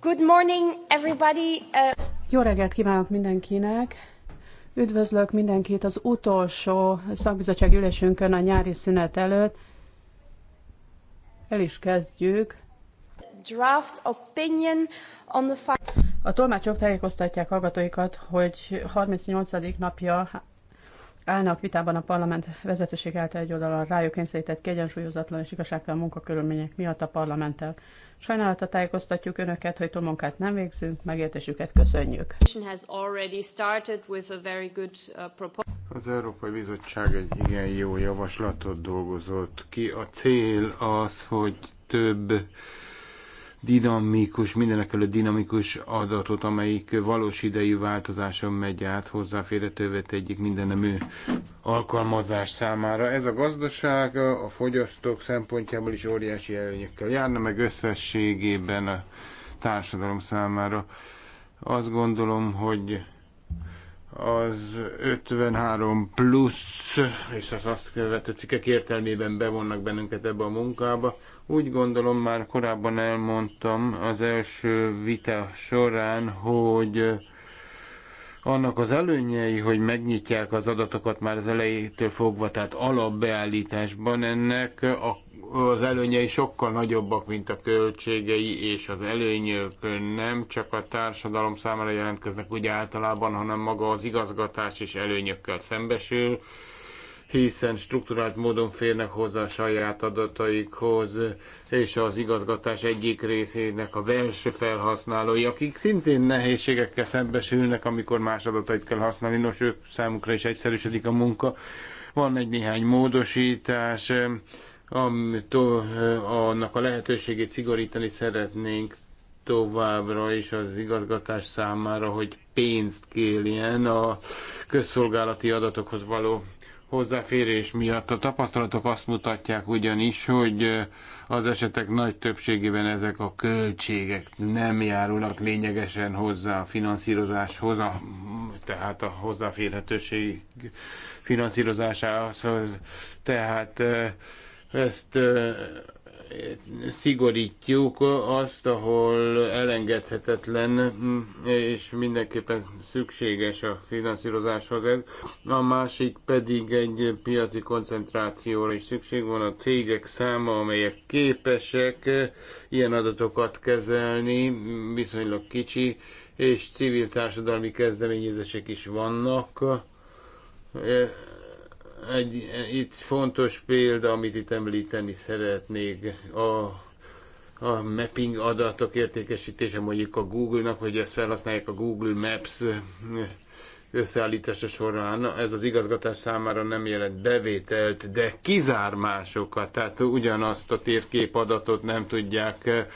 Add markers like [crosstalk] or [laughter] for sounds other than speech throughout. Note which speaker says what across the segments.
Speaker 1: Good morning, everybody. Uh, Jó reggelt kívánok mindenkinek! Üdvözlök mindenkit az utolsó szakbizottság ülésünkön a nyári szünet előtt. El is kezdjük. Draft opinion on the... A tolmácsok tájékoztatják hallgatóikat, hogy 38. napja állnak vitában a parlament vezetőség által egy oldalon rájuk kényszerített kiegyensúlyozatlan és igazságtalan munkakörülmények miatt a parlamenttel. Sajnálata tájékoztatjuk Önöket, hogy túlmunkát nem végzünk, megértésüket köszönjük.
Speaker 2: Az Európai Bizottság egy igen jó javaslatot dolgozott ki. A cél az, hogy több dinamikus, mindenek előtt dinamikus adatot, amelyik valós idejű változáson megy át, hozzáférhetővé tegyék minden nemű alkalmazás számára. Ez a gazdaság a fogyasztók szempontjából is óriási előnyökkel járna, meg összességében a társadalom számára. Azt gondolom, hogy az 53 plusz, és az azt követő cikkek értelmében bevonnak bennünket ebbe a munkába, úgy gondolom már korábban elmondtam az első vita során, hogy annak az előnyei, hogy megnyitják az adatokat már az elejétől fogva, tehát alapbeállításban ennek a, az előnyei sokkal nagyobbak, mint a költségei, és az előnyök nem csak a társadalom számára jelentkeznek úgy általában, hanem maga az igazgatás is előnyökkel szembesül hiszen strukturált módon férnek hozzá a saját adataikhoz, és az igazgatás egyik részének a belső felhasználói, akik szintén nehézségekkel szembesülnek, amikor más adatait kell használni, nos, ők számukra is egyszerűsödik a munka. Van egy néhány módosítás, amit eh, annak a lehetőségét szigorítani szeretnénk továbbra is az igazgatás számára, hogy pénzt kérjen a közszolgálati adatokhoz való hozzáférés miatt. A tapasztalatok azt mutatják ugyanis, hogy az esetek nagy többségében ezek a költségek nem járulnak lényegesen hozzá a finanszírozáshoz, a, tehát a hozzáférhetőség finanszírozásához. Tehát ezt szigorítjuk azt, ahol elengedhetetlen és mindenképpen szükséges a finanszírozáshoz ez. A másik pedig egy piaci koncentrációra is szükség van a cégek száma, amelyek képesek ilyen adatokat kezelni, viszonylag kicsi, és civil társadalmi kezdeményezések is vannak egy, itt fontos példa, amit itt említeni szeretnék, a a mapping adatok értékesítése mondjuk a Google-nak, hogy ezt felhasználják a Google Maps összeállítása során. Ez az igazgatás számára nem jelent bevételt, de kizár másokat, tehát ugyanazt a térképadatot nem tudják eh,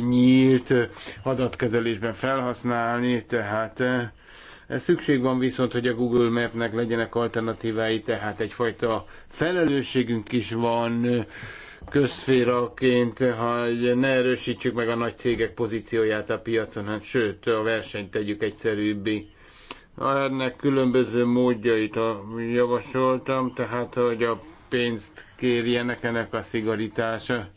Speaker 2: nyílt adatkezelésben felhasználni, tehát eh, Szükség van viszont, hogy a Google Mapnek legyenek alternatívái, tehát egyfajta felelősségünk is van közféraként, hogy ne erősítsük meg a nagy cégek pozícióját a piacon, hát sőt, a versenyt tegyük egyszerűbbé. Ennek különböző módjait javasoltam, tehát hogy a pénzt kérjenek ennek a szigorítása.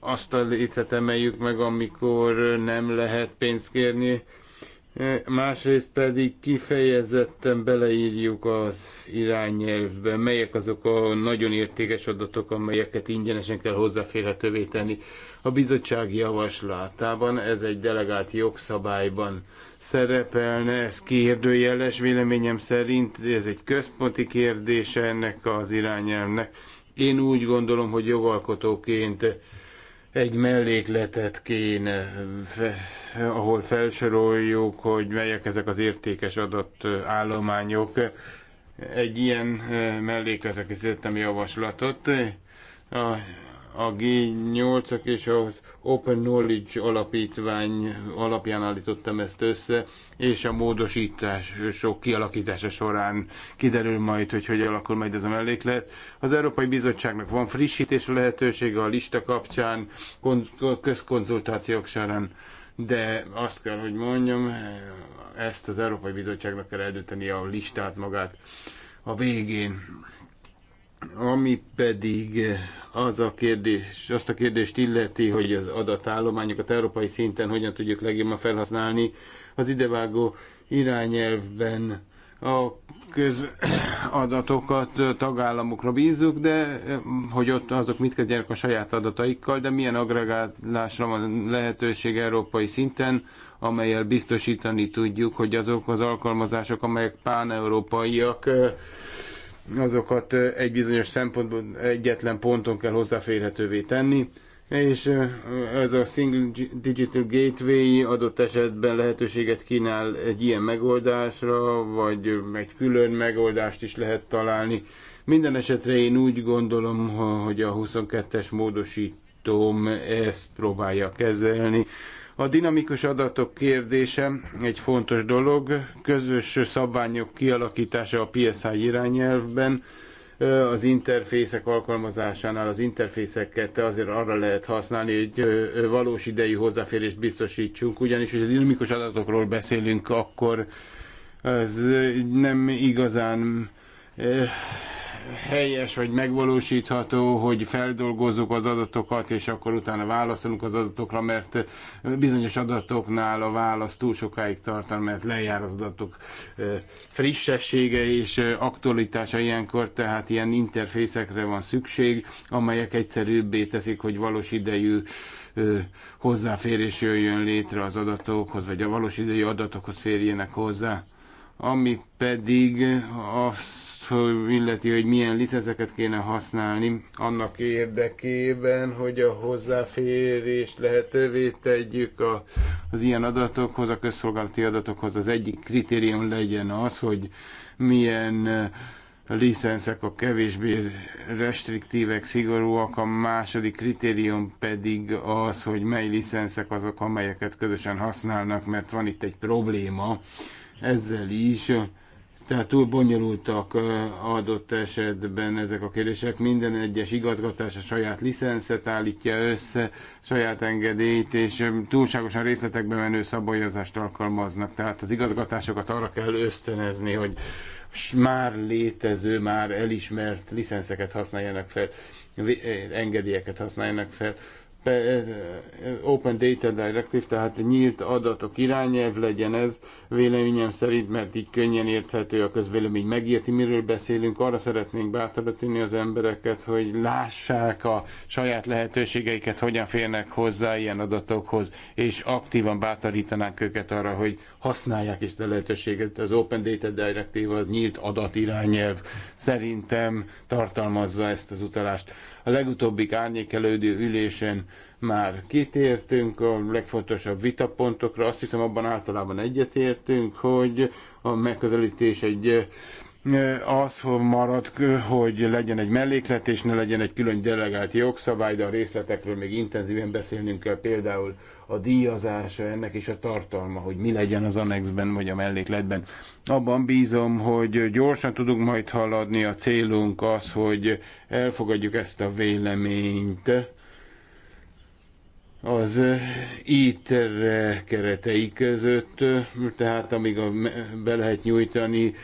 Speaker 2: Azt a lécet emeljük meg, amikor nem lehet pénzt kérni, E, másrészt pedig kifejezetten beleírjuk az irányelvbe, melyek azok a nagyon értékes adatok, amelyeket ingyenesen kell hozzáférhetővé tenni. A bizottság javaslatában ez egy delegált jogszabályban szerepelne, ez kérdőjeles véleményem szerint, ez egy központi kérdése ennek az irányelvnek. Én úgy gondolom, hogy jogalkotóként egy mellékletet kéne, ahol felsoroljuk, hogy melyek ezek az értékes adott állományok. Egy ilyen mellékletre készítettem javaslatot. A a G8-ak és az Open Knowledge alapítvány alapján állítottam ezt össze, és a módosítás sok kialakítása során kiderül majd, hogy hogy alakul majd ez a melléklet. Az Európai Bizottságnak van frissítés lehetősége a lista kapcsán, közkonzultációk során, de azt kell, hogy mondjam, ezt az Európai Bizottságnak kell eldönteni a listát magát a végén. Ami pedig az a kérdés, azt a kérdést illeti, hogy az adatállományokat európai szinten hogyan tudjuk legjobban felhasználni, az idevágó irányelvben a közadatokat tagállamokra bízzuk, de hogy ott azok mit kezdjenek a saját adataikkal, de milyen agregálásra van lehetőség európai szinten, amelyel biztosítani tudjuk, hogy azok az alkalmazások, amelyek páneurópaiak, európaiak azokat egy bizonyos szempontból egyetlen ponton kell hozzáférhetővé tenni, és ez a Single Digital Gateway adott esetben lehetőséget kínál egy ilyen megoldásra, vagy egy külön megoldást is lehet találni. Minden esetre én úgy gondolom, hogy a 22-es módosítóm ezt próbálja kezelni. A dinamikus adatok kérdése egy fontos dolog, közös szabványok kialakítása a PSI irányelvben, az interfészek alkalmazásánál az interfészeket azért arra lehet használni, hogy valós idejű hozzáférést biztosítsunk, ugyanis, hogy a dinamikus adatokról beszélünk, akkor ez nem igazán helyes vagy megvalósítható, hogy feldolgozzuk az adatokat, és akkor utána válaszolunk az adatokra, mert bizonyos adatoknál a válasz túl sokáig tart, mert lejár az adatok frissessége és aktualitása ilyenkor, tehát ilyen interfészekre van szükség, amelyek egyszerűbbé teszik, hogy valós idejű hozzáférés jöjjön létre az adatokhoz, vagy a valós idejű adatokhoz férjenek hozzá. Ami pedig a hogy illeti, hogy milyen liszezeket kéne használni annak érdekében, hogy a hozzáférést lehetővé tegyük a, az ilyen adatokhoz, a közszolgálati adatokhoz. Az egyik kritérium legyen az, hogy milyen eh, licenszek a kevésbé restriktívek, szigorúak, a második kritérium pedig az, hogy mely licenszek azok, amelyeket közösen használnak, mert van itt egy probléma ezzel is, tehát túl bonyolultak adott esetben ezek a kérdések. Minden egyes igazgatás a saját licenszet állítja össze, saját engedélyt, és túlságosan részletekbe menő szabályozást alkalmaznak. Tehát az igazgatásokat arra kell ösztönezni, hogy már létező, már elismert licenszeket használjanak fel, engedélyeket használjanak fel. Open Data Directive, tehát nyílt adatok irányelv legyen ez, véleményem szerint, mert így könnyen érthető a közvélemény megérti, miről beszélünk. Arra szeretnénk bátorítani az embereket, hogy lássák a saját lehetőségeiket, hogyan férnek hozzá ilyen adatokhoz, és aktívan bátorítanánk őket arra, hogy használják is a lehetőséget. Az Open Data Directive az nyílt irányelv szerintem tartalmazza ezt az utalást. A legutóbbi árnyékelődő ülésen már kitértünk a legfontosabb vitapontokra. Azt hiszem, abban általában egyetértünk, hogy a megközelítés egy eh, az hogy marad, hogy legyen egy melléklet, és ne legyen egy külön delegált jogszabály, de a részletekről még intenzíven beszélnünk kell, például a díjazása ennek és a tartalma, hogy mi legyen az annexben vagy a mellékletben. Abban bízom, hogy gyorsan tudunk majd haladni. A célunk az, hogy elfogadjuk ezt a véleményt az ITER keretei között, tehát amíg a, be lehet nyújtani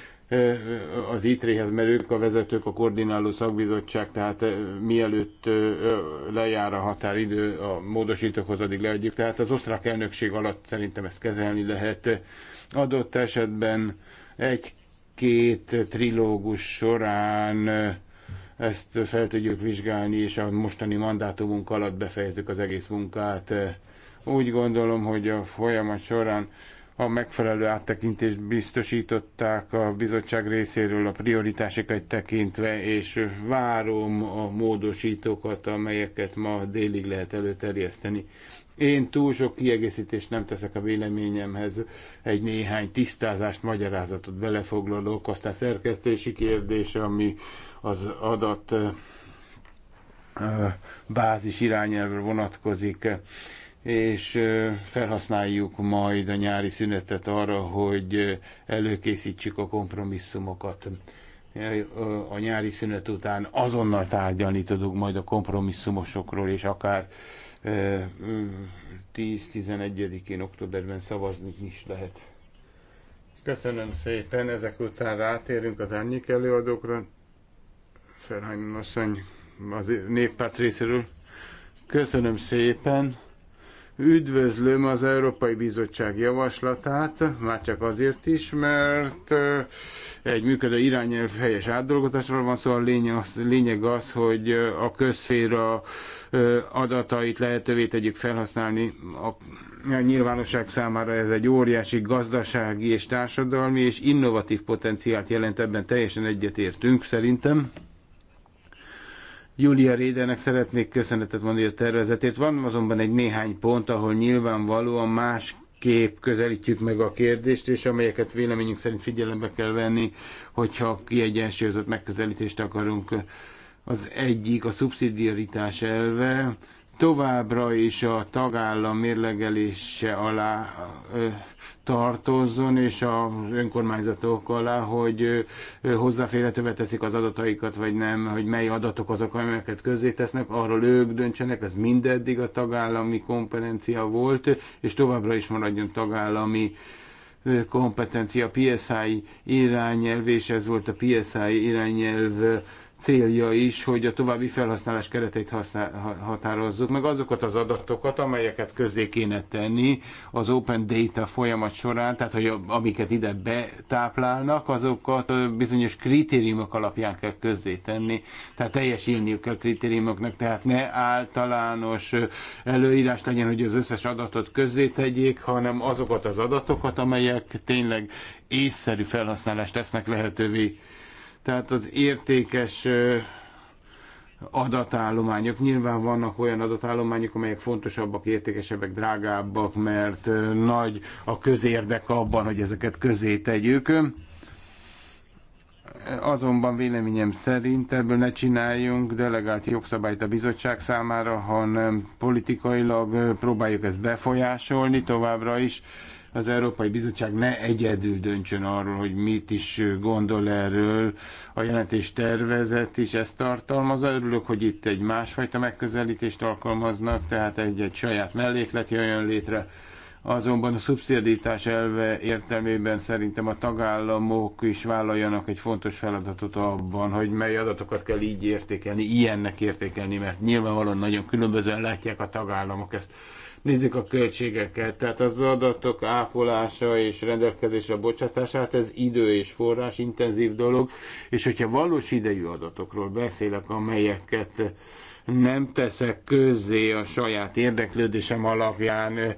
Speaker 2: az ITRE-hez, mert ők a vezetők, a koordináló szakbizottság, tehát mielőtt lejár a határidő, a módosítókhoz addig leadjuk. Tehát az osztrák elnökség alatt szerintem ezt kezelni lehet. Adott esetben egy-két trilógus során ezt fel tudjuk vizsgálni, és a mostani mandátumunk alatt befejezzük az egész munkát. Úgy gondolom, hogy a folyamat során a megfelelő áttekintést biztosították a bizottság részéről a prioritásokat tekintve, és várom a módosítókat, amelyeket ma délig lehet előterjeszteni. Én túl sok kiegészítést nem teszek a véleményemhez, egy néhány tisztázást, magyarázatot belefoglalok, aztán szerkesztési kérdés, ami az adat bázis irányelvre vonatkozik és felhasználjuk majd a nyári szünetet arra, hogy előkészítsük a kompromisszumokat. A nyári szünet után azonnal tárgyalni tudunk majd a kompromisszumosokról, és akár 10-11-én októberben szavazni is lehet. Köszönöm szépen, ezek után rátérünk az árnyék előadókra. Ferhány asszony az néppárt részéről. Köszönöm szépen Üdvözlöm az Európai Bizottság javaslatát, már csak azért is, mert egy működő irányelv helyes átdolgozásról van szó, szóval a lényeg az, hogy a közféra adatait lehetővé tegyük felhasználni a a nyilvánosság számára ez egy óriási gazdasági és társadalmi és innovatív potenciált jelent, ebben teljesen egyetértünk szerintem. Julia Rédenek szeretnék köszönetet mondani a tervezetét. Van azonban egy néhány pont, ahol nyilvánvalóan más kép közelítjük meg a kérdést, és amelyeket véleményünk szerint figyelembe kell venni, hogyha kiegyensúlyozott megközelítést akarunk. Az egyik a szubszidiaritás elve, továbbra is a tagállam mérlegelése alá tartozzon, és az önkormányzatok alá, hogy hozzáférhetővé teszik az adataikat, vagy nem, hogy mely adatok azok, amelyeket közé tesznek, arról ők döntsenek, ez mindeddig a tagállami kompetencia volt, és továbbra is maradjon tagállami kompetencia, PSI irányelv, és ez volt a PSI irányelv célja is, hogy a további felhasználás keretét használ, határozzuk, meg azokat az adatokat, amelyeket közzé kéne tenni az Open Data folyamat során, tehát hogy amiket ide betáplálnak, azokat bizonyos kritériumok alapján kell közzé tenni, tehát teljesülniük kell kritériumoknak, tehát ne általános előírás legyen, hogy az összes adatot közzé tegyék, hanem azokat az adatokat, amelyek tényleg észszerű felhasználást tesznek lehetővé tehát az értékes adatállományok. Nyilván vannak olyan adatállományok, amelyek fontosabbak, értékesebbek, drágábbak, mert nagy a közérdek abban, hogy ezeket közé tegyük. Azonban véleményem szerint ebből ne csináljunk delegált jogszabályt a bizottság számára, hanem politikailag próbáljuk ezt befolyásolni továbbra is, az Európai Bizottság ne egyedül döntsön arról, hogy mit is gondol erről. A jelentés tervezet is ezt tartalmazza. Örülök, hogy itt egy másfajta megközelítést alkalmaznak, tehát egy-egy saját melléklet jön létre. Azonban a szubszidítás elve értelmében szerintem a tagállamok is vállaljanak egy fontos feladatot abban, hogy mely adatokat kell így értékelni, ilyennek értékelni, mert nyilvánvalóan nagyon különbözően látják a tagállamok ezt. Nézzük a költségeket, tehát az adatok ápolása és rendelkezésre bocsátását, ez idő és forrás intenzív dolog, és hogyha valós idejű adatokról beszélek, amelyeket nem teszek közzé a saját érdeklődésem alapján,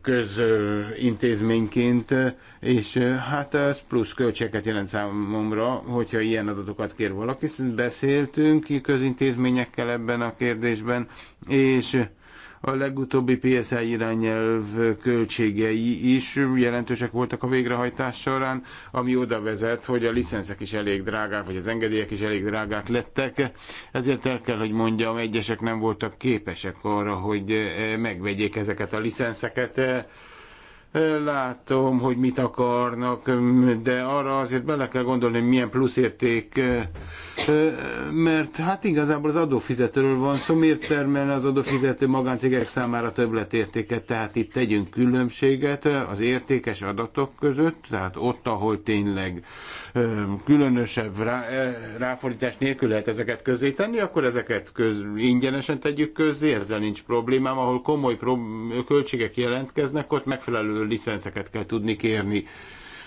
Speaker 2: közintézményként, és hát ez plusz költségeket jelent számomra, hogyha ilyen adatokat kér valaki. Beszéltünk közintézményekkel ebben a kérdésben, és a legutóbbi PSA irányelv költségei is jelentősek voltak a végrehajtás során, ami oda vezet, hogy a licenszek is elég drágák, vagy az engedélyek is elég drágák lettek. Ezért el kell, hogy mondjam, egyesek nem voltak képesek arra, hogy megvegyék ezeket a licenszeket Látom, hogy mit akarnak, de arra azért bele kell gondolni, hogy milyen pluszérték, mert hát igazából az adófizetőről van szó, miért termelne az adófizető magáncégek számára többletértéket, tehát itt tegyünk különbséget az értékes adatok között, tehát ott, ahol tényleg különösebb rá, ráfordítás nélkül lehet ezeket közé tenni, akkor ezeket köz, ingyenesen tegyük közé, ezzel nincs problémám. Ahol komoly prob- költségek jelentkeznek, ott megfelelő licenszeket kell tudni kérni.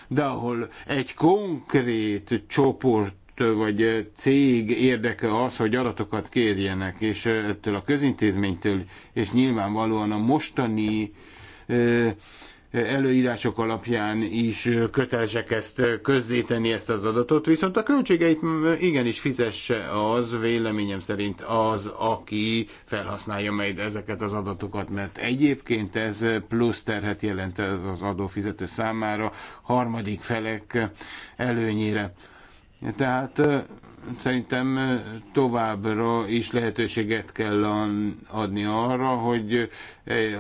Speaker 2: De ahol egy konkrét csoport vagy cég érdeke az, hogy adatokat kérjenek, és ettől a közintézménytől, és nyilvánvalóan a mostani előírások alapján is kötelesek ezt közzétenni ezt az adatot, viszont a költségeit igenis fizesse az, véleményem szerint az, aki felhasználja majd ezeket az adatokat, mert egyébként ez plusz terhet jelent az adófizető számára, harmadik felek előnyére. Tehát Szerintem továbbra is lehetőséget kell adni arra, hogy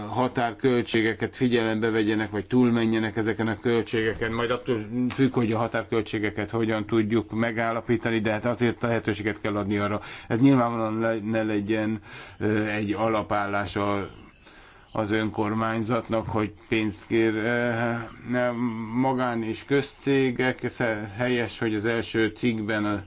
Speaker 2: határköltségeket figyelembe vegyenek, vagy túlmenjenek ezeken a költségeken, majd attól függ, hogy a határköltségeket hogyan tudjuk megállapítani, de hát azért lehetőséget kell adni arra. Ez nyilvánvalóan ne legyen egy alapállás a az önkormányzatnak, hogy pénzt kér magán és közcégek. Ez helyes, hogy az első cikkben a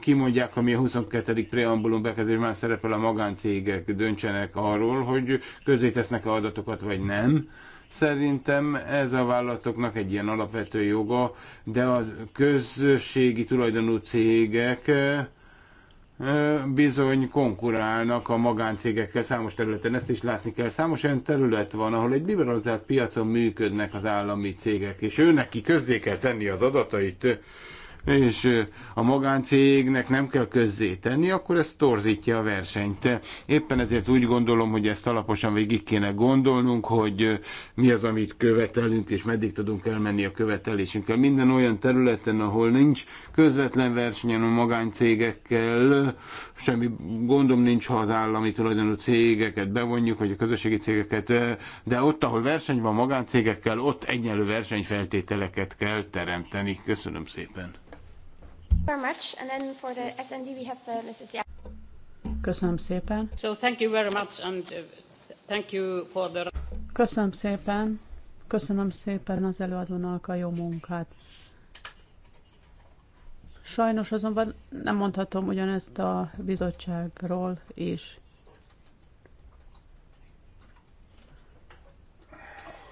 Speaker 2: kimondják, ami a 22. preambulum már szerepel, a magáncégek döntsenek arról, hogy közé tesznek-e adatokat, vagy nem. Szerintem ez a vállalatoknak egy ilyen alapvető joga, de az közösségi tulajdonú cégek bizony konkurálnak a magáncégekkel számos területen. Ezt is látni kell. Számos olyan terület van, ahol egy liberalizált piacon működnek az állami cégek, és őnek ki közzé kell tenni az adatait és a magáncégnek nem kell tenni, akkor ez torzítja a versenyt. Éppen ezért úgy gondolom, hogy ezt alaposan végig kéne gondolnunk, hogy mi az, amit követelünk, és meddig tudunk elmenni a követelésünkkel. Minden olyan területen, ahol nincs közvetlen versenyen a magáncégekkel, semmi gondom nincs, ha az állami tulajdonú cégeket bevonjuk, vagy a közösségi cégeket, de ott, ahol verseny van magáncégekkel, ott egyenlő versenyfeltételeket kell teremteni. Köszönöm szépen.
Speaker 3: Very much. And then for the SND we have uh, Mrs.
Speaker 1: Köszönöm szépen. So thank you very much and uh, thank you for the... Köszönöm szépen. Köszönöm szépen az előadónak a jó munkát. Sajnos azonban nem mondhatom ugyanezt a bizottságról is.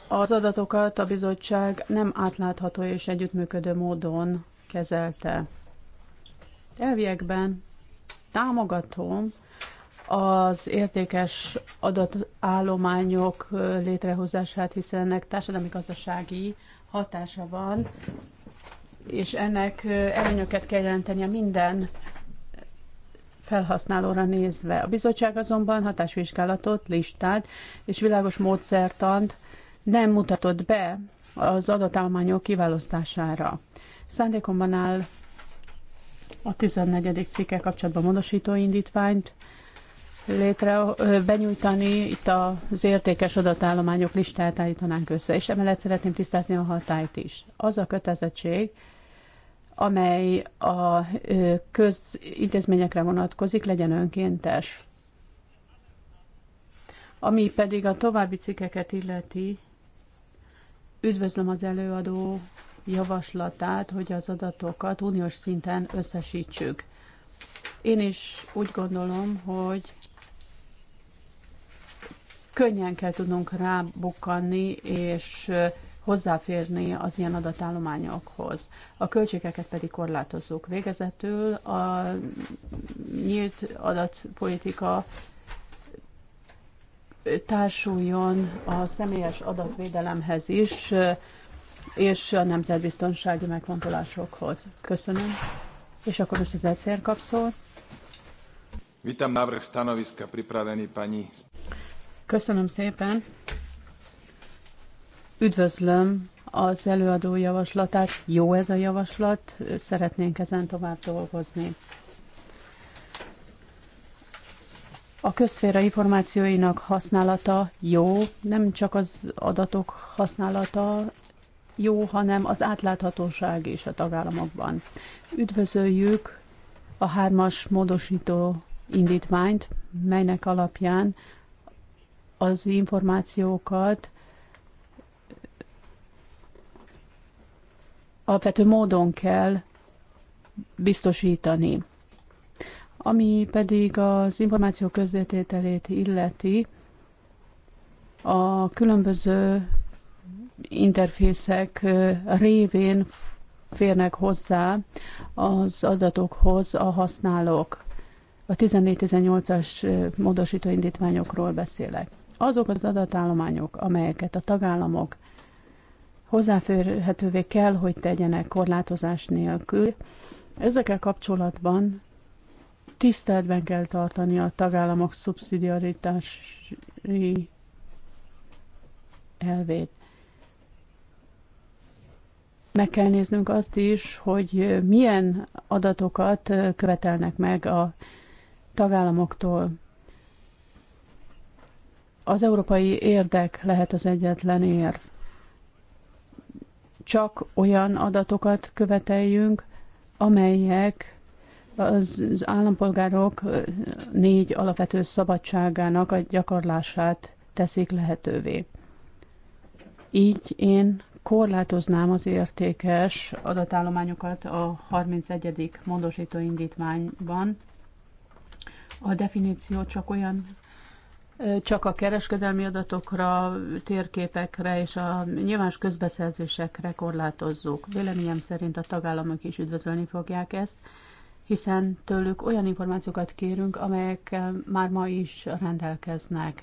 Speaker 1: Az adatokat a bizottság nem átlátható és együttműködő módon kezelte. Elviekben támogatom az értékes adatállományok létrehozását, hiszen ennek társadalmi-gazdasági hatása van, és ennek előnyöket kell jelentenie minden felhasználóra nézve. A bizottság azonban hatásvizsgálatot, listát és világos módszertant nem mutatott be az adatállományok kiválasztására. Szándékomban áll a 14. cikkel kapcsolatban módosító indítványt létre benyújtani, itt az értékes adatállományok listát állítanánk össze, és emellett szeretném tisztázni a hatályt is. Az a kötelezettség, amely a közintézményekre vonatkozik, legyen önkéntes. Ami pedig a további cikkeket illeti, üdvözlöm az előadó javaslatát, hogy az adatokat uniós szinten összesítsük. Én is úgy gondolom, hogy könnyen kell tudnunk rábukkanni, és hozzáférni az ilyen adatállományokhoz. A költségeket pedig korlátozzuk. Végezetül a nyílt adatpolitika társuljon a személyes adatvédelemhez is, és a nemzetbiztonsági megfontolásokhoz. Köszönöm. És akkor most az egyszer kap szót.
Speaker 2: Vitam návrh stanoviska pripravený pani.
Speaker 1: Köszönöm szépen. Üdvözlöm az előadó javaslatát. Jó ez a javaslat, szeretnénk ezen tovább dolgozni. A közféra információinak használata jó, nem csak az adatok használata, jó, hanem az átláthatóság is a tagállamokban. Üdvözöljük a hármas módosító indítványt, melynek alapján az információkat alapvető módon kell biztosítani. Ami pedig az információ közzétételét illeti, a különböző interfészek révén férnek hozzá az adatokhoz a használók. A 14-18-as módosító indítványokról beszélek. Azok az adatállományok, amelyeket a tagállamok hozzáférhetővé kell, hogy tegyenek korlátozás nélkül, ezekkel kapcsolatban tiszteletben kell tartani a tagállamok szubszidiaritási elvét meg kell néznünk azt is, hogy milyen adatokat követelnek meg a tagállamoktól. Az európai érdek lehet az egyetlen érv. Csak olyan adatokat követeljünk, amelyek az állampolgárok négy alapvető szabadságának a gyakorlását teszik lehetővé. Így én korlátoznám az értékes adatállományokat a 31. módosító indítványban. A definíció csak olyan csak a kereskedelmi adatokra, térképekre és a nyilvános közbeszerzésekre korlátozzuk. Véleményem szerint a tagállamok is üdvözölni fogják ezt, hiszen tőlük olyan információkat kérünk, amelyekkel már ma is rendelkeznek.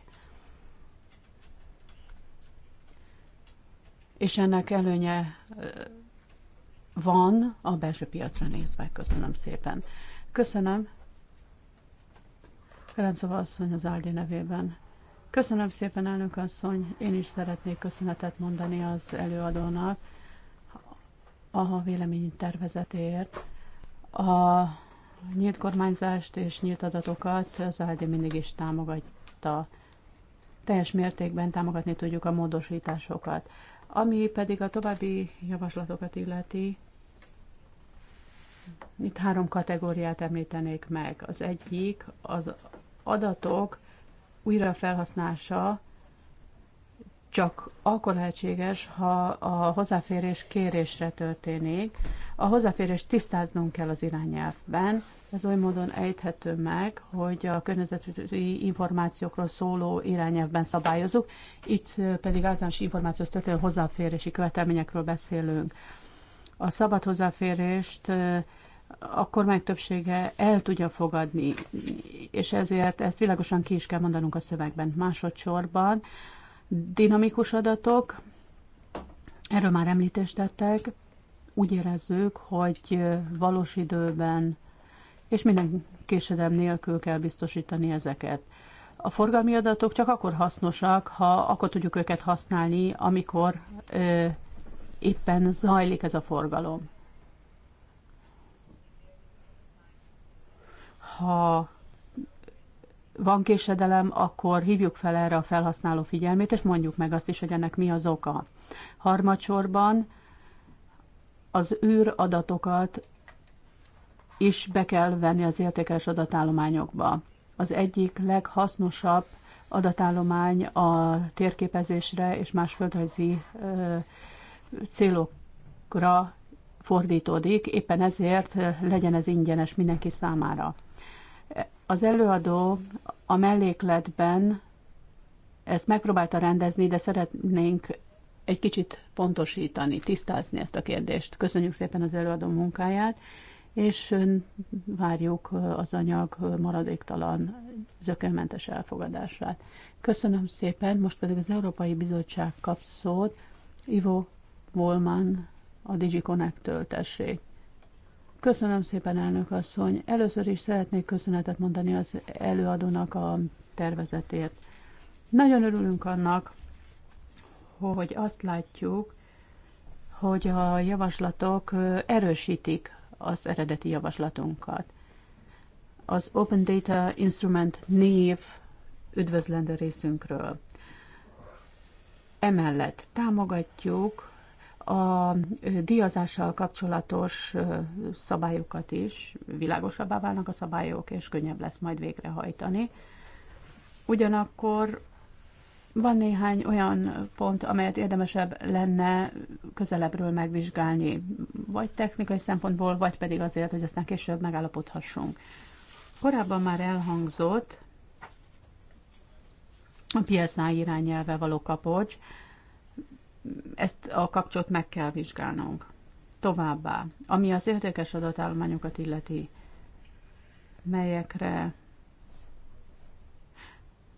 Speaker 1: és ennek előnye van a belső piacra nézve. Köszönöm szépen. Köszönöm. Ferencova asszony az Áldi nevében. Köszönöm szépen, elnök asszony. Én is szeretnék köszönetet mondani az előadónak a vélemény tervezetéért. A nyílt kormányzást és nyílt adatokat az Áldi mindig is támogatta. Teljes mértékben támogatni tudjuk a módosításokat. Ami pedig a további javaslatokat illeti, itt három kategóriát említenék meg. Az egyik az adatok újrafelhasználása csak akkor lehetséges, ha a hozzáférés kérésre történik. A hozzáférés tisztáznunk kell az irányelvben, ez oly módon ejthető meg, hogy a környezeti információkról szóló irányelvben szabályozunk, itt pedig általános információhoz történő hozzáférési követelményekről beszélünk. A szabad hozzáférést a kormány többsége el tudja fogadni, és ezért ezt világosan ki is kell mondanunk a szövegben. Másodszorban dinamikus adatok, erről már említést tettek, úgy érezzük, hogy valós időben és minden késedem nélkül kell biztosítani ezeket. A forgalmi adatok csak akkor hasznosak, ha akkor tudjuk őket használni, amikor ö, éppen zajlik ez a forgalom. Ha van késedelem, akkor hívjuk fel erre a felhasználó figyelmét, és mondjuk meg azt is, hogy ennek mi az oka. Harmadsorban az adatokat is be kell venni az értékes adatállományokba. Az egyik leghasznosabb adatállomány a térképezésre és más földrajzi célokra fordítódik, éppen ezért legyen ez ingyenes mindenki számára. Az előadó a mellékletben ezt megpróbálta rendezni, de szeretnénk egy kicsit pontosítani, tisztázni ezt a kérdést. Köszönjük szépen az előadó munkáját, és várjuk az anyag maradéktalan, zökönmentes elfogadását. Köszönöm szépen, most pedig az Európai Bizottság kap szót, Ivo Volman a DigiConnect-től tessék. Köszönöm szépen, elnök asszony. Először is szeretnék köszönetet mondani az előadónak a tervezetért. Nagyon örülünk annak, hogy azt látjuk, hogy a javaslatok erősítik az eredeti javaslatunkat. Az Open Data Instrument név üdvözlendő részünkről. Emellett támogatjuk a díjazással kapcsolatos szabályokat is világosabbá válnak a szabályok, és könnyebb lesz majd végrehajtani. Ugyanakkor van néhány olyan pont, amelyet érdemesebb lenne közelebbről megvizsgálni, vagy technikai szempontból, vagy pedig azért, hogy aztán később megállapodhassunk. Korábban már elhangzott a PSI irányelve való kapocs, ezt a kapcsot meg kell vizsgálnunk. Továbbá, ami az érdekes adatállományokat illeti, melyekre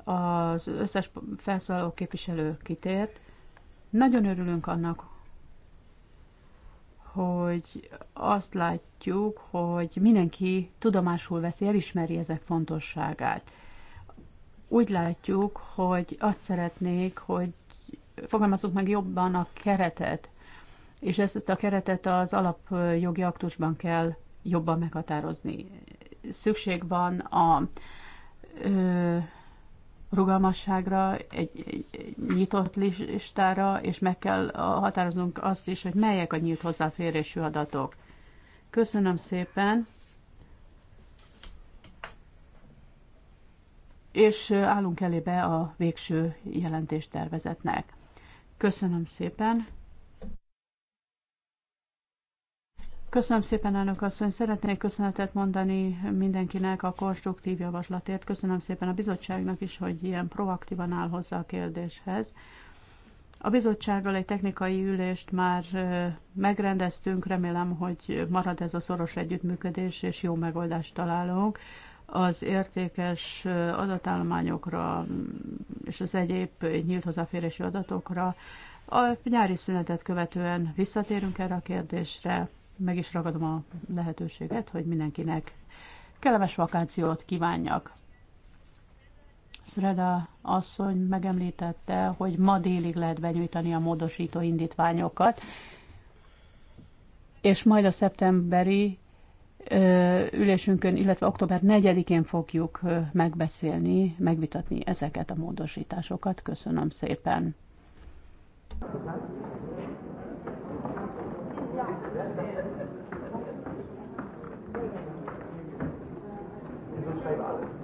Speaker 1: az összes felszólaló képviselő kitért, nagyon örülünk annak, hogy azt látjuk, hogy mindenki tudomásul veszi, elismeri ezek fontosságát. Úgy látjuk, hogy azt szeretnék, hogy fogalmazunk meg jobban a keretet, és ezt a keretet az alapjogi aktusban kell jobban meghatározni. Szükség van a ö, rugalmasságra, egy, egy, egy nyitott listára, és meg kell határoznunk azt is, hogy melyek a nyílt hozzáférésű adatok. Köszönöm szépen! És állunk elébe a végső jelentéstervezetnek. Köszönöm szépen. Köszönöm szépen, elnök asszony. Szeretnék köszönetet mondani mindenkinek a konstruktív javaslatért. Köszönöm szépen a bizottságnak is, hogy ilyen proaktívan áll hozzá a kérdéshez. A bizottsággal egy technikai ülést már megrendeztünk, remélem, hogy marad ez a szoros együttműködés, és jó megoldást találunk az értékes adatállományokra mm, és az egyéb nyílt hozzáférési adatokra. A nyári szünetet követően visszatérünk erre a kérdésre, meg is ragadom a lehetőséget, hogy mindenkinek kellemes vakációt kívánjak. Szreda asszony megemlítette, hogy ma délig lehet benyújtani a módosító indítványokat, és majd a szeptemberi ülésünkön, illetve október 4-én fogjuk megbeszélni, megvitatni ezeket a módosításokat. Köszönöm szépen! you.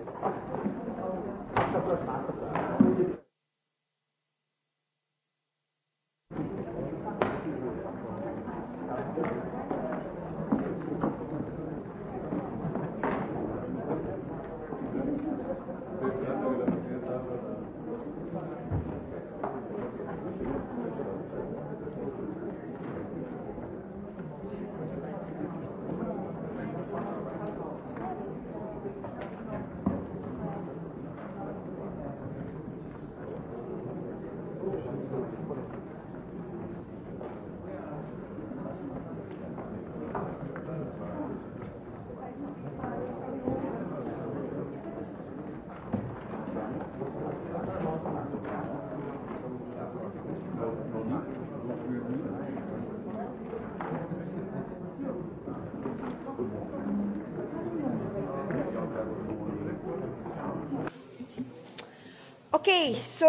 Speaker 1: Okay, so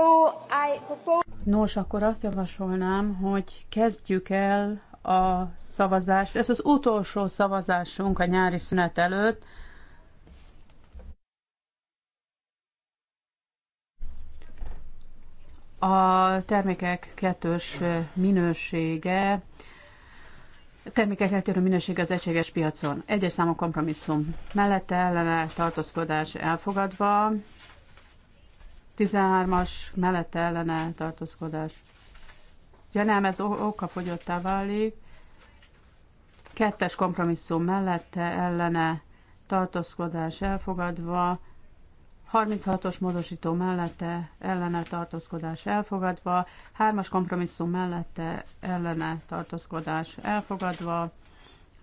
Speaker 1: I propose... Nos, akkor azt javasolnám, hogy kezdjük el a szavazást. Ez az utolsó szavazásunk a nyári szünet előtt. A termékek kettős minősége, a termékek eltérő minősége az egységes piacon. Egyes számú kompromisszum mellette ellene tartózkodás elfogadva, 13-as mellette ellene tartózkodás. Ja nem, ez oka fogyottá válik. Kettes kompromisszum mellette ellene tartózkodás elfogadva. 36-os módosító mellette ellene tartózkodás elfogadva, 3-as kompromisszum mellette ellene tartózkodás elfogadva,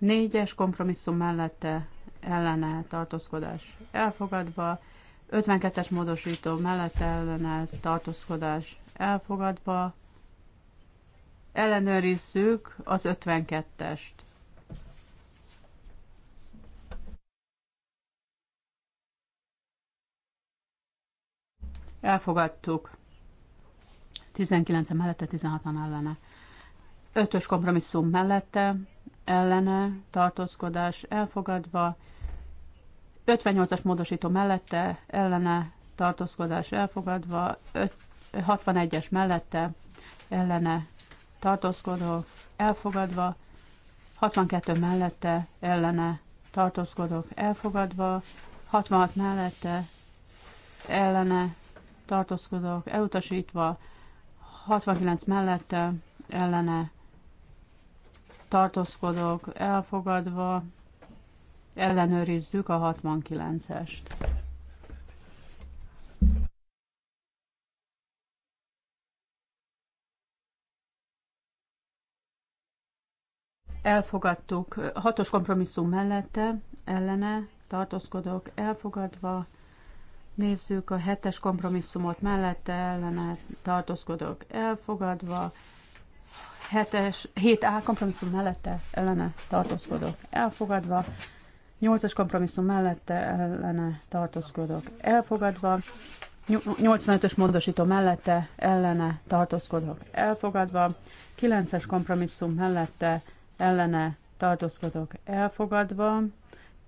Speaker 1: 4-es kompromisszum mellette ellene tartózkodás elfogadva, 52-es módosító mellett ellene tartózkodás elfogadva. Ellenőrizzük az 52-est. Elfogadtuk. 19 mellette, 16-an ellene. 5-ös kompromisszum mellette, ellene, tartózkodás elfogadva. 58-as módosító mellette ellene tartózkodás elfogadva, 61-es mellette ellene tartózkodó elfogadva, 62 mellette ellene tartózkodók elfogadva, 66 mellette ellene tartózkodók elutasítva, 69 mellette ellene tartózkodók elfogadva, ellenőrizzük a 69-est. Elfogadtuk hatos kompromisszum mellette, ellene tartózkodok, elfogadva. Nézzük a hetes kompromisszumot mellette, ellene tartózkodok, elfogadva. Hetes 7A kompromisszum mellette ellene tartózkodok, elfogadva, Nyolcas kompromisszum mellette ellene tartózkodok elfogadva, 85-ös módosító mellette ellene tartózkodok elfogadva, 9-es kompromisszum mellette ellene tartózkodok elfogadva,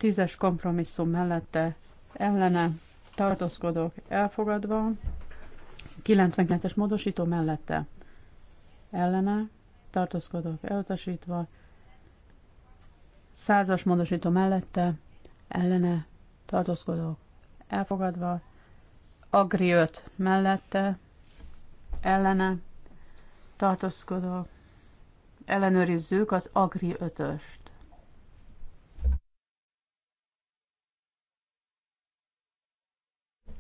Speaker 1: 10-es kompromisszum mellette ellene tartózkodok elfogadva, 99-es módosító mellette ellene tartózkodok elutasítva, Százas módosító mellette, ellene, tartózkodok, elfogadva. Agri 5 mellette, ellene, tartózkodok, Ellenőrizzük az Agri 5-öst.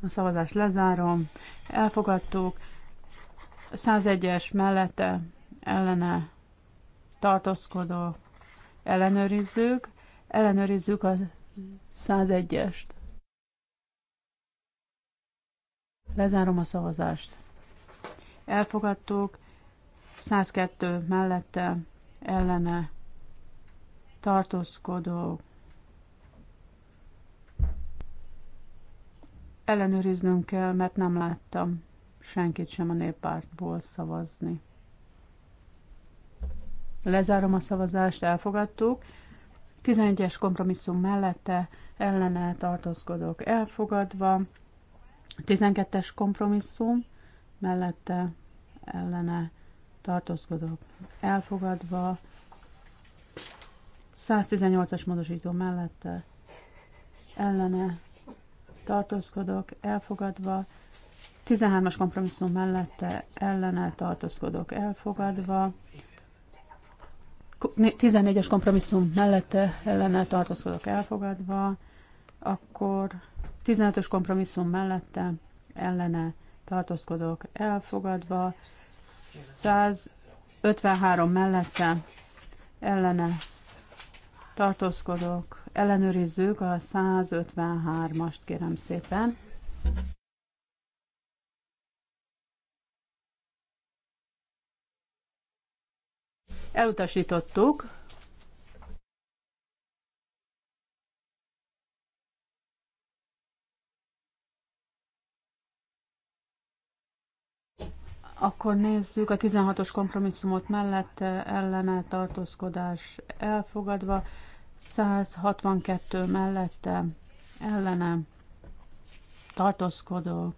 Speaker 1: A szavazást lezárom. Elfogadtuk. 101-es mellette, ellene, tartózkodok, ellenőrizzük, ellenőrizzük a 101-est. Lezárom a szavazást. Elfogadtuk, 102 mellette, ellene, tartózkodó, ellenőriznünk kell, mert nem láttam senkit sem a néppártból szavazni. Lezárom a szavazást, elfogadtuk. 11-es kompromisszum mellette ellene tartózkodok, elfogadva. 12-es kompromisszum mellette ellene tartózkodok, elfogadva. 118-as módosító mellette ellene tartózkodok, elfogadva. 13-as kompromisszum mellette ellene tartózkodok, elfogadva, 14-es kompromisszum mellette ellene tartózkodok elfogadva, akkor 15-ös kompromisszum mellette ellene tartózkodok elfogadva, 153 mellette ellene tartózkodok, ellenőrizzük a 153-ast, kérem szépen. Elutasítottuk. Akkor nézzük a 16-os kompromisszumot mellette ellene tartózkodás elfogadva, 162 mellette ellene tartózkodó.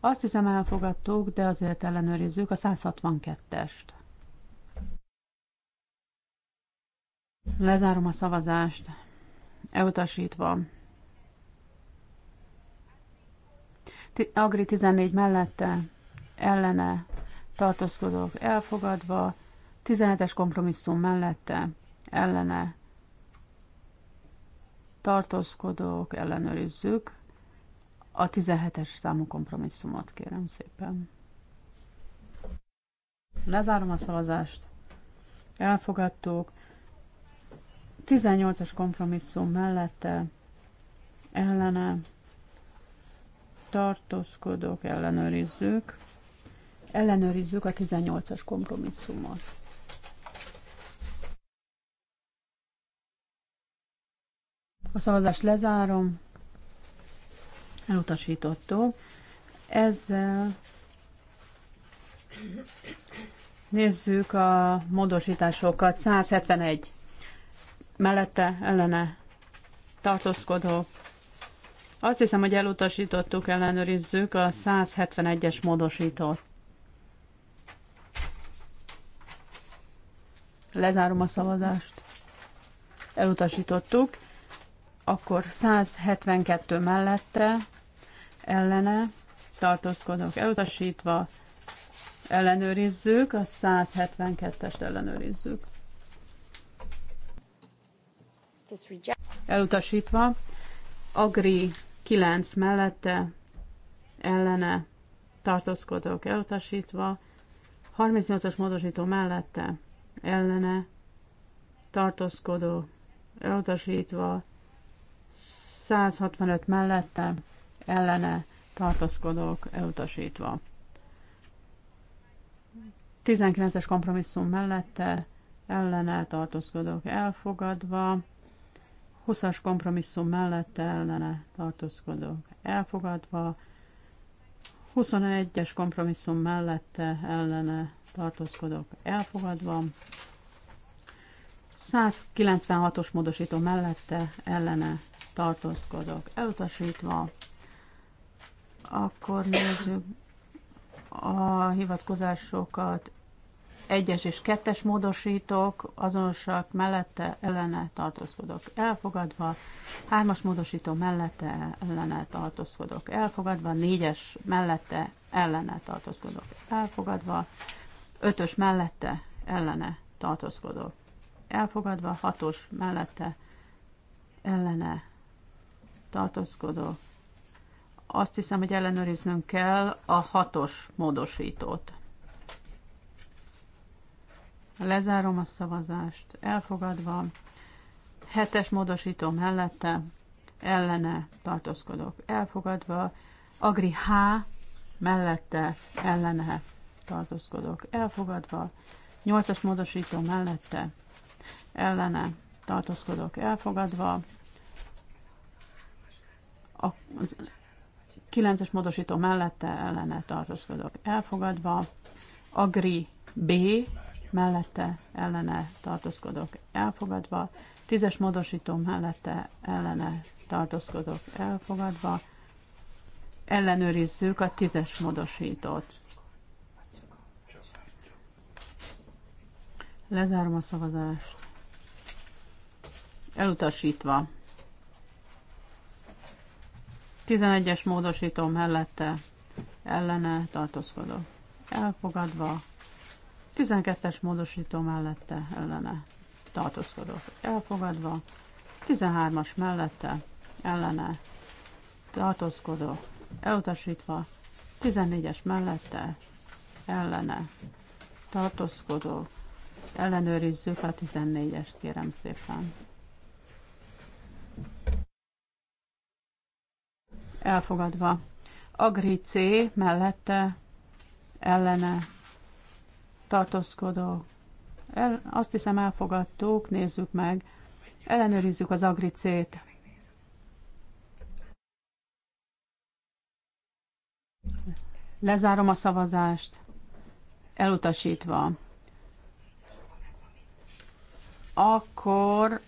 Speaker 1: Azt hiszem elfogadtuk, de azért ellenőrizzük a 162-est. Lezárom a szavazást. Elutasítva. Agri 14 mellette, ellene, tartózkodok, elfogadva, 17-es kompromisszum mellette, ellene, tartózkodok, ellenőrizzük. A 17-es számú kompromisszumot kérem szépen. Lezárom a szavazást. Elfogadtuk. 18-as kompromisszum mellette ellene tartózkodók, ellenőrizzük. Ellenőrizzük a 18-as kompromisszumot. A szavazást lezárom, elutasítottuk. Ezzel nézzük a módosításokat. 171 mellette ellene tartózkodó. Azt hiszem, hogy elutasítottuk, ellenőrizzük a 171-es módosítót. Lezárom a szavazást. Elutasítottuk. Akkor 172 mellette ellene tartózkodok elutasítva ellenőrizzük, a 172-est ellenőrizzük. Elutasítva. Agri 9 mellette ellene tartózkodok elutasítva. 38-as módosító mellette ellene tartózkodó elutasítva. 165 mellette ellene tartózkodók elutasítva. 19-es kompromisszum mellette ellene tartózkodók elfogadva, hosszas kompromisszum mellette ellene tartózkodok. elfogadva, 21-es kompromisszum mellette ellene tartózkodok. elfogadva, 196-os módosító mellette ellene tartózkodok. elutasítva, akkor nézzük a hivatkozásokat egyes és kettes módosítók azonosak mellette ellene tartózkodok elfogadva, hármas módosító mellette ellene tartózkodok elfogadva, négyes mellette ellene tartózkodok elfogadva, ötös mellette ellene tartózkodok elfogadva, hatos mellette ellene tartózkodok. Azt hiszem, hogy ellenőriznünk kell a hatos módosítót. Lezárom a szavazást. Elfogadva. Hetes módosító mellette ellene tartózkodok. Elfogadva. Agri H mellette ellene tartózkodok. Elfogadva. Nyolcas módosító mellette ellene tartózkodok. Elfogadva. A, az, 9-es módosító mellette ellene tartózkodok elfogadva. Agri B mellette ellene tartózkodok elfogadva, tízes módosító mellette ellene tartózkodok elfogadva, ellenőrizzük a tízes módosítót. Lezárom a szavazást. Elutasítva. 11-es módosító mellette ellene tartózkodok. Elfogadva 12-es módosító mellette ellene tartózkodott elfogadva, 13-as mellette ellene tartózkodó elutasítva, 14-es mellette ellene tartózkodó ellenőrizzük a 14-est, kérem szépen. Elfogadva. Agri C mellette ellene tartózkodó. El, azt hiszem elfogadtuk, nézzük meg. Ellenőrizzük az agricét. Lezárom a szavazást. Elutasítva. Akkor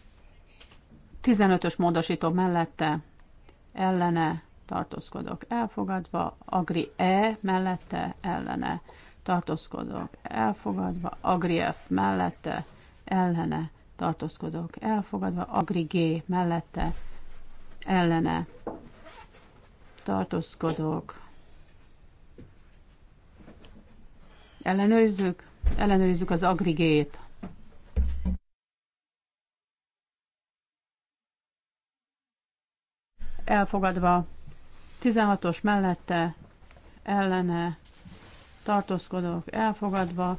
Speaker 1: 15-ös módosító mellette ellene tartózkodok. Elfogadva. Agri E mellette ellene tartózkodok, elfogadva, Agriev mellette, ellene, tartózkodok, elfogadva, Agrigé mellette, ellene, tartózkodok. Ellenőrizzük? Ellenőrizzük az Agrigét. Elfogadva, 16-os mellette, ellene, tartózkodok, elfogadva,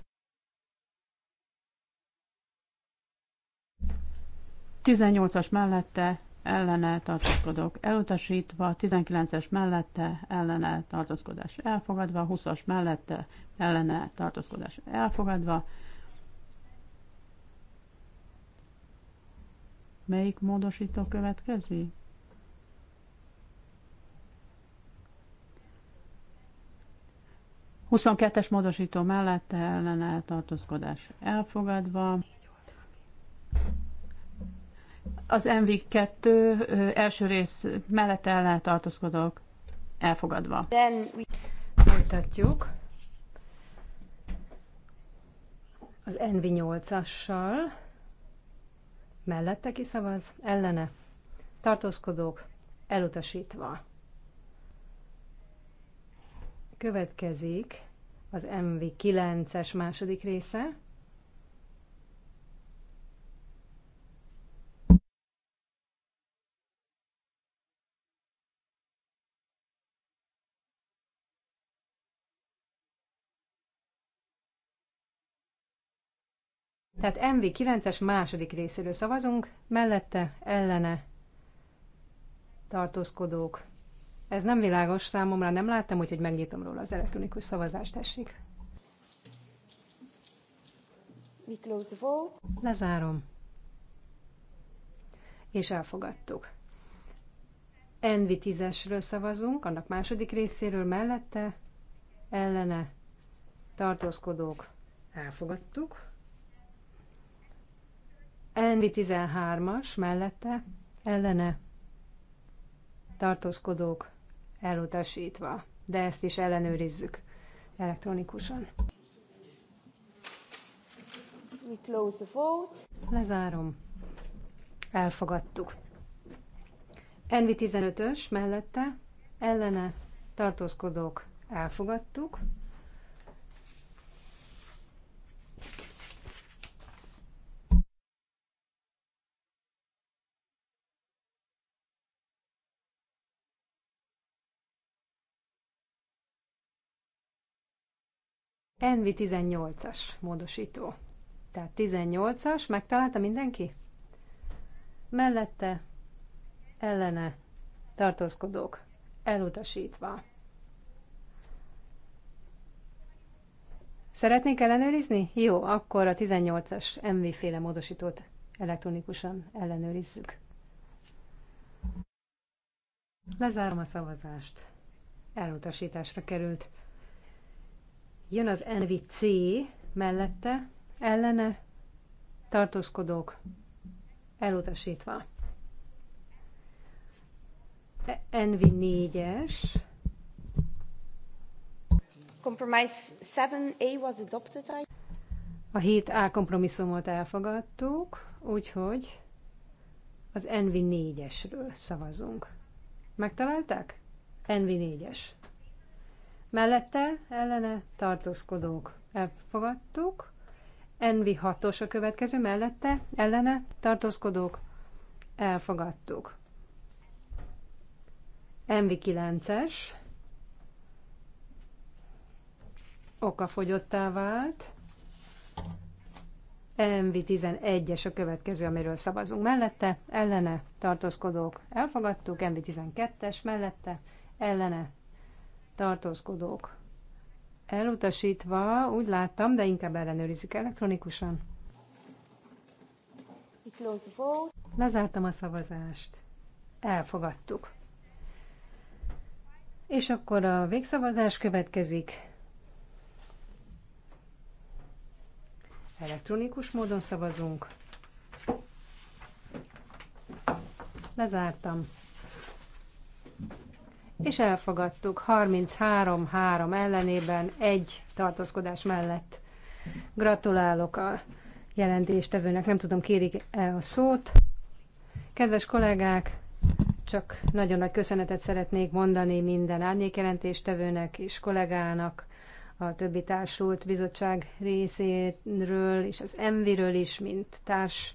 Speaker 1: Tizennyolcas mellette ellene tartózkodok, elutasítva, 19-es mellette ellene tartózkodás elfogadva, 20-as mellette ellene tartózkodás elfogadva. Melyik módosító következik? 22-es módosító mellette ellene tartózkodás elfogadva. Az MV2 első rész mellette ellene tartózkodók elfogadva.
Speaker 3: We... Folytatjuk. Az NV8-assal mellette kiszavaz, ellene tartózkodók elutasítva. Következik az MV9-es második része. Tehát MV9-es második részéről szavazunk, mellette ellene tartózkodók ez nem világos számomra, nem láttam, úgyhogy megnyitom róla az elektronikus szavazást, tessék. We close the vote. Lezárom. És elfogadtuk. Envi 10 szavazunk, annak második részéről mellette, ellene, tartózkodók, elfogadtuk. Envi 13-as mellette, ellene, tartózkodók, elutasítva, de ezt is ellenőrizzük elektronikusan.
Speaker 4: We close the vote.
Speaker 3: Lezárom. Elfogadtuk. Envi 15 ös mellette ellene tartózkodók elfogadtuk. Envi 18-as módosító. Tehát 18-as, megtalálta mindenki? Mellette, ellene, tartózkodók, elutasítva. Szeretnék ellenőrizni? Jó, akkor a 18-as MV féle módosítót elektronikusan ellenőrizzük. Lezárom a szavazást. Elutasításra került. Jön az NVC mellette, ellene tartózkodók elutasítva. E, NV4-es. Compromise 7A was adopted. A 7A kompromisszumot elfogadtuk, úgyhogy az NV4-esről szavazunk. Megtalálták? NV4-es mellette ellene tartózkodók elfogadtuk, NV 6 a következő, mellette ellene tartózkodók elfogadtuk. NV 9-es okafogyottá vált, NV 11-es a következő, amiről szavazunk mellette, ellene tartózkodók elfogadtuk, NV 12-es mellette, ellene tartózkodók. Elutasítva, úgy láttam, de inkább ellenőrizzük elektronikusan. Lezártam a szavazást. Elfogadtuk. És akkor a végszavazás következik. Elektronikus módon szavazunk. Lezártam és elfogadtuk 33-3 ellenében egy tartózkodás mellett. Gratulálok a jelentéstevőnek, nem tudom, kérik-e a szót. Kedves kollégák, csak nagyon nagy köszönetet szeretnék mondani minden árnyékjelentéstevőnek és kollégának a többi társult bizottság részéről és az Enviről is, mint társ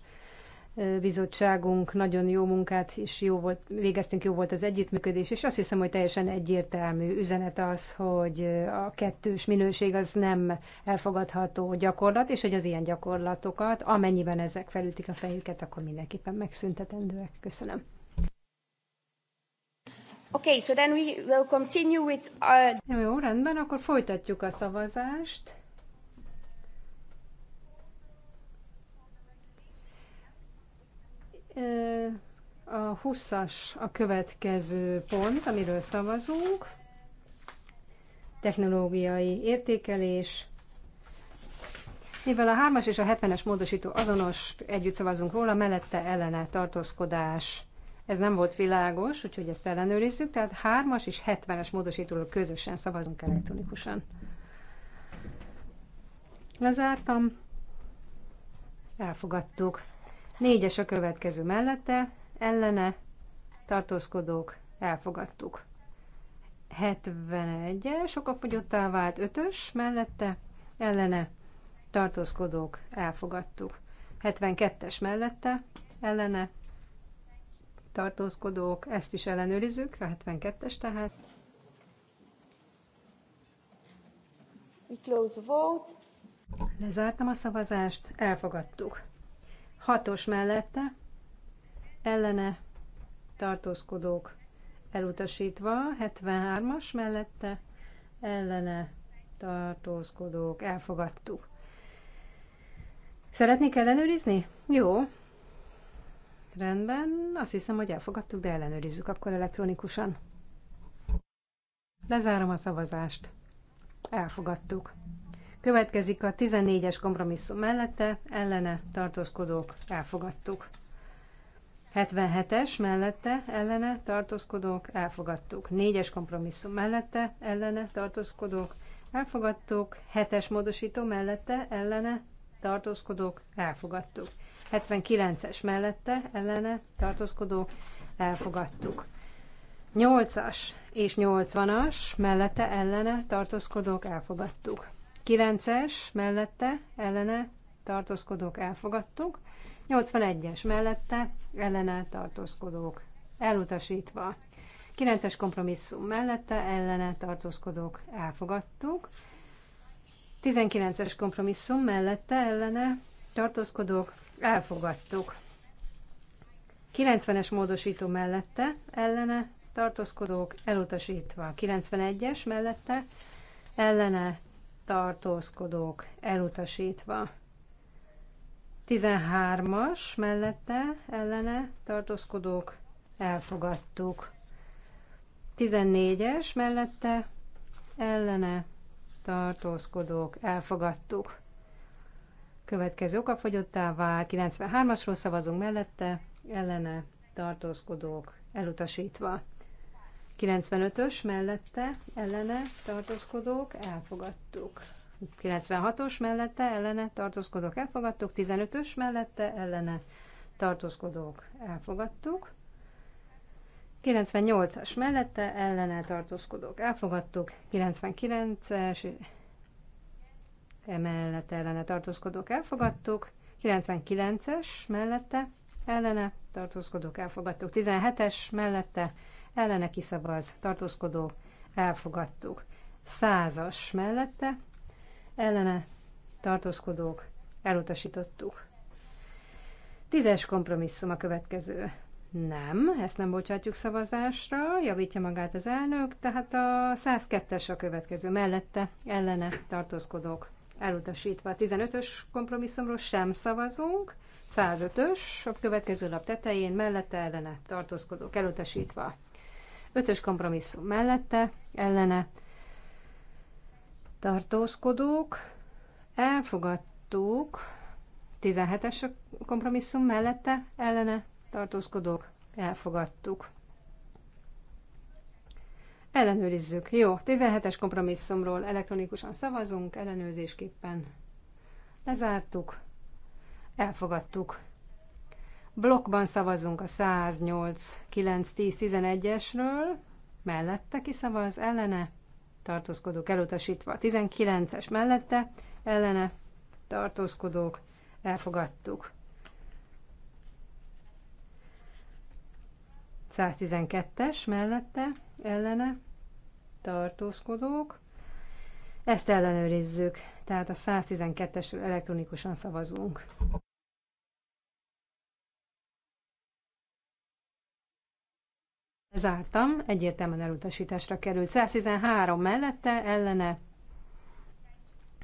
Speaker 3: bizottságunk nagyon jó munkát és jó volt, végeztünk, jó volt az együttműködés, és azt hiszem, hogy teljesen egyértelmű üzenet az, hogy a kettős minőség az nem elfogadható gyakorlat, és hogy az ilyen gyakorlatokat, amennyiben ezek felütik a fejüket, akkor mindenképpen megszüntetendőek. Köszönöm. Okay, so then we will continue with... Our... Uh, jó, rendben, akkor folytatjuk a szavazást. A 20-as a következő pont, amiről szavazunk. Technológiai értékelés. Mivel a 3-as és a 70-es módosító azonos, együtt szavazunk róla, mellette ellene tartózkodás. Ez nem volt világos, úgyhogy ezt ellenőrizzük, tehát 3-as és 70-es módosítóról közösen szavazunk elektronikusan. Lezártam. Elfogadtuk. Négyes a következő mellette, ellene tartózkodók, elfogadtuk. 71-es, sokafogyottá vált 5-ös mellette, ellene tartózkodók, elfogadtuk. 72-es mellette, ellene tartózkodók, ezt is ellenőrizzük, a 72-es tehát. We close the vote. Lezártam a szavazást, elfogadtuk. Hatos mellette ellene tartózkodók elutasítva, 73-as mellette ellene tartózkodók elfogadtuk. Szeretnék ellenőrizni? Jó. Rendben, azt hiszem, hogy elfogadtuk, de ellenőrizzük akkor elektronikusan. Lezárom a szavazást. Elfogadtuk. Következik a 14-es kompromisszum mellette, ellene tartózkodók elfogadtuk. 77-es mellette, ellene tartózkodók elfogadtuk. 4-es kompromisszum mellette, ellene tartózkodók elfogadtuk. 7-es módosító mellette, ellene tartózkodók elfogadtuk. 79-es mellette, ellene tartózkodók elfogadtuk. 8-as és 80-as mellette, ellene tartózkodók elfogadtuk. 9-es mellette ellene tartózkodók elfogadtuk, 81-es mellette ellene tartózkodók elutasítva, 9-es kompromisszum mellette ellene tartózkodók elfogadtuk, 19-es kompromisszum mellette ellene tartózkodók elfogadtuk. 90-es módosító mellette ellene tartózkodók elutasítva. 91-es mellette ellene tartózkodók elutasítva. 13-as mellette ellene tartózkodók elfogadtuk. 14-es mellette ellene tartózkodók elfogadtuk. Következő okafogyottá vált, 93-asról szavazunk mellette, ellene tartózkodók elutasítva. 95-ös mellette ellene tartózkodók elfogadtuk. 96-os mellette ellene tartózkodók elfogadtuk, 15-ös mellette ellene tartózkodók elfogadtuk. 98-as mellette ellene tartózkodók elfogadtuk, 99-es mellette, ellene tartózkodók elfogadtuk, 99-es mellette ellene tartózkodók elfogadtuk, 17-es mellette ellene kiszavaz, tartózkodó, elfogadtuk. Százas mellette, ellene tartózkodók, elutasítottuk. Tízes kompromisszum a következő. Nem, ezt nem bocsátjuk szavazásra, javítja magát az elnök, tehát a 102-es a következő mellette, ellene tartózkodók elutasítva. A 15-ös kompromisszumról sem szavazunk, 105-ös a következő lap tetején, mellette ellene tartózkodók elutasítva. Ötös kompromisszum mellette, ellene tartózkodók, elfogadtuk, 17-es kompromisszum mellette, ellene tartózkodók, elfogadtuk. Ellenőrizzük. Jó, 17-es kompromisszumról elektronikusan szavazunk, ellenőrzésképpen lezártuk, elfogadtuk. Blokkban szavazunk a 108, 9, 10, 11-esről, mellette kiszavaz, ellene, tartózkodók elutasítva. 19-es mellette, ellene, tartózkodók, elfogadtuk. 112-es mellette, ellene, tartózkodók. Ezt ellenőrizzük, tehát a 112-esről elektronikusan szavazunk. zártam, egyértelműen elutasításra került. 113 mellette, ellene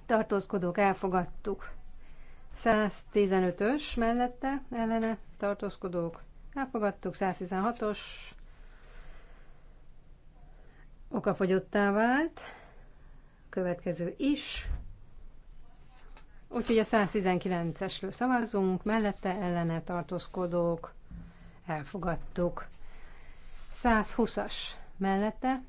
Speaker 3: tartózkodók elfogadtuk. 115-ös mellette, ellene tartózkodók elfogadtuk. 116-os okafogyottá vált. Következő is. Úgyhogy a 119-esről szavazunk, mellette ellene tartózkodók elfogadtuk. 120-as mellette.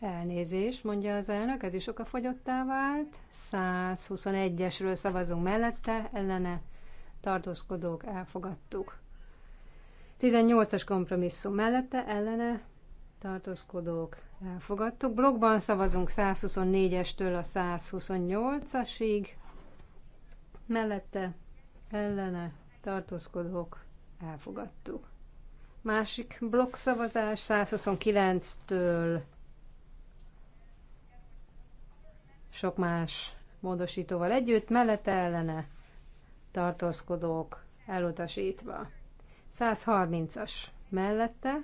Speaker 3: Elnézés, mondja az elnök, ez is fogyottá vált. 121-esről szavazunk mellette, ellene tartózkodók elfogadtuk. 18-as kompromisszum mellette, ellene tartózkodók elfogadtuk. Blogban szavazunk 124-estől a 128-asig, mellette, ellene tartózkodók elfogadtuk. Másik blokkszavazás 129-től sok más módosítóval együtt, mellette ellene tartózkodók elutasítva. 130-as mellette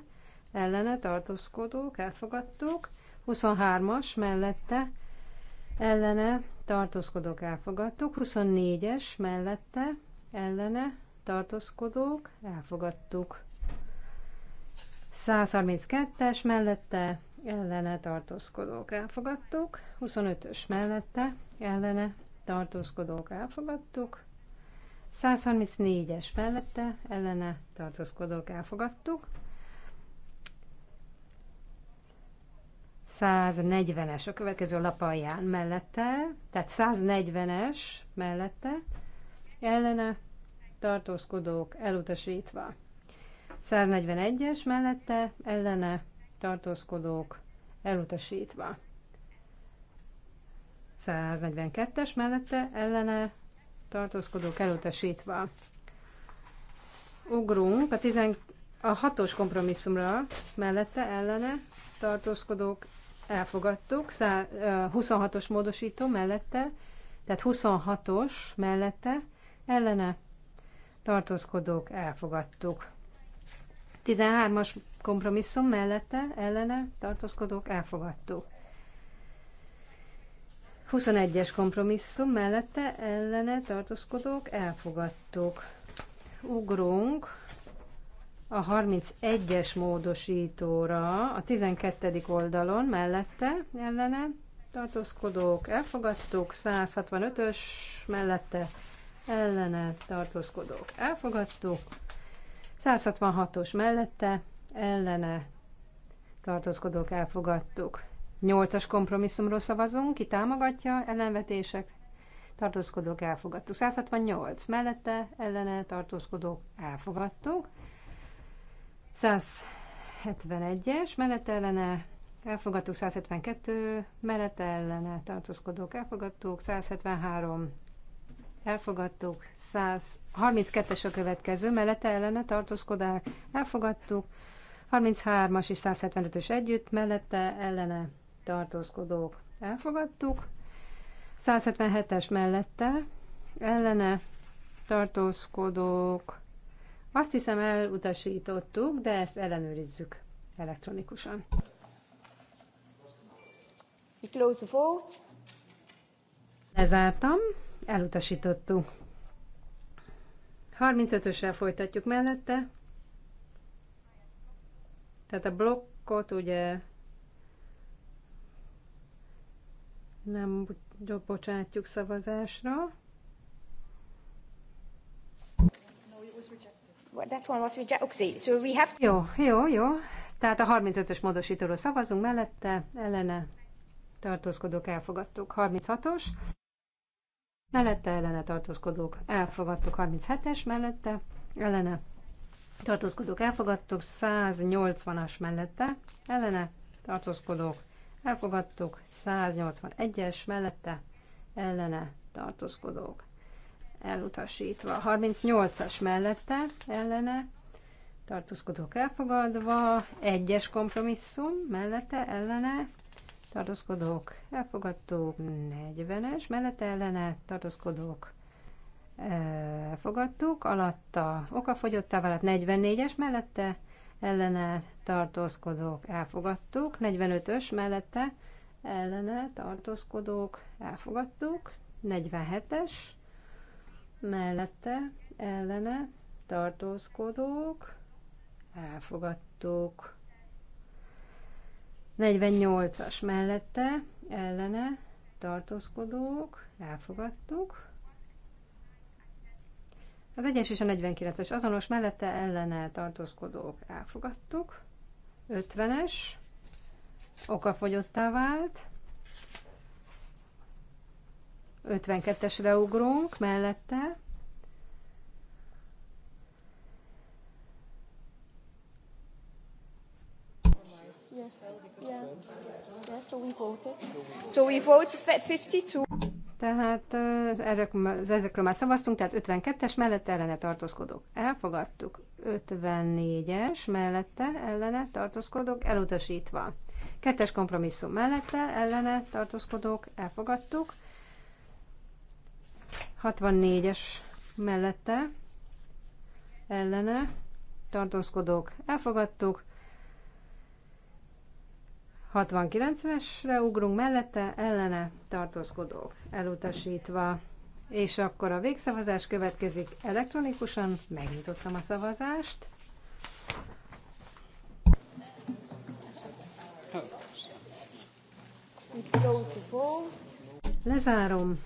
Speaker 3: ellene tartózkodók elfogadtuk, 23-as mellette ellene tartózkodók elfogadtuk, 24-es mellette ellene tartózkodók elfogadtuk. 132-es mellette ellene tartózkodók elfogadtuk, 25-ös mellette ellene tartózkodók elfogadtuk, 134-es mellette ellene tartózkodók elfogadtuk, 140-es a következő lap alján mellette, tehát 140-es mellette ellene tartózkodók elutasítva. 141-es mellette ellene tartózkodók elutasítva. 142-es mellette ellene tartózkodók elutasítva. Ugrunk a, 10, a 6-os kompromisszumra mellette ellene tartózkodók elfogadtuk, 26-os módosító mellette, tehát 26-os mellette ellene tartózkodók elfogadtuk. 13-as kompromisszum mellette, ellene tartózkodók elfogadtuk. 21-es kompromisszum mellette, ellene tartózkodók elfogadtuk. Ugrunk a 31-es módosítóra a 12. oldalon mellette, ellene tartózkodók elfogadtuk, 165-ös mellette, ellene tartózkodók elfogadtuk, 166-os mellette, ellene tartózkodók elfogadtuk. 8-as kompromisszumról szavazunk, ki támogatja, ellenvetések, tartózkodók elfogadtuk. 168 mellette, ellene tartózkodók elfogadtuk. 171-es mellette ellene elfogadtuk, 172 mellette ellene tartózkodók elfogadtuk, 173 elfogadtuk, 132-es a következő, mellette ellene tartózkodák. elfogadtuk, 33-as és 175-ös együtt, mellette ellene tartózkodók, elfogadtuk, 177-es mellette ellene tartózkodók, azt hiszem elutasítottuk, de ezt ellenőrizzük elektronikusan. We close the vote. Lezártam. Elutasítottuk. 35-össel folytatjuk mellette. Tehát a blokkot ugye nem bocsátjuk szavazásra. Jó, jó, jó. Tehát a 35-ös módosítóról szavazunk mellette, ellene tartózkodók elfogadtuk. 36-os mellette ellene tartózkodók elfogadtuk, 37-es mellette ellene tartózkodók elfogadtuk, 180-as mellette ellene tartózkodók elfogadtuk, 181-es mellette ellene tartózkodók elutasítva, 38-as mellette ellene tartózkodók elfogadva, egyes kompromisszum mellette ellene tartózkodók, elfogadtuk, 40-es, mellette ellene tartózkodók, elfogadtuk, alatta okafogyottá vált 44-es, mellette ellene tartózkodók, elfogadtuk, 45-ös, mellette ellene tartózkodók, elfogadtuk, 47-es, mellette ellene tartózkodók, elfogadtuk. 48-as mellette, ellene, tartózkodók, elfogadtuk. Az egyes és a 49-es azonos mellette, ellene, tartózkodók, elfogadtuk. 50-es, okafogyottá vált. 52-esre ugrunk mellette, so we 52. Tehát erre, ezekről már szavaztunk, tehát 52-es mellette ellene tartózkodok. Elfogadtuk. 54-es mellette ellene tartózkodok, elutasítva. Kettes kompromisszum mellette ellene tartózkodok, elfogadtuk. 64-es mellette ellene tartózkodok, elfogadtuk. 69 esre ugrunk mellette, ellene tartózkodók elutasítva. És akkor a végszavazás következik elektronikusan. Megnyitottam a szavazást. Lezárom.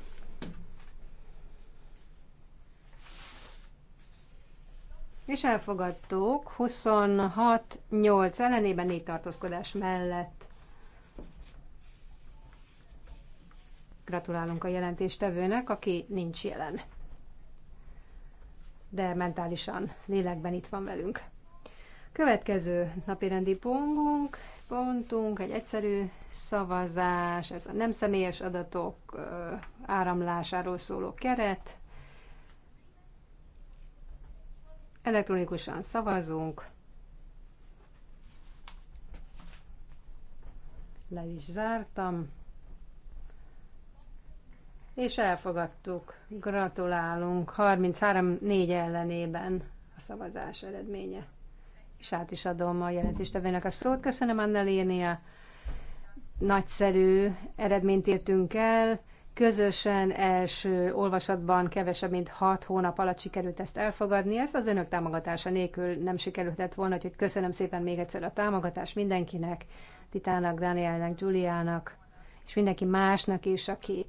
Speaker 3: És elfogadtuk 26-8 ellenében négy tartózkodás mellett. Gratulálunk a jelentéstevőnek, aki nincs jelen. De mentálisan, lélekben itt van velünk. Következő napirendi pontunk, pontunk egy egyszerű szavazás, ez a nem személyes adatok áramlásáról szóló keret. Elektronikusan szavazunk. Le is zártam és elfogadtuk. Gratulálunk 33-4 ellenében a szavazás eredménye. És át is adom a jelentéstevének a szót. Köszönöm Annelénia. Nagyszerű eredményt értünk el. Közösen első olvasatban kevesebb, mint 6 hónap alatt sikerült ezt elfogadni. Ezt az önök támogatása nélkül nem sikerülhetett volna, hogy köszönöm szépen még egyszer a támogatást mindenkinek, Titának, Dánielnek, Juliának, és mindenki másnak is, aki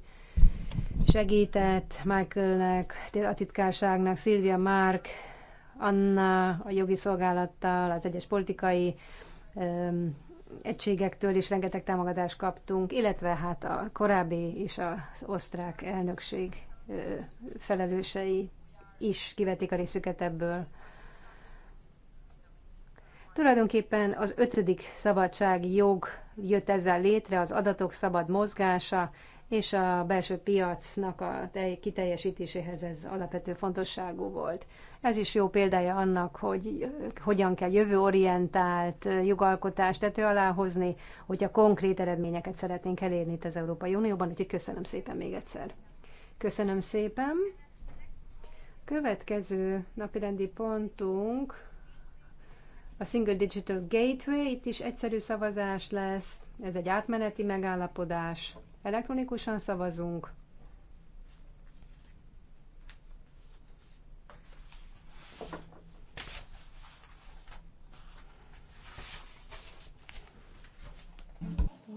Speaker 3: segített Michaelnek, a titkárságnak, Szilvia Márk, Anna a jogi szolgálattal, az egyes politikai um, egységektől is rengeteg támogatást kaptunk, illetve hát a korábbi és az osztrák elnökség uh, felelősei is kivetik a részüket ebből. Tulajdonképpen az ötödik szabadság jog jött ezzel létre, az adatok szabad mozgása, és a belső piacnak a kiteljesítéséhez ez alapvető fontosságú volt. Ez is jó példája annak, hogy hogyan kell jövőorientált jogalkotást tető alá hozni, hogyha konkrét eredményeket szeretnénk elérni itt az Európai Unióban, úgyhogy köszönöm szépen még egyszer. Köszönöm szépen. Következő napirendi pontunk a Single Digital Gateway, itt is egyszerű szavazás lesz, ez egy átmeneti megállapodás. Elektronikusan szavazunk.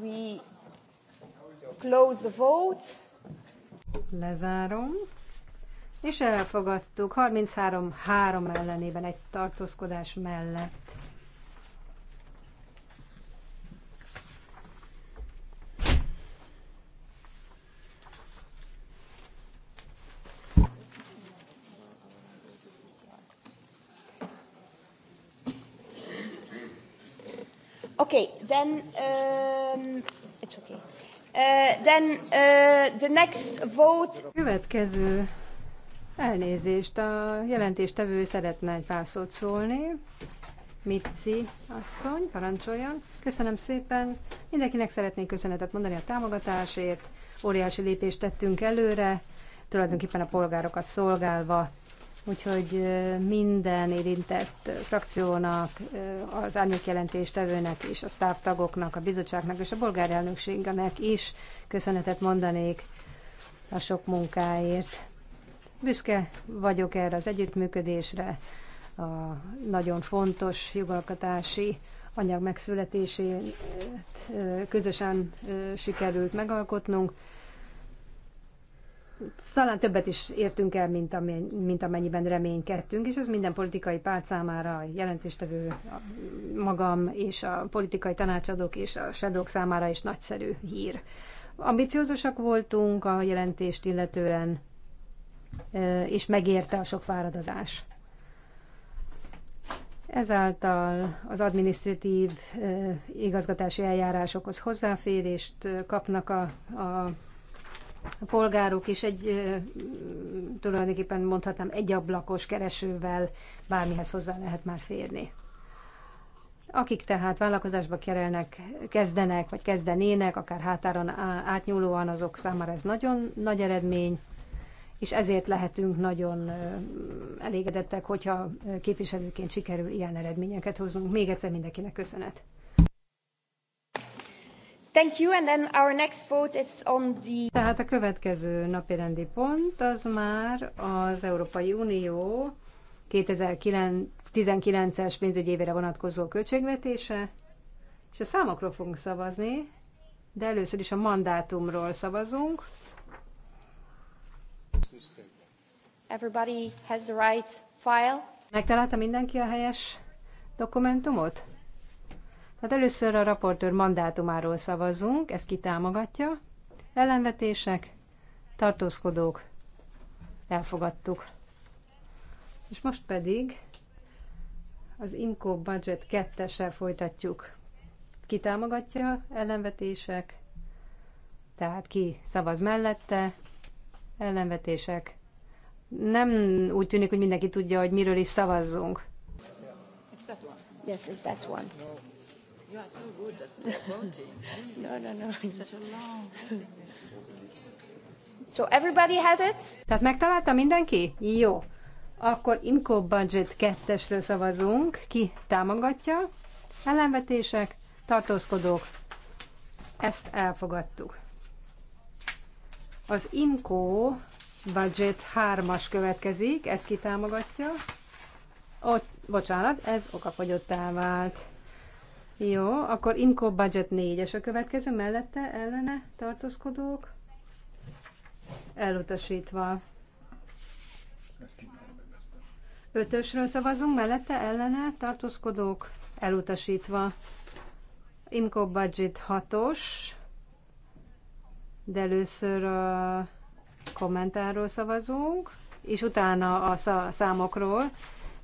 Speaker 3: We close the vote. Lezárom. És elfogadtuk 33-3 ellenében egy tartózkodás mellett. Okay, then um, it's okay. Uh, then uh, the next vote. Következő elnézést. A jelentéstevő szeretne egy pár szót szólni. Mitzi asszony, parancsoljon. Köszönöm szépen. Mindenkinek szeretnék köszönetet mondani a támogatásért. Óriási lépést tettünk előre, tulajdonképpen a polgárokat szolgálva. Úgyhogy minden érintett frakciónak, az árnyékjelentéstevőnek és a sztávtagoknak, a bizottságnak és a bolgár elnökségnek is köszönetet mondanék a sok munkáért. Büszke vagyok erre az együttműködésre, a nagyon fontos jogalkotási anyag megszületését közösen sikerült megalkotnunk talán többet is értünk el, mint, mint amennyiben reménykedtünk, és ez minden politikai párt számára, a jelentéstevő a magam és a politikai tanácsadók és a sedók számára is nagyszerű hír. Ambiciózusak voltunk a jelentést illetően, és megérte a sok fáradozás. Ezáltal az administratív igazgatási eljárásokhoz hozzáférést kapnak a, a a polgárok is egy, tulajdonképpen mondhatnám, egy ablakos keresővel bármihez hozzá lehet már férni. Akik tehát vállalkozásba kerelnek, kezdenek, vagy kezdenének, akár hátáron átnyúlóan, azok számára ez nagyon nagy eredmény, és ezért lehetünk nagyon elégedettek, hogyha képviselőként sikerül ilyen eredményeket hoznunk. Még egyszer mindenkinek köszönet. Thank you, and then our next vote is on the... Tehát a következő napirendi pont az már az Európai Unió 2019-es pénzügyi évére vonatkozó költségvetése, és a számokról fogunk szavazni, de először is a mandátumról szavazunk. Everybody has the right file. Megtalálta mindenki a helyes dokumentumot? Tehát először a raportőr mandátumáról szavazunk, ezt kitámogatja. Ellenvetések, tartózkodók, elfogadtuk. És most pedig az IMCO Budget 2 folytatjuk. Ki támogatja ellenvetések, tehát ki szavaz mellette, ellenvetések. Nem úgy tűnik, hogy mindenki tudja, hogy miről is szavazzunk. Yes, that's one.
Speaker 4: You are so good at voting. [laughs] no, no, no. It's such a long
Speaker 3: So everybody has it? Tehát megtalálta mindenki? Jó. Akkor Inco Budget 2 szavazunk. Ki támogatja? Ellenvetések, tartózkodók. Ezt elfogadtuk. Az Inco Budget 3-as következik, ezt ki támogatja? Ott, bocsánat, ez okafogyottá vált. Jó, akkor Imco Budget 4-es a következő, mellette ellene tartózkodók. Elutasítva. Ötösről szavazunk, mellette ellene tartózkodók. Elutasítva. Imco Budget 6-os, de először a kommentárról szavazunk, és utána a számokról,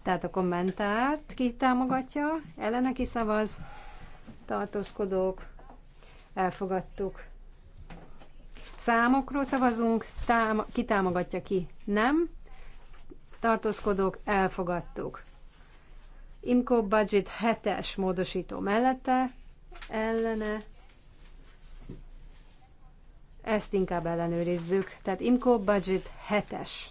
Speaker 3: tehát a kommentárt ki támogatja, ellene ki szavaz, tartózkodók, elfogadtuk. Számokról szavazunk, tám- ki támogatja, ki nem. Tartózkodók, elfogadtuk. Imco Budget 7-es módosító mellette, ellene, ezt inkább ellenőrizzük. Tehát Imco Budget 7-es.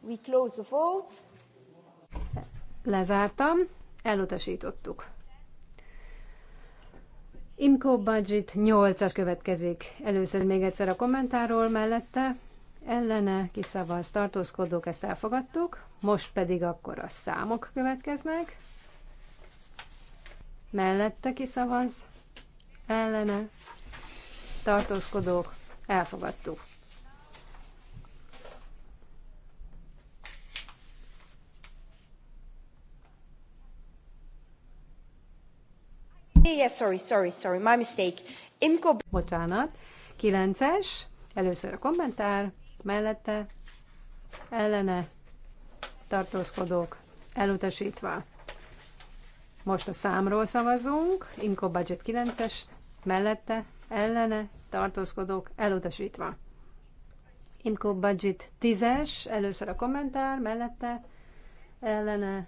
Speaker 3: We close the vote. Lezártam, elutasítottuk. Imco Budget 8-as következik. Először még egyszer a kommentáról mellette. Ellene kiszavaz tartózkodók, ezt elfogadtuk. Most pedig akkor a számok következnek. Mellette kiszavaz, ellene tartózkodók, elfogadtuk. Yeah, sorry, sorry, sorry, my mistake. Imko... Bocsánat. Kilences, Először a kommentár. Mellette. Ellene. Tartózkodók. Elutasítva. Most a számról szavazunk. inko Budget 9-es. Mellette. Ellene. Tartózkodók. Elutasítva. Inko Budget 10-es, először a kommentár, mellette ellene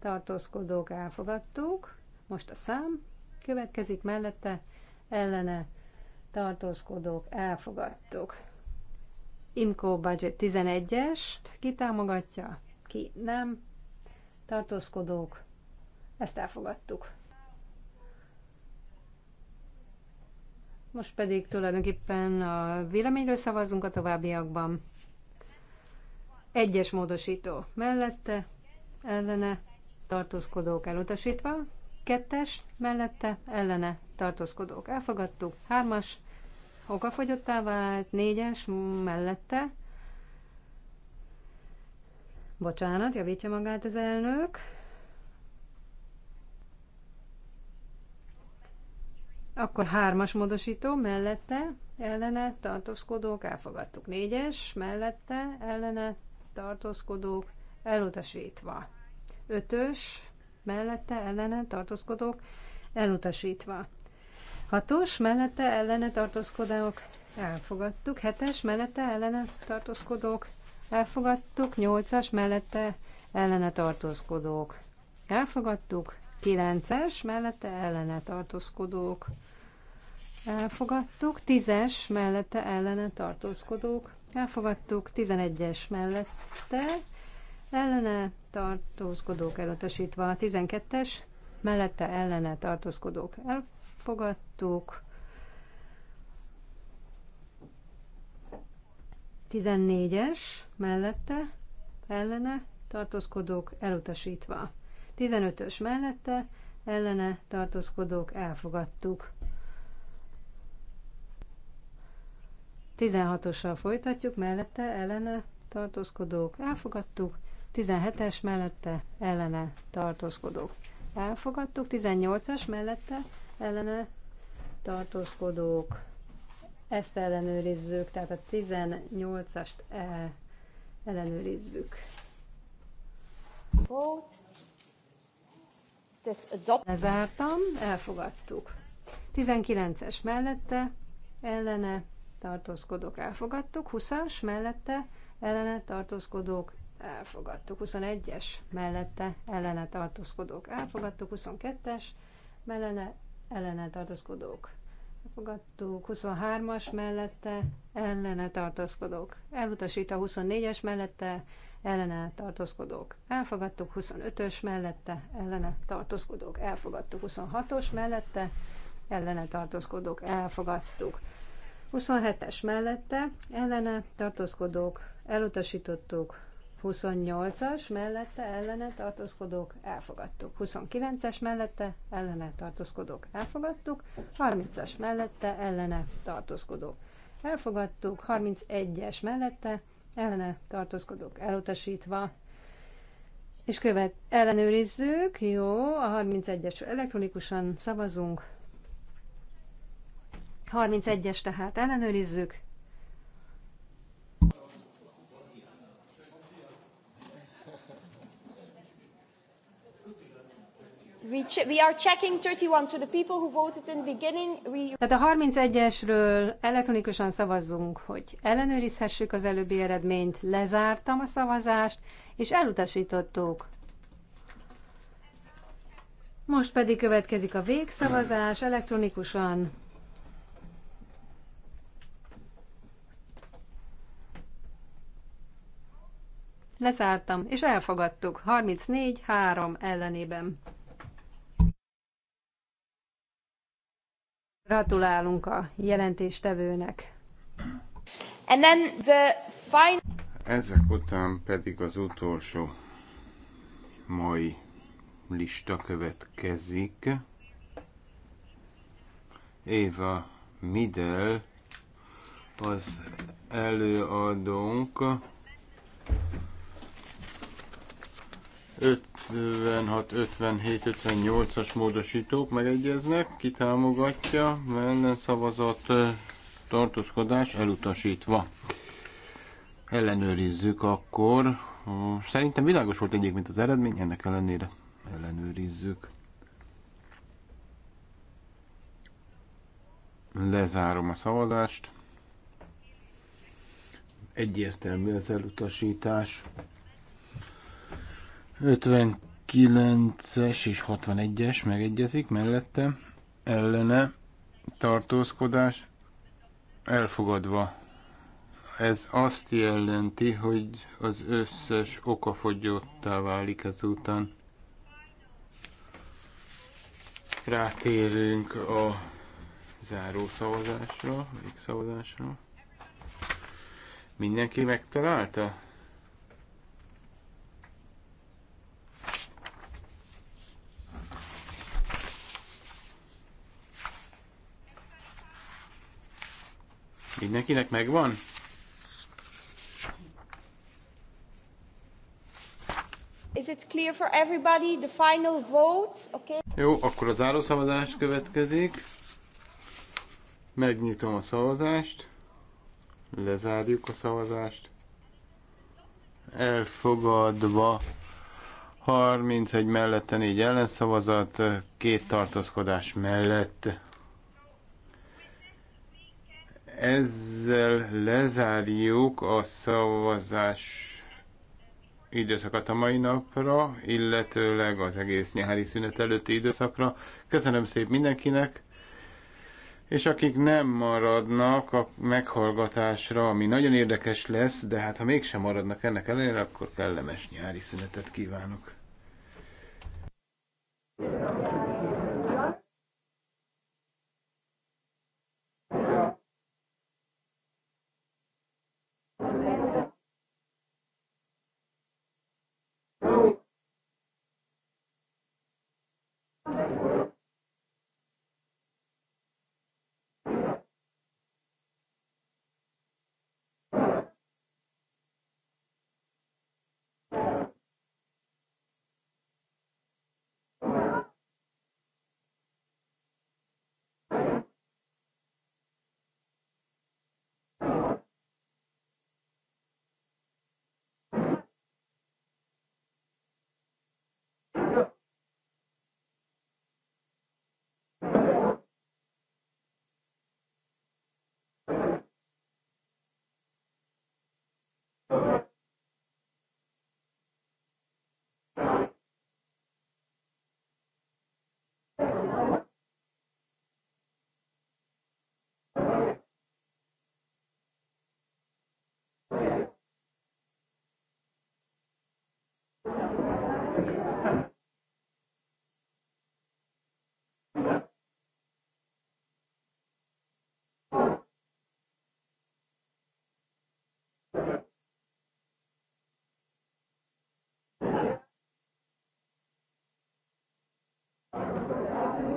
Speaker 3: tartózkodók elfogadtuk. Most a szám következik mellette, ellene tartózkodók elfogadtuk. Imco Budget 11-est kitámogatja, ki nem, tartózkodók, ezt elfogadtuk. Most pedig tulajdonképpen a véleményről szavazunk a továbbiakban. Egyes módosító mellette, ellene, tartózkodók elutasítva, Kettes mellette ellene tartózkodók elfogadtuk. Hármas okafogyottá vált. Négyes mellette. Bocsánat, javítja magát az elnök. Akkor hármas módosító mellette ellene tartózkodók, elfogadtuk. Négyes mellette ellene tartózkodók, elutasítva. Ötös mellette ellene tartózkodók elutasítva. Hatos mellette ellene tartózkodók elfogadtuk, hetes mellette ellene tartózkodók elfogadtuk, nyolcas mellette ellene tartózkodók elfogadtuk, kilences mellette ellene tartózkodók elfogadtuk, tízes mellette ellene tartózkodók elfogadtuk, tizenegyes mellette ellene tartózkodók elutasítva, a 12-es mellette ellene tartózkodók elfogadtuk, 14-es mellette ellene tartózkodók elutasítva, 15-ös mellette ellene tartózkodók elfogadtuk. 16-ossal folytatjuk, mellette ellene tartózkodók elfogadtuk, 17-es mellette ellene tartózkodók elfogadtuk, 18-as mellette ellene tartózkodók, ezt ellenőrizzük, tehát a 18-ast el, ellenőrizzük. Lezártam, elfogadtuk. 19-es mellette ellene tartózkodók elfogadtuk, 20-as mellette ellene tartózkodók elfogadtuk. 21-es mellette ellene tartózkodók elfogadtuk. 22-es mellene ellene tartózkodók elfogadtuk. 23-as mellette ellene tartózkodók elutasít a 24-es mellette ellene tartózkodók elfogadtuk. 25-ös mellette ellene tartózkodók elfogadtuk. 26-os mellette ellene tartózkodók elfogadtuk. 27-es mellette ellene tartózkodók elutasítottuk, 28-as mellette ellene tartózkodók elfogadtuk. 29-es mellette ellene tartózkodók elfogadtuk. 30-as mellette ellene tartózkodók elfogadtuk. 31-es mellette ellene tartózkodók elutasítva. És követ ellenőrizzük. Jó, a 31-es elektronikusan szavazunk. 31-es tehát ellenőrizzük. We, we are checking 31, so the people who voted in the beginning, we... Tehát a 31-esről elektronikusan szavazzunk, hogy ellenőrizhessük az előbbi eredményt, lezártam a szavazást, és elutasítottuk. Most pedig következik a végszavazás elektronikusan. Lezártam, és elfogadtuk 34-3 ellenében. Gratulálunk a jelentéstevőnek. And then
Speaker 4: the final...
Speaker 2: Ezek után pedig az utolsó mai lista következik. Éva Midel az előadónk 56, 57, 58-as módosítók megegyeznek, kitámogatja, ellen szavazat tartózkodás elutasítva. Ellenőrizzük akkor. Szerintem világos volt egyik, mint az eredmény, ennek ellenére ellenőrizzük. Lezárom a szavazást. Egyértelmű az elutasítás. 59-es és 61-es megegyezik mellette, ellene tartózkodás elfogadva. Ez azt jelenti, hogy az összes okafogyottá válik ezután. Rátérünk a záró szavazásra, végszavazásra. Mindenki megtalálta? Mindenkinek megvan?
Speaker 4: Is it clear for everybody the final vote? Okay.
Speaker 2: Jó, akkor a zárószavazás következik. Megnyitom a szavazást. Lezárjuk a szavazást. Elfogadva 31 mellette 4 ellenszavazat, két tartózkodás mellett. Ezzel lezárjuk a szavazás időszakat a mai napra, illetőleg az egész nyári szünet előtti időszakra. Köszönöm szép mindenkinek, és akik nem maradnak a meghallgatásra, ami nagyon érdekes lesz, de hát ha mégsem maradnak ennek ellenére, akkor kellemes nyári szünetet kívánok.
Speaker 4: Thank you.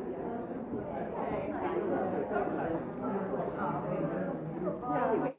Speaker 4: Yeah.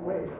Speaker 4: away.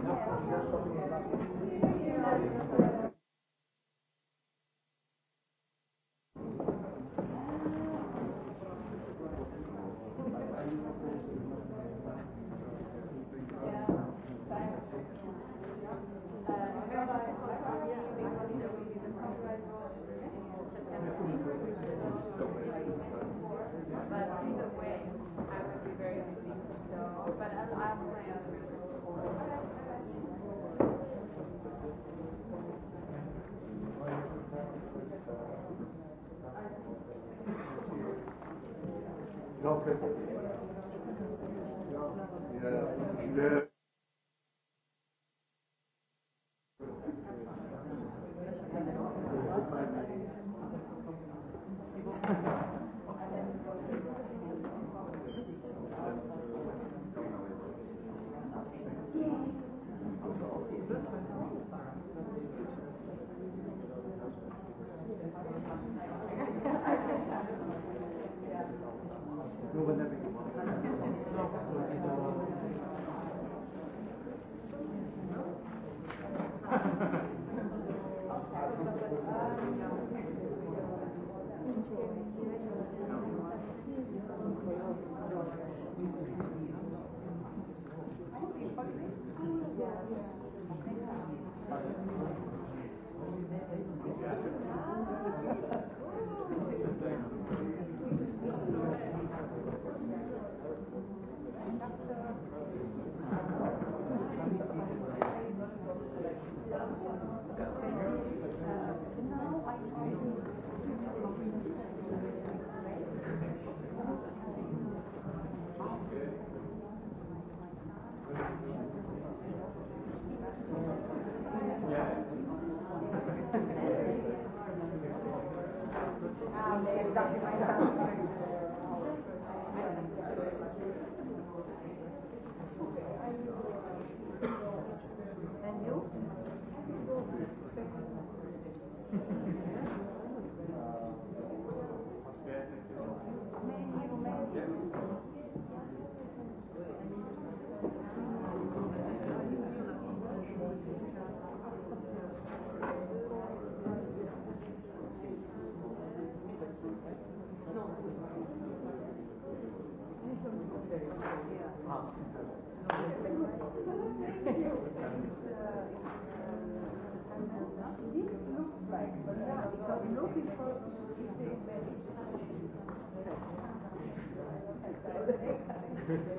Speaker 4: Thank you.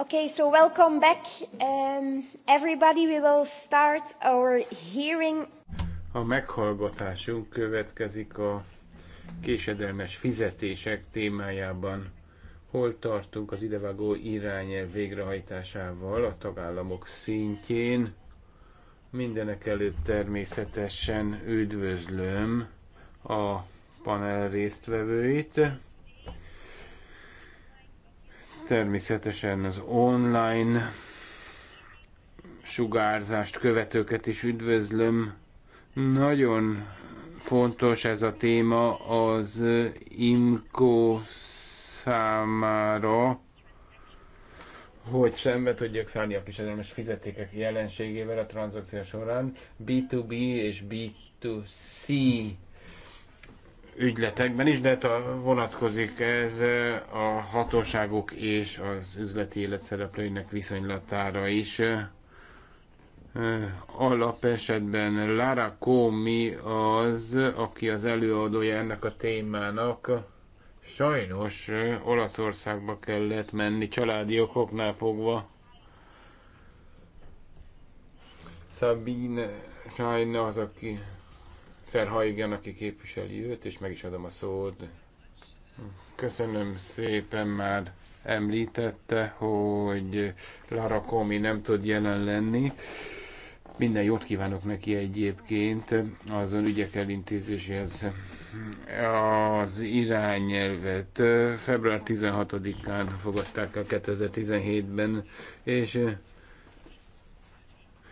Speaker 4: Okay, so welcome back um, everybody. We will start our hearing.
Speaker 2: A meghallgatásunk következik a késedelmes fizetések témájában. Hol tartunk az idevágó irányelv végrehajtásával a tagállamok szintjén? Mindenek előtt természetesen üdvözlöm a panel résztvevőit Természetesen az online sugárzást követőket is üdvözlöm. Nagyon fontos ez a téma az IMCO számára, hogy szembe tudjuk szállni a kisedelmes fizetékek jelenségével a tranzakció során. B2B és B2C ügyletekben is, de hát a vonatkozik ez a hatóságok és az üzleti élet szereplőinek viszonylatára is. Alapesetben Lara Komi az, aki az előadója ennek a témának. Sajnos Olaszországba kellett menni családi okoknál fogva. Sabine Sajna az, aki igen, aki képviseli őt, és meg is adom a szót. Köszönöm szépen már említette, hogy Lara Komi nem tud jelen lenni. Minden jót kívánok neki egyébként azon ügyek elintézéséhez. Az irányelvet február 16-án fogadták el 2017-ben, és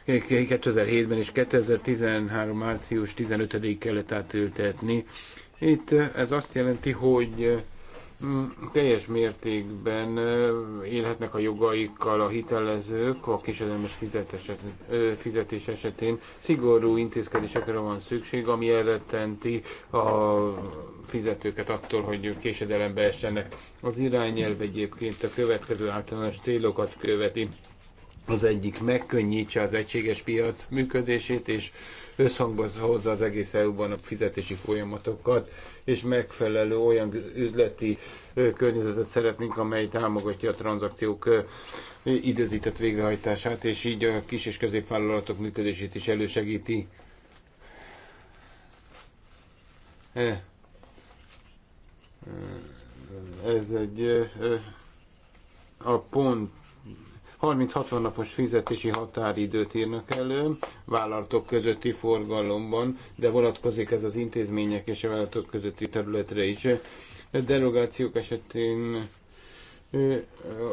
Speaker 2: 2007-ben és 2013. március 15-ig kellett átültetni. Itt ez azt jelenti, hogy mm, teljes mértékben élhetnek a jogaikkal a hitelezők a kisedelmes fizetés esetén. Szigorú intézkedésekre van szükség, ami elrettenti a fizetőket attól, hogy késedelembe essenek. Az irányelv egyébként a következő általános célokat követi. Az egyik megkönnyítse az egységes piac működését, és összhangba hozza az egész EU-ban a fizetési folyamatokat, és megfelelő olyan üzleti környezetet szeretnénk, amely támogatja a tranzakciók időzített végrehajtását, és így a kis és középvállalatok működését is elősegíti. Ez egy a pont 30-60 napos fizetési határidőt írnak elő vállalatok közötti forgalomban, de vonatkozik ez az intézmények és a vállalatok közötti területre is. A derogációk esetén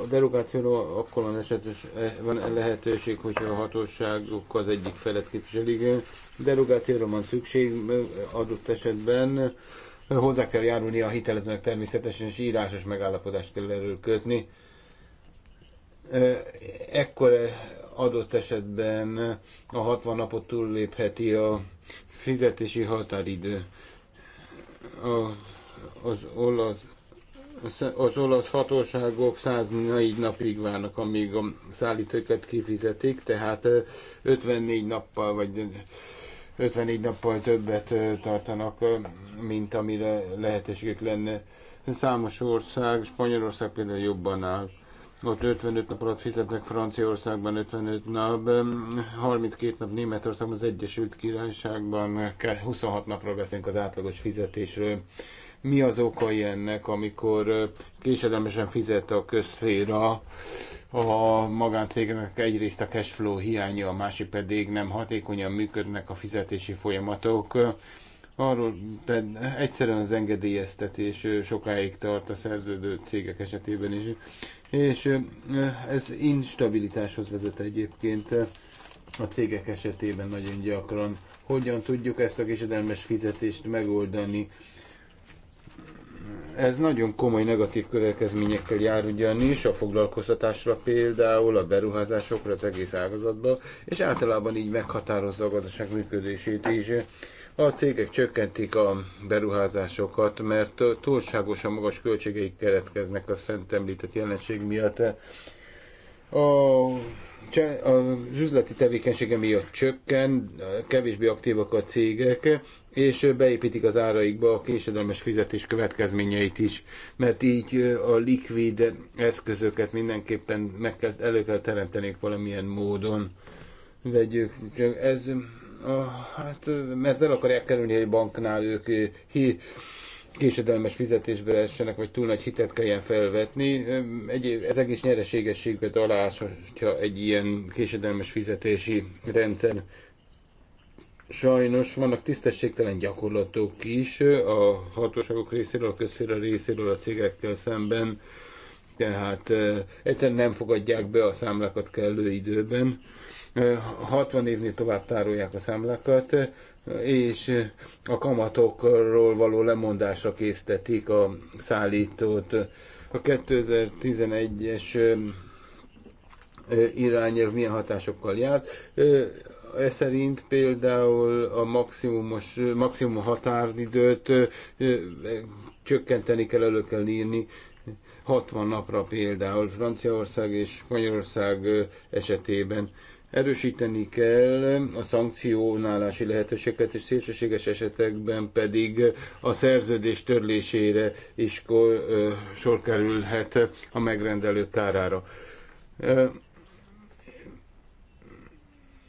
Speaker 2: a derogációra akkor van, esetős, e, van lehetőség, hogyha a hatóságok az egyik felet képviselik. Derogációra van szükség adott esetben. Hozzá kell járulni a hitelezőnek természetesen, és írásos megállapodást kell erről kötni ekkor adott esetben a 60 napot túllépheti a fizetési határidő. A, az olasz az olasz hatóságok 104 napig várnak, amíg a szállítókat kifizetik, tehát 54 nappal, vagy 54 nappal többet tartanak, mint amire lehetőségük lenne. Számos ország, Spanyolország például jobban áll ott 55 nap alatt fizetnek Franciaországban 55 nap, 32 nap Németországban, az Egyesült Királyságban 26 napról beszélünk az átlagos fizetésről. Mi az okai ennek, amikor késedelmesen fizet a közféra, a magáncégnek egyrészt a cashflow hiánya, a másik pedig nem hatékonyan működnek a fizetési folyamatok. Arról egyszerűen az engedélyeztetés sokáig tart a szerződő cégek esetében is. És ez instabilitáshoz vezet egyébként a cégek esetében nagyon gyakran. Hogyan tudjuk ezt a késedelmes fizetést megoldani? Ez nagyon komoly negatív következményekkel jár ugyanis a foglalkoztatásra például, a beruházásokra, az egész ágazatban, és általában így meghatározza a gazdaság működését is. A cégek csökkentik a beruházásokat, mert túlságosan magas költségeik keletkeznek a fent említett jelenség miatt. A, a üzleti tevékenysége miatt csökken, kevésbé aktívak a cégek, és beépítik az áraikba a késedelmes fizetés következményeit is, mert így a likvid eszközöket mindenképpen meg kell, elő kell teremteni valamilyen módon. Vegyük, ez hát, mert el akarják kerülni egy banknál, ők hi, késedelmes fizetésbe essenek, vagy túl nagy hitet kelljen felvetni. Egy, ez egész nyereségességüket hogyha egy ilyen késedelmes fizetési rendszer. Sajnos vannak tisztességtelen gyakorlatok is a hatóságok részéről, a közféle részéről, a cégekkel szemben. Tehát egyszerűen nem fogadják be a számlákat kellő időben 60 évnél tovább tárolják a számlákat, és a kamatokról való lemondásra késztetik a szállítót. A 2011-es irányelv milyen hatásokkal járt. Ez szerint például a maximumos, maximum határidőt csökkenteni kell, elő kell írni 60 napra például Franciaország és Magyarország esetében Erősíteni kell a szankcionálási lehetőséget, és szélsőséges esetekben pedig a szerződés törlésére is sor kerülhet a megrendelő kárára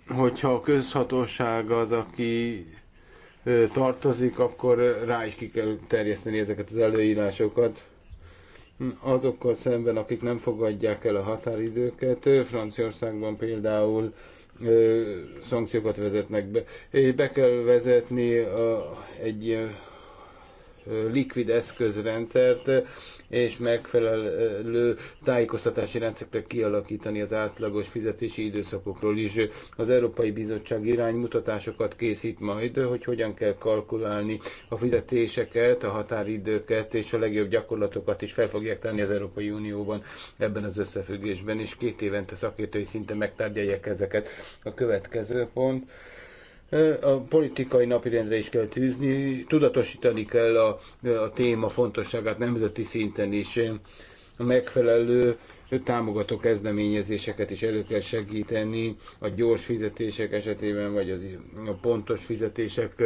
Speaker 2: hogyha a közhatóság az, aki tartozik, akkor rá is ki kell terjeszteni ezeket az előírásokat azokkal szemben, akik nem fogadják el a határidőket. Franciaországban például szankciókat vezetnek be. Be kell vezetni a, egy likvid eszközrendszert, és megfelelő tájékoztatási rendszerre kialakítani az átlagos fizetési időszakokról is. Az Európai Bizottság iránymutatásokat készít majd, hogy hogyan kell kalkulálni a fizetéseket, a határidőket és a legjobb gyakorlatokat is fel fogják tenni az Európai Unióban ebben az összefüggésben, és két évente szakértői szinten megtárgyalják ezeket. A következő pont a politikai napirendre is kell tűzni, tudatosítani kell a, a téma fontosságát nemzeti szinten is, a megfelelő támogató kezdeményezéseket is elő kell segíteni a gyors fizetések esetében, vagy az, a pontos fizetések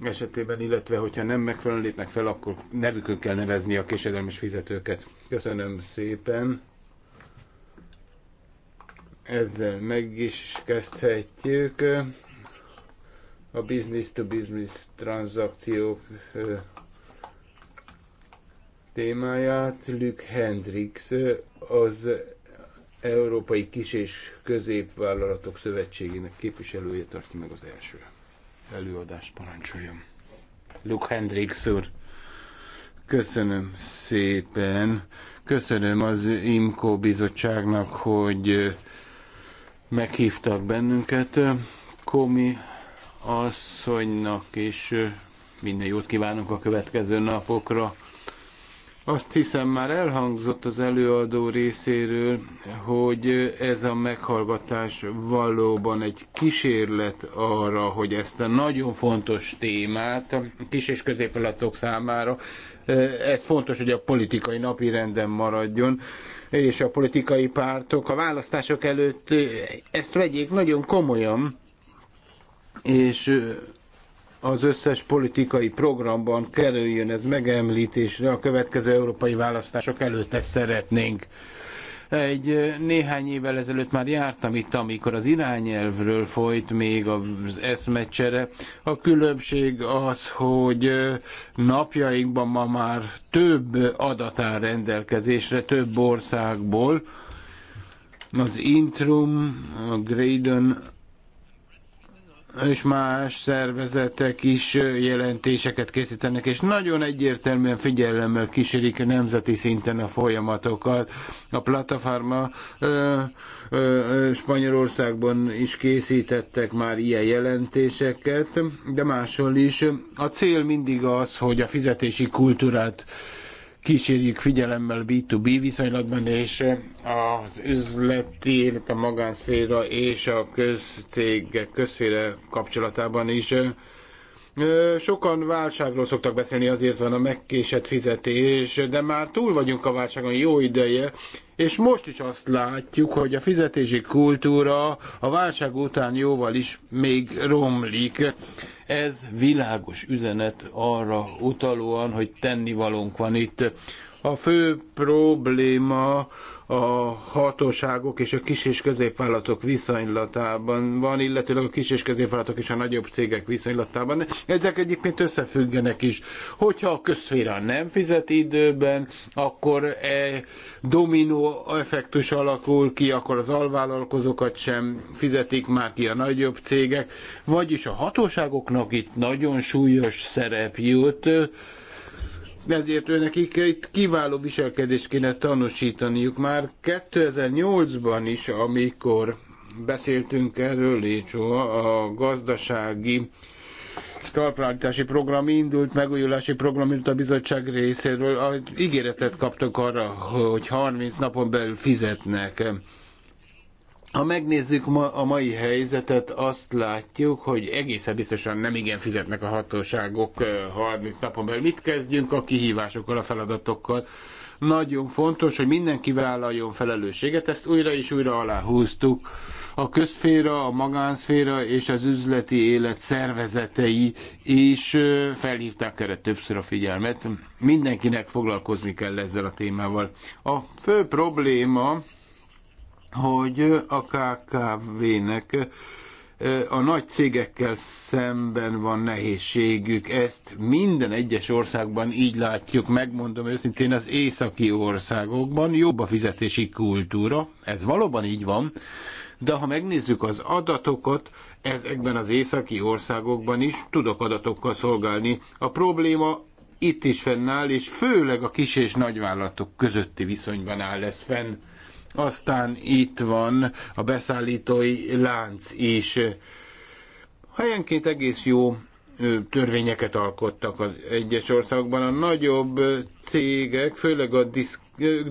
Speaker 2: esetében, illetve hogyha nem megfelelően lépnek fel, akkor nevükön kell nevezni a késedelmes fizetőket. Köszönöm szépen! Ezzel meg is kezdhetjük a business-to-business tranzakciók témáját. Luke Hendricks az Európai Kis- és Középvállalatok Szövetségének képviselője tartja meg az első előadást, parancsoljon. Luke Hendrix úr, köszönöm szépen. Köszönöm az IMCO bizottságnak, hogy meghívtak bennünket. Komi asszonynak, és minden jót kívánunk a következő napokra. Azt hiszem már elhangzott az előadó részéről, hogy ez a meghallgatás valóban egy kísérlet arra, hogy ezt a nagyon fontos témát a kis és középfeladatok számára, ez fontos, hogy a politikai napirenden maradjon, és a politikai pártok a választások előtt ezt vegyék nagyon komolyan, és az összes politikai programban kerüljön ez megemlítésre a következő európai választások előtt ezt szeretnénk. Egy néhány évvel ezelőtt már jártam itt, amikor az irányelvről folyt még az eszmecsere. A különbség az, hogy napjainkban ma már több adat áll rendelkezésre több országból. Az Intrum, a Graydon és más szervezetek is jelentéseket készítenek, és nagyon egyértelműen figyelemmel kísérik nemzeti szinten a folyamatokat. A Platafarma ö, ö, Spanyolországban is készítettek már ilyen jelentéseket, de máshol is. A cél mindig az, hogy a fizetési kultúrát kísérjük figyelemmel B2B viszonylatban, és az üzleti élet, a magánszféra és a közcég közféle kapcsolatában is. Sokan válságról szoktak beszélni, azért van a megkésett fizetés, de már túl vagyunk a válságon jó ideje, és most is azt látjuk, hogy a fizetési kultúra a válság után jóval is még romlik ez világos üzenet arra utalóan, hogy tennivalónk van itt. A fő probléma a hatóságok és a kis és középvállalatok viszonylatában van, illetőleg a kis és középvállalatok és a nagyobb cégek viszonylatában. Ezek egyébként összefüggenek is. Hogyha a közszféra nem fizet időben, akkor e dominó effektus alakul ki, akkor az alvállalkozókat sem fizetik már ki a nagyobb cégek, vagyis a hatóságoknak itt nagyon súlyos szerep jut, ezért őnekik itt kiváló viselkedést kéne tanúsítaniuk. Már 2008-ban is, amikor beszéltünk erről, Lécsó, a gazdasági talpraállítási program indult, megújulási program indult a bizottság részéről. Ígéretet kaptak arra, hogy 30 napon belül fizetnek. Ha megnézzük ma a mai helyzetet, azt látjuk, hogy egészen biztosan nem igen fizetnek a hatóságok 30 napon belül. Mit kezdjünk a kihívásokkal, a feladatokkal? Nagyon fontos, hogy mindenki vállaljon felelősséget, ezt újra és újra aláhúztuk. A közféra, a magánszféra és az üzleti élet szervezetei is felhívták erre többször a figyelmet. Mindenkinek foglalkozni kell ezzel a témával. A fő probléma, hogy a KKV-nek a nagy cégekkel szemben van nehézségük, ezt minden egyes országban így látjuk, megmondom őszintén, az északi országokban jobb a fizetési kultúra, ez valóban így van, de ha megnézzük az adatokat, ezekben az északi országokban is tudok adatokkal szolgálni. A probléma itt is fennáll, és főleg a kis és nagyvállalatok közötti viszonyban áll ez fenn aztán itt van a beszállítói lánc is. Helyenként egész jó törvényeket alkottak az egyes országban. A nagyobb cégek főleg a diszk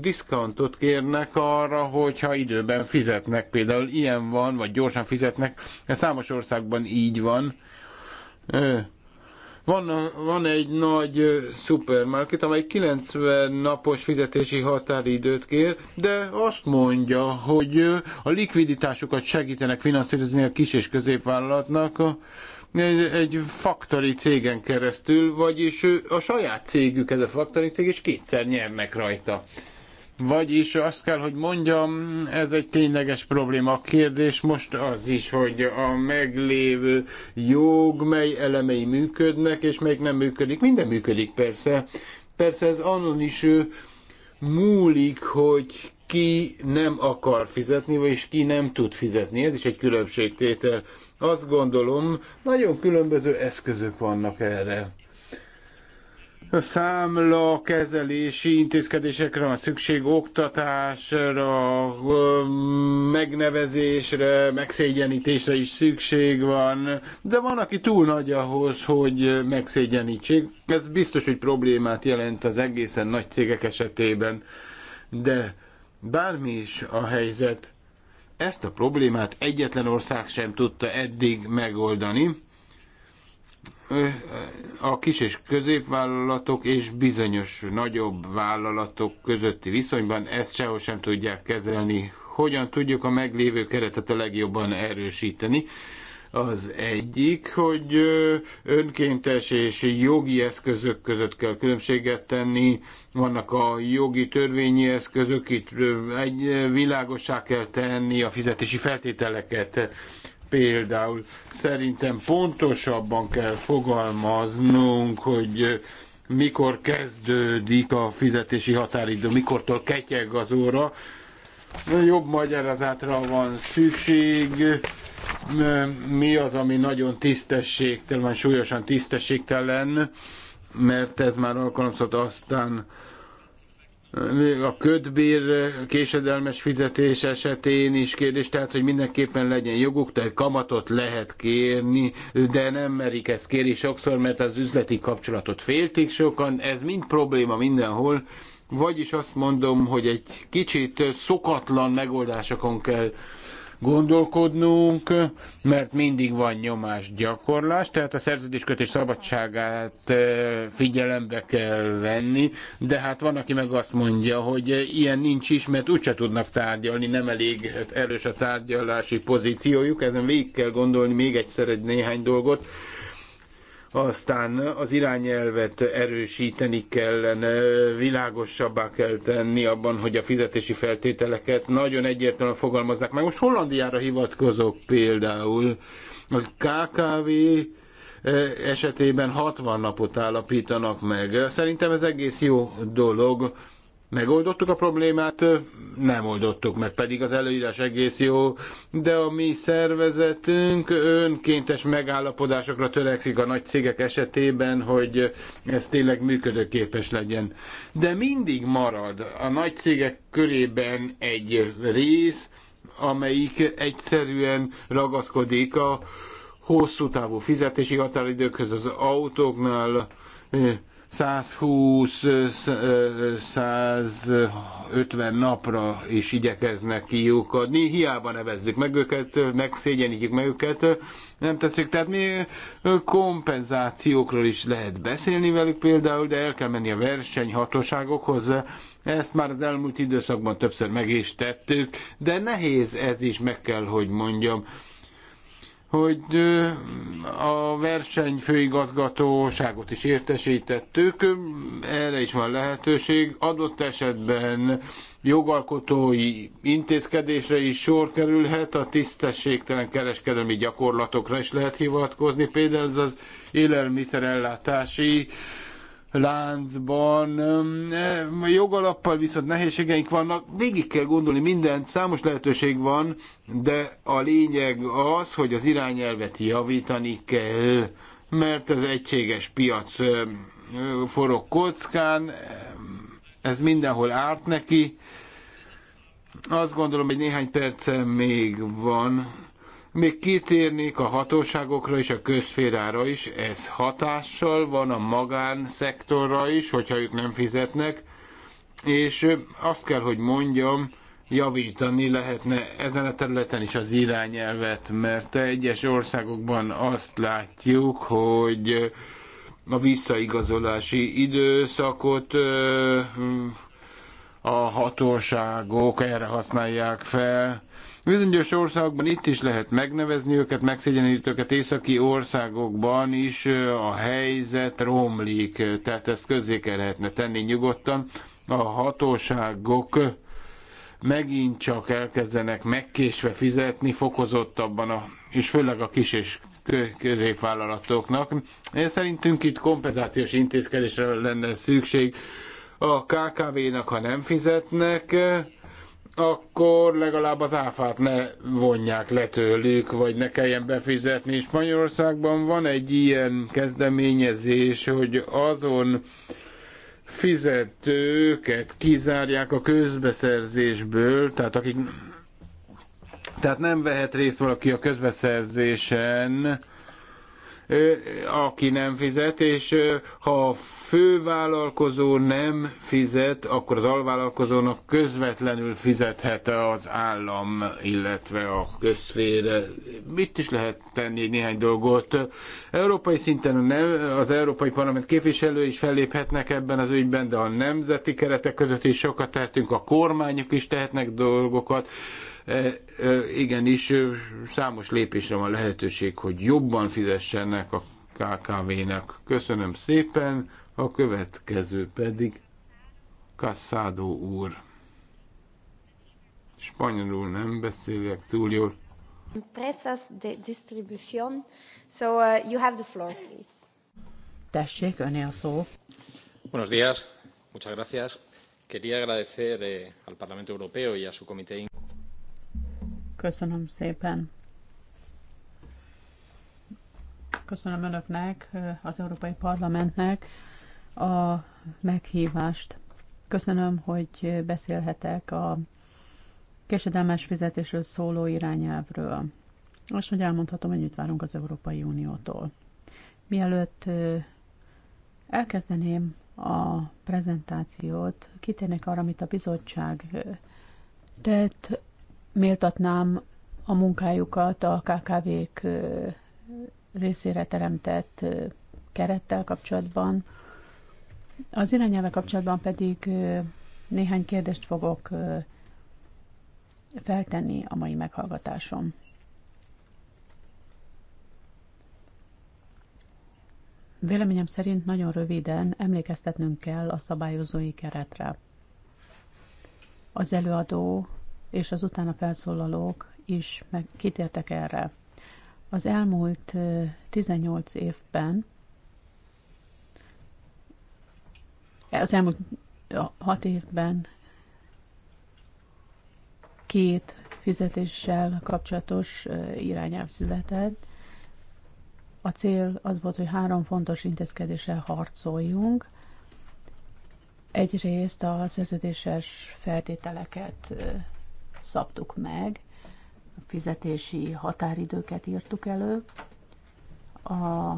Speaker 2: diszkantot kérnek arra, hogyha időben fizetnek. Például ilyen van, vagy gyorsan fizetnek. Ez számos országban így van. Van, van egy nagy szupermarket, amely 90 napos fizetési határidőt kér, de azt mondja, hogy a likviditásukat segítenek finanszírozni a kis és középvállalatnak egy, egy faktori cégen keresztül, vagyis a saját cégük ez a faktori cég, és kétszer nyernek rajta. Vagyis azt kell, hogy mondjam, ez egy tényleges probléma. A kérdés most az is, hogy a meglévő jog mely elemei működnek, és melyik nem működik. Minden működik persze. Persze ez annon is múlik, hogy ki nem akar fizetni, vagyis ki nem tud fizetni. Ez is egy különbségtétel. Azt gondolom, nagyon különböző eszközök vannak erre számla kezelési intézkedésekre van szükség, oktatásra, megnevezésre, megszégyenítésre is szükség van, de van, aki túl nagy ahhoz, hogy megszégyenítsék. Ez biztos, hogy problémát jelent az egészen nagy cégek esetében, de bármi is a helyzet, ezt a problémát egyetlen ország sem tudta eddig megoldani a kis és középvállalatok és bizonyos nagyobb vállalatok közötti viszonyban ezt sehol sem tudják kezelni. Hogyan tudjuk a meglévő keretet a legjobban erősíteni? Az egyik, hogy önkéntes és jogi eszközök között kell különbséget tenni. Vannak a jogi törvényi eszközök, itt egy világosá kell tenni a fizetési feltételeket. Például szerintem fontosabban kell fogalmaznunk, hogy mikor kezdődik a fizetési határidő, mikortól ketyeg az óra. Jobb magyarázatra van szükség, mi az, ami nagyon tisztességtelen, súlyosan tisztességtelen, mert ez már alkalmazott aztán a ködbér késedelmes fizetés esetén is kérdés, tehát hogy mindenképpen legyen joguk, tehát kamatot lehet kérni, de nem merik ezt kérni sokszor, mert az üzleti kapcsolatot féltik sokan, ez mind probléma mindenhol, vagyis azt mondom, hogy egy kicsit szokatlan megoldásokon kell gondolkodnunk, mert mindig van nyomás gyakorlás, tehát a szerződéskötés szabadságát eh, figyelembe kell venni, de hát van, aki meg azt mondja, hogy eh, ilyen nincs is, mert úgyse tudnak tárgyalni, nem elég hát erős a tárgyalási pozíciójuk, ezen végig kell gondolni még egyszer egy néhány dolgot, aztán az irányelvet erősíteni kellene, világosabbá kell tenni abban, hogy a fizetési feltételeket nagyon egyértelműen fogalmazzák meg. Most Hollandiára hivatkozok például. A KKV e, esetében 60 napot állapítanak meg. Szerintem ez egész jó dolog megoldottuk a problémát, nem oldottuk meg, pedig az előírás egész jó, de a mi szervezetünk önkéntes megállapodásokra törekszik a nagy cégek esetében, hogy ez tényleg működőképes legyen. De mindig marad a nagy cégek körében egy rész, amelyik egyszerűen ragaszkodik a hosszú távú fizetési határidőkhöz az autóknál, 120-150 napra is igyekeznek kiukadni, hiába nevezzük meg őket, megszégyenítjük meg őket, nem teszik. Tehát mi kompenzációkról is lehet beszélni velük például, de el kell menni a versenyhatóságokhoz, ezt már az elmúlt időszakban többször meg is tettük, de nehéz ez is, meg kell, hogy mondjam hogy a főigazgatóságot is értesítettük, erre is van lehetőség. Adott esetben jogalkotói intézkedésre is sor kerülhet, a tisztességtelen kereskedelmi gyakorlatokra is lehet hivatkozni. Például ez az élelmiszerellátási láncban. A jogalappal viszont nehézségeink vannak, végig kell gondolni mindent, számos lehetőség van, de a lényeg az, hogy az irányelvet javítani kell, mert az egységes piac forog kockán, ez mindenhol árt neki. Azt gondolom, hogy néhány percen még van még kitérnék a hatóságokra és a közférára is, ez hatással van a magánszektorra is, hogyha ők nem fizetnek, és azt kell, hogy mondjam, javítani lehetne ezen a területen is az irányelvet, mert egyes országokban azt látjuk, hogy a visszaigazolási időszakot a hatóságok erre használják fel, Bizonyos országokban itt is lehet megnevezni őket, megszégyeníteni őket, északi országokban is a helyzet romlik, tehát ezt közzé kell lehetne tenni nyugodtan. A hatóságok megint csak elkezdenek megkésve fizetni fokozottabban, a, és főleg a kis és középvállalatoknak. Én szerintünk itt kompenzációs intézkedésre lenne szükség a KKV-nak, ha nem fizetnek, akkor legalább az áfát ne vonják le tőlük, vagy ne kelljen befizetni. És Magyarországban van egy ilyen kezdeményezés, hogy azon fizetőket kizárják a közbeszerzésből, tehát akik tehát nem vehet részt valaki a közbeszerzésen, aki nem fizet, és ha a fővállalkozó nem fizet, akkor az alvállalkozónak közvetlenül fizethet az állam, illetve a közféle. Mit is lehet tenni néhány dolgot. Európai szinten az Európai Parlament képviselő is felléphetnek ebben az ügyben, de a nemzeti keretek között is sokat tehetünk, a kormányok is tehetnek dolgokat. E, e, igenis számos lépésre van lehetőség, hogy jobban fizessenek a KKV-nek. Köszönöm szépen, a következő pedig Cassado úr. Spanyolul nem beszélek túl jól.
Speaker 3: Empresas de distribución. So uh, you have the floor, please.
Speaker 1: Tessék, öné a szó.
Speaker 2: Buenos días. Muchas gracias. Quería agradecer eh, al Parlamento Europeo y a su comité
Speaker 1: Köszönöm szépen. Köszönöm Önöknek, az Európai Parlamentnek a meghívást. Köszönöm, hogy beszélhetek a késedelmes fizetésről szóló irányelvről, és hogy elmondhatom, hogy mit várunk az Európai Uniótól. Mielőtt elkezdeném a prezentációt, kitérnek arra, amit a bizottság tett méltatnám a munkájukat a KKV-k részére teremtett kerettel kapcsolatban. Az irányelve kapcsolatban pedig néhány kérdést fogok feltenni a mai meghallgatásom. Véleményem szerint nagyon röviden emlékeztetnünk kell a szabályozói keretre. Az előadó és az utána felszólalók is meg kitértek erre. Az elmúlt 18 évben, az elmúlt 6 évben két fizetéssel kapcsolatos irányelv született. A cél az volt, hogy három fontos intézkedéssel harcoljunk. Egyrészt a szerződéses feltételeket szabtuk meg, a fizetési határidőket írtuk elő, a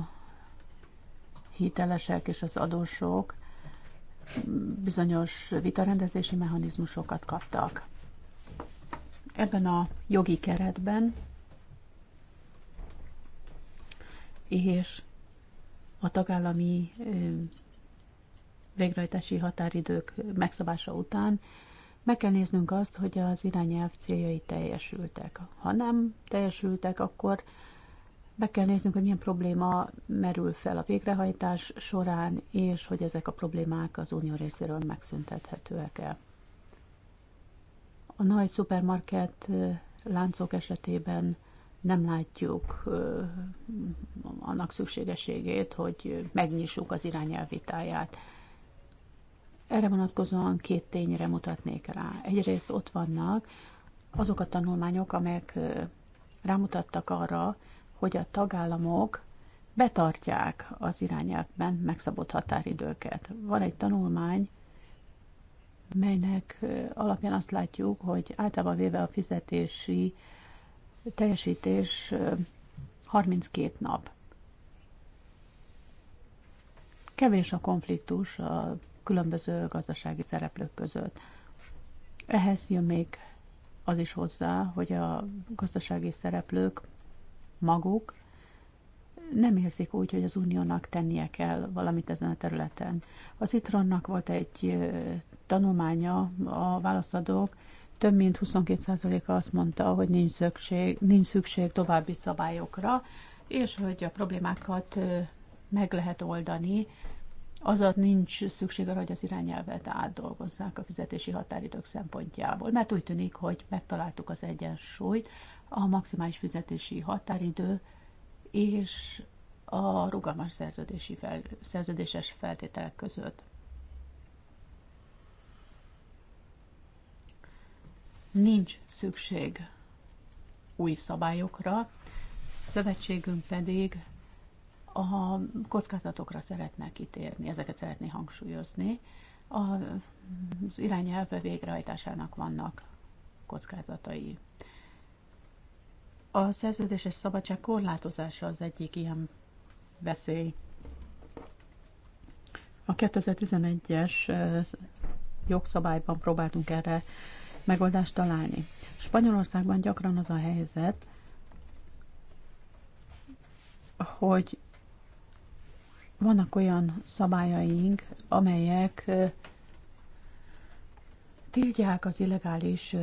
Speaker 1: hitelesek és az adósok bizonyos vitarendezési mechanizmusokat kaptak. Ebben a jogi keretben és a tagállami végrehajtási határidők megszabása után meg kell néznünk azt, hogy az irányelv céljai teljesültek. Ha nem teljesültek, akkor meg kell néznünk, hogy milyen probléma merül fel a végrehajtás során, és hogy ezek a problémák az unió részéről megszüntethetőek-e. A nagy szupermarket láncok esetében nem látjuk annak szükségességét, hogy megnyissuk az irányelvitáját. vitáját erre vonatkozóan két tényre mutatnék rá. Egyrészt ott vannak azok a tanulmányok, amelyek rámutattak arra, hogy a tagállamok betartják az irányelvben megszabott határidőket. Van egy tanulmány, melynek alapján azt látjuk, hogy általában véve a fizetési teljesítés 32 nap. Kevés a konfliktus a különböző gazdasági szereplők között. Ehhez jön még az is hozzá, hogy a gazdasági szereplők maguk nem érzik úgy, hogy az uniónak tennie kell valamit ezen a területen. Az Itronnak volt egy tanulmánya, a választadók több mint 22%-a azt mondta, hogy nincs szükség, nincs szükség további szabályokra, és hogy a problémákat meg lehet oldani, azaz nincs szükség arra, hogy az irányelvet átdolgozzák a fizetési határidők szempontjából, mert úgy tűnik, hogy megtaláltuk az egyensúlyt, a maximális fizetési határidő és a rugalmas szerződési fel, szerződéses feltételek között. Nincs szükség új szabályokra, szövetségünk pedig a kockázatokra szeretne kitérni, ezeket szeretné hangsúlyozni. Az irányelve végrehajtásának vannak kockázatai. A szerződéses szabadság korlátozása az egyik ilyen veszély. A 2011-es jogszabályban próbáltunk erre megoldást találni. Spanyolországban gyakran az a helyzet, hogy vannak olyan szabályaink, amelyek tiltják az illegális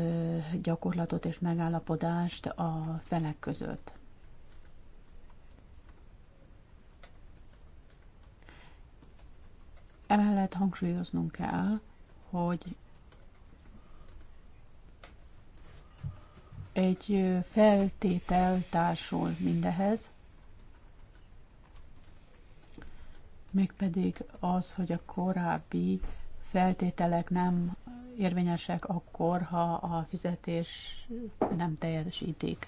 Speaker 1: gyakorlatot és megállapodást a felek között. Emellett hangsúlyoznunk kell, hogy egy feltétel társul mindehez, mégpedig az, hogy a korábbi feltételek nem érvényesek akkor, ha a fizetés nem teljesítik.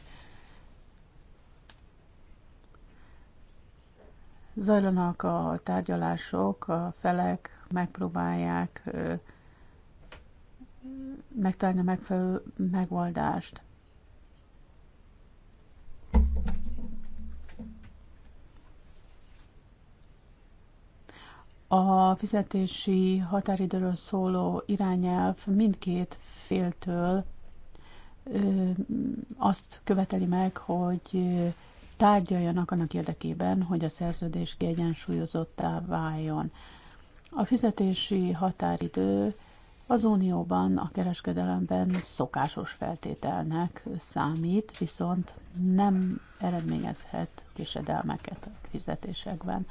Speaker 1: Zajlanak a tárgyalások, a felek megpróbálják megtalálni a megfelelő megoldást. A fizetési határidőről szóló irányelv mindkét féltől azt követeli meg, hogy tárgyaljanak annak érdekében, hogy a szerződés kiegyensúlyozottá váljon. A fizetési határidő az Unióban a kereskedelemben szokásos feltételnek számít, viszont nem eredményezhet késedelmeket a fizetésekben.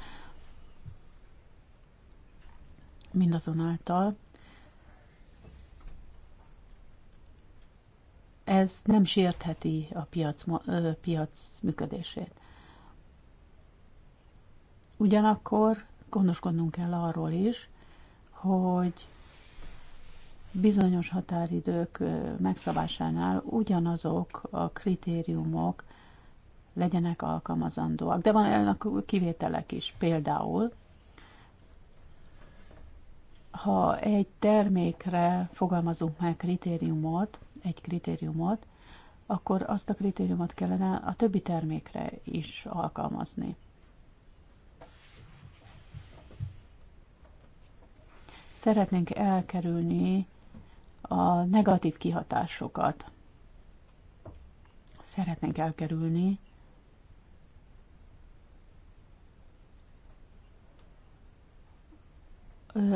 Speaker 1: Mindazonáltal ez nem sértheti a piac, piac működését. Ugyanakkor gondoskodnunk kell arról is, hogy bizonyos határidők megszabásánál ugyanazok a kritériumok legyenek alkalmazandóak. De van ennek kivételek is. Például ha egy termékre fogalmazunk meg kritériumot, egy kritériumot, akkor azt a kritériumot kellene a többi termékre is alkalmazni. Szeretnénk elkerülni a negatív kihatásokat. Szeretnénk elkerülni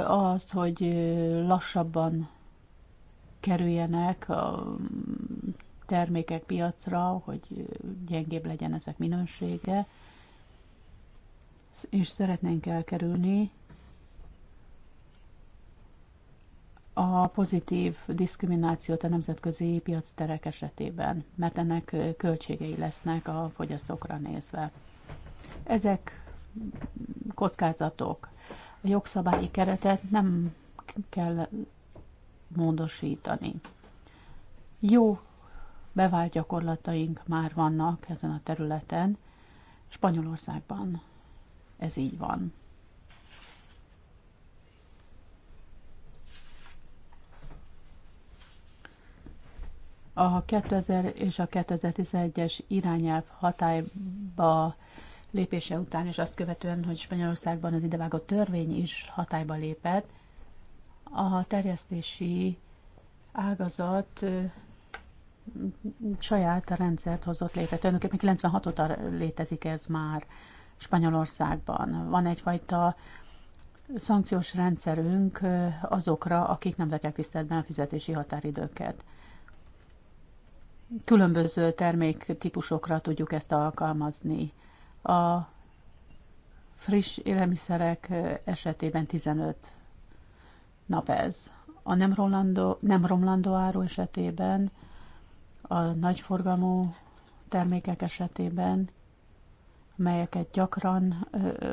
Speaker 1: az, hogy lassabban kerüljenek a mm, termékek piacra, hogy gyengébb legyen ezek minősége, és szeretnénk elkerülni a pozitív diszkriminációt a nemzetközi piacterek esetében, mert ennek költségei lesznek a fogyasztókra nézve. Ezek mm, kockázatok a jogszabályi keretet nem kell módosítani. Jó bevált gyakorlataink már vannak ezen a területen. Spanyolországban ez így van. A 2000 és a 2011-es irányelv hatályba lépése után, és azt követően, hogy Spanyolországban az idevágott törvény is hatályba lépett, a terjesztési ágazat saját rendszert hozott létre. Tulajdonképpen 96 óta létezik ez már Spanyolországban. Van egyfajta szankciós rendszerünk azokra, akik nem tartják tiszteletben a fizetési határidőket. Különböző terméktípusokra tudjuk ezt alkalmazni a friss élelmiszerek esetében 15 nap ez. A nem, rolando, nem romlandó áru esetében, a nagyforgalmú termékek esetében, melyeket gyakran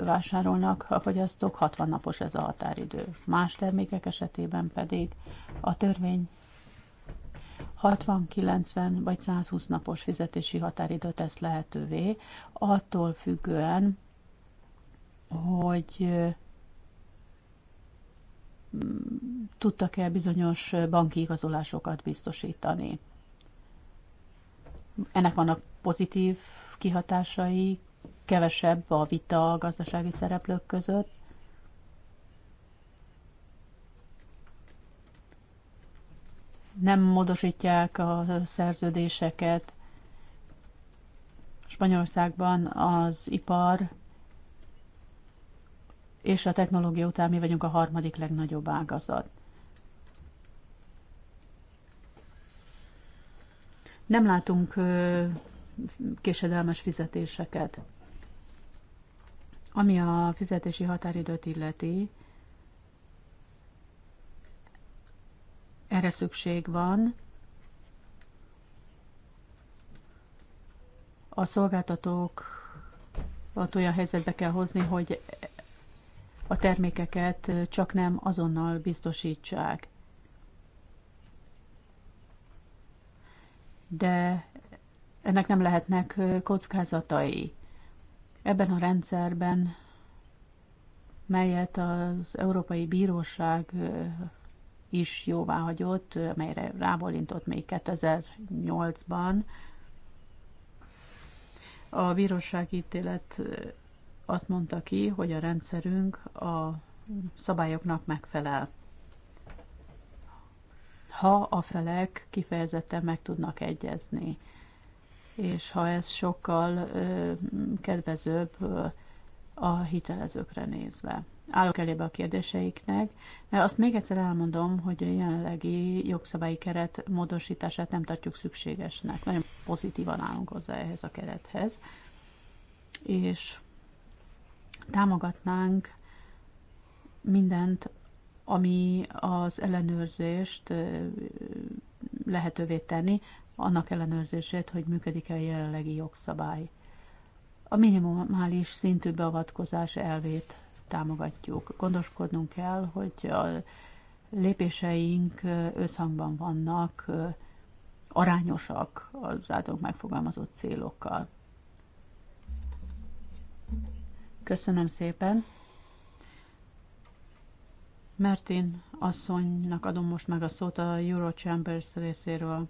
Speaker 1: vásárolnak a fogyasztók, 60 napos ez a határidő. Más termékek esetében pedig a törvény 60, 90 vagy 120 napos fizetési határidőt tesz lehetővé, attól függően, hogy tudtak-e bizonyos banki igazolásokat biztosítani. Ennek vannak pozitív kihatásai, kevesebb a vita a gazdasági szereplők között, nem módosítják a szerződéseket. Spanyolországban az ipar és a technológia után mi vagyunk a harmadik legnagyobb ágazat. Nem látunk késedelmes fizetéseket. Ami a fizetési határidőt illeti, Erre szükség van. A szolgáltatók olyan helyzetbe kell hozni, hogy a termékeket csak nem azonnal biztosítsák. De ennek nem lehetnek kockázatai. Ebben a rendszerben, melyet az Európai Bíróság is hagyott, amelyre rábólintott még 2008-ban. A bíróság ítélet azt mondta ki, hogy a rendszerünk a szabályoknak megfelel. Ha a felek kifejezetten meg tudnak egyezni, és ha ez sokkal ö, kedvezőbb ö, a hitelezőkre nézve állok elébe a kérdéseiknek, mert azt még egyszer elmondom, hogy a jelenlegi jogszabályi keret módosítását nem tartjuk szükségesnek. Nagyon pozitívan állunk hozzá ehhez a kerethez, és támogatnánk mindent, ami az ellenőrzést lehetővé tenni, annak ellenőrzését, hogy működik-e a jelenlegi jogszabály. A minimális szintű beavatkozás elvét támogatjuk. Gondoskodnunk kell, hogy a lépéseink összhangban vannak, arányosak az általunk megfogalmazott célokkal. Köszönöm szépen. Mertin asszonynak adom most meg a szót a Eurochambers részéről.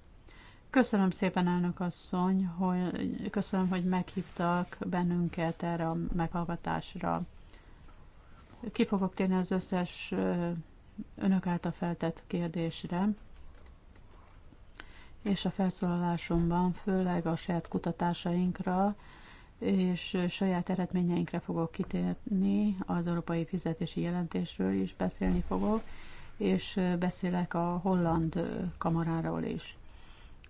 Speaker 1: Köszönöm szépen, elnök asszony, hogy, köszönöm, hogy meghívtak bennünket erre a meghallgatásra. Ki fogok térni az összes önök által feltett kérdésre, és a felszólalásomban főleg a saját kutatásainkra és saját eredményeinkre fogok kitérni, az európai fizetési jelentésről is beszélni fogok, és beszélek a holland kamaráról is.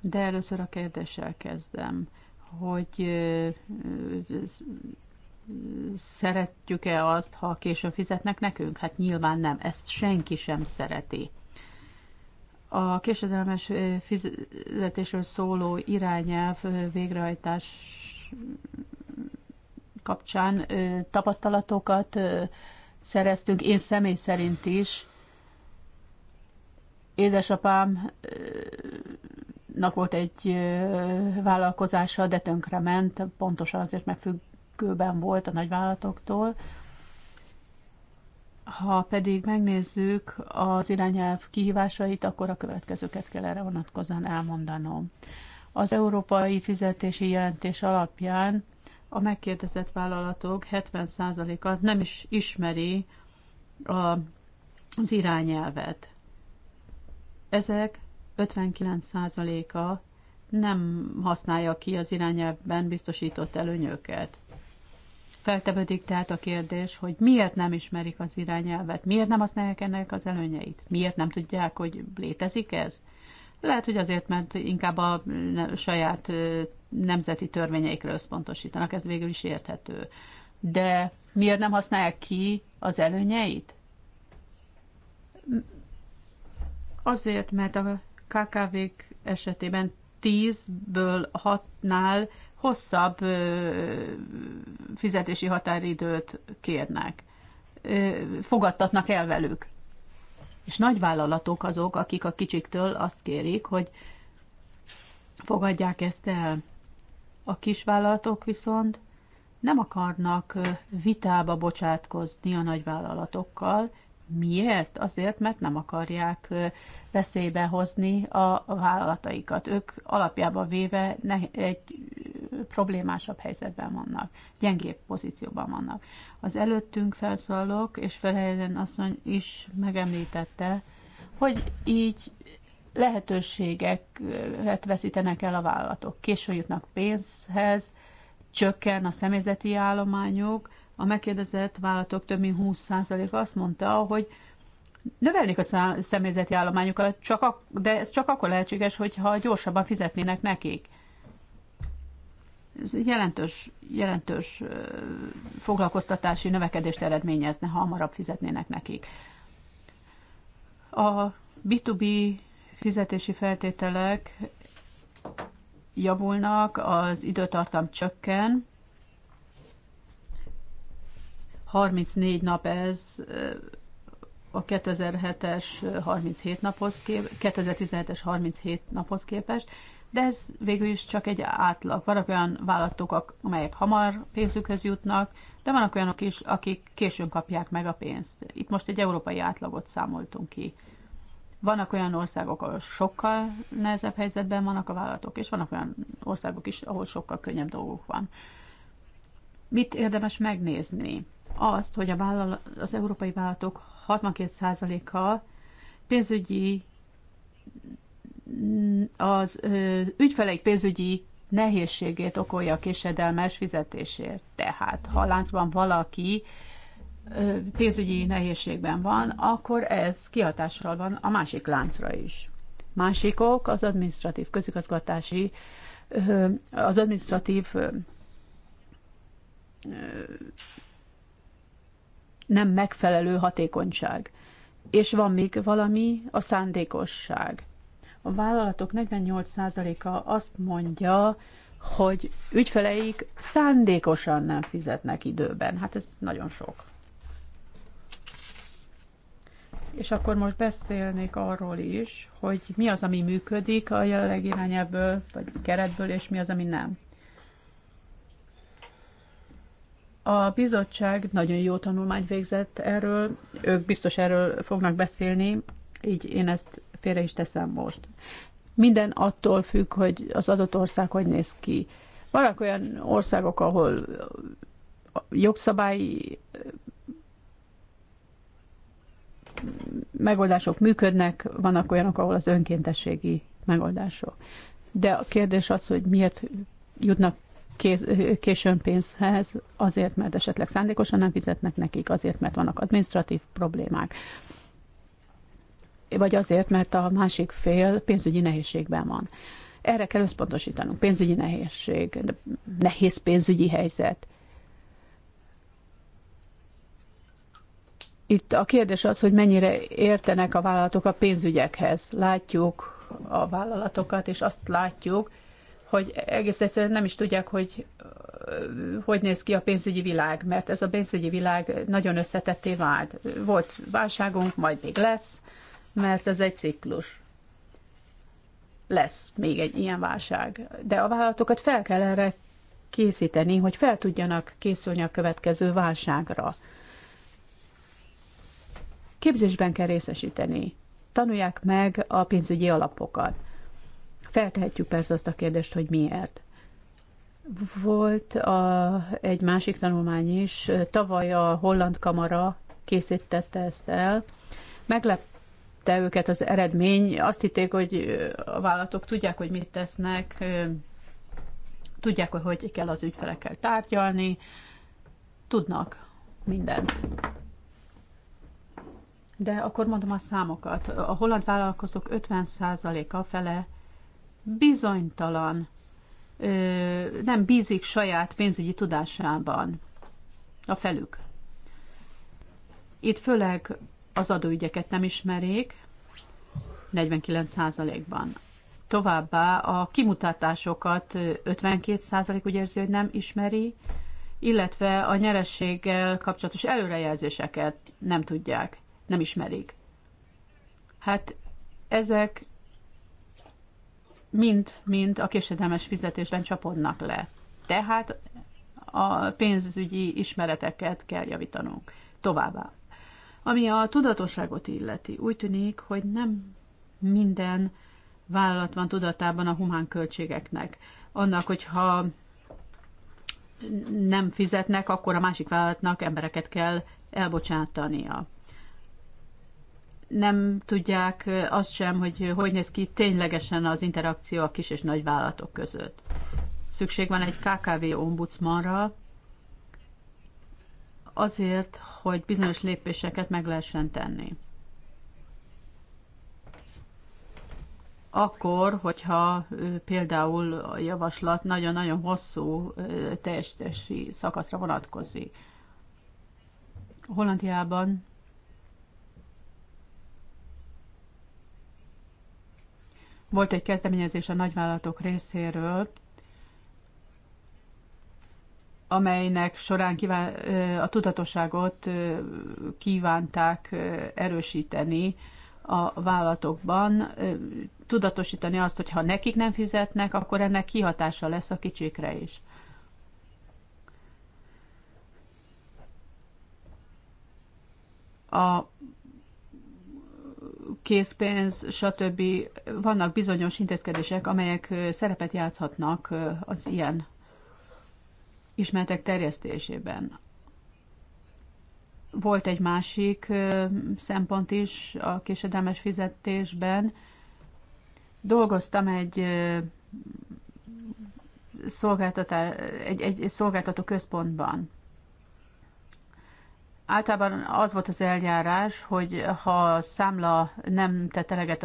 Speaker 1: De először a kérdéssel kezdem, hogy szeretjük-e azt, ha későn fizetnek nekünk? Hát nyilván nem, ezt senki sem szereti. A késedelmes fizetésről szóló irányelv végrehajtás kapcsán tapasztalatokat szereztünk, én személy szerint is. Édesapámnak volt egy vállalkozása, de tönkre ment, pontosan azért, mert függ, függőben volt a nagyvállalatoktól. Ha pedig megnézzük az irányelv kihívásait, akkor a következőket kell erre vonatkozóan elmondanom. Az európai fizetési jelentés alapján a megkérdezett vállalatok 70%-a nem is ismeri a, az irányelvet. Ezek 59%-a nem használja ki az irányelvben biztosított előnyöket. Feltevődik tehát a kérdés, hogy miért nem ismerik az irányelvet, miért nem használják ennek az előnyeit, miért nem tudják, hogy létezik ez. Lehet, hogy azért, mert inkább a saját nemzeti törvényeikre összpontosítanak, ez végül is érthető. De miért nem használják ki az előnyeit? Azért, mert a KKV-k esetében 10-ből 6-nál hosszabb fizetési határidőt kérnek, fogadtatnak el velük. És nagyvállalatok azok, akik a kicsiktől azt kérik, hogy fogadják ezt el. A kisvállalatok viszont nem akarnak vitába bocsátkozni a nagyvállalatokkal. Miért? Azért, mert nem akarják veszélybe hozni a vállalataikat. Ők alapjában véve egy problémásabb helyzetben vannak, gyengébb pozícióban vannak. Az előttünk felszólalók, és Ferhelyen asszony is megemlítette, hogy így lehetőségeket veszítenek el a vállalatok. Későn jutnak pénzhez, csökken a személyzeti állományok, A megkérdezett vállalatok több mint 20%-a azt mondta, hogy növelnék a személyzeti állományukat, csak de ez csak akkor lehetséges, hogyha gyorsabban fizetnének nekik ez jelentős, jelentős foglalkoztatási növekedést eredményezne, ha hamarabb fizetnének nekik. A B2B fizetési feltételek javulnak, az időtartam csökken, 34 nap ez a 2007-es 37 naphoz kép, 2017-es 37 naphoz képest, de ez végül is csak egy átlag. Vannak olyan vállalatok, amelyek hamar pénzükhöz jutnak, de vannak olyanok is, akik későn kapják meg a pénzt. Itt most egy európai átlagot számoltunk ki. Vannak olyan országok, ahol sokkal nehezebb helyzetben vannak a vállalatok, és vannak olyan országok is, ahol sokkal könnyebb dolgok van. Mit érdemes megnézni? Azt, hogy a vállal, az európai vállalatok 62%-a pénzügyi az ügyfeleik pénzügyi nehézségét okolja a késedelmes fizetésért. Tehát, ha láncban valaki pénzügyi nehézségben van, akkor ez kihatással van a másik láncra is. Másik ok az administratív közigazgatási, az administratív nem megfelelő hatékonyság. És van még valami, a szándékosság. A vállalatok 48%-a azt mondja, hogy ügyfeleik szándékosan nem fizetnek időben. Hát ez nagyon sok. És akkor most beszélnék arról is, hogy mi az, ami működik a jelenleg irányából, vagy keretből, és mi az, ami nem. A bizottság nagyon jó tanulmányt végzett erről, ők biztos erről fognak beszélni, így én ezt félre is teszem most. Minden attól függ, hogy az adott ország hogy néz ki. Vannak olyan országok, ahol jogszabályi eh, megoldások működnek, vannak olyanok, ahol az önkéntességi megoldások. De a kérdés az, hogy miért jutnak későn pénzhez, azért, mert esetleg szándékosan nem fizetnek nekik, azért, mert vannak administratív problémák vagy azért, mert a másik fél pénzügyi nehézségben van. Erre kell összpontosítanunk. Pénzügyi nehézség, nehéz pénzügyi helyzet. Itt a kérdés az, hogy mennyire értenek a vállalatok a pénzügyekhez. Látjuk a vállalatokat, és azt látjuk, hogy egész egyszerűen nem is tudják, hogy hogy néz ki a pénzügyi világ, mert ez a pénzügyi világ nagyon összetetté vált. Volt válságunk, majd még lesz, mert ez egy ciklus. Lesz még egy ilyen válság, de a vállalatokat fel kell erre készíteni, hogy fel tudjanak készülni a következő válságra. Képzésben kell részesíteni. Tanulják meg a pénzügyi alapokat. Feltehetjük persze azt a kérdést, hogy miért. Volt a, egy másik tanulmány is, tavaly a Holland Kamara készítette ezt el. Meglep, érte őket az eredmény. Azt hitték, hogy a vállalatok tudják, hogy mit tesznek, tudják, hogy hogy kell az ügyfelekkel tárgyalni, tudnak mindent. De akkor mondom a számokat. A holland vállalkozók 50%-a fele bizonytalan, nem bízik saját pénzügyi tudásában a felük. Itt főleg az adóügyeket nem ismerik 49%-ban. Továbbá a kimutatásokat 52% úgy érzi, hogy nem ismeri, illetve a nyerességgel kapcsolatos előrejelzéseket nem tudják, nem ismerik. Hát ezek mind-mind a késedelmes fizetésben csapodnak le. Tehát a pénzügyi ismereteket kell javítanunk. Továbbá ami a tudatosságot illeti, úgy tűnik, hogy nem minden vállalat van tudatában a humán költségeknek. Annak, hogyha nem fizetnek, akkor a másik vállalatnak embereket kell elbocsátania. Nem tudják azt sem, hogy hogy néz ki ténylegesen az interakció a kis és nagy vállalatok között. Szükség van egy KKV ombudsmanra, azért, hogy bizonyos lépéseket meg lehessen tenni. Akkor, hogyha például a javaslat nagyon-nagyon hosszú testesi szakaszra vonatkozik. Hollandiában volt egy kezdeményezés a nagyvállalatok részéről, amelynek során kíván, a tudatosságot kívánták erősíteni a vállalatokban, tudatosítani azt, hogy ha nekik nem fizetnek, akkor ennek kihatása lesz a kicsikre is. A készpénz, stb. Vannak bizonyos intézkedések, amelyek szerepet játszhatnak az ilyen ismertek terjesztésében. Volt egy másik szempont is a késedelmes fizetésben. Dolgoztam egy egy, egy szolgáltató központban. Általában az volt az eljárás, hogy ha a számla nem tett eleget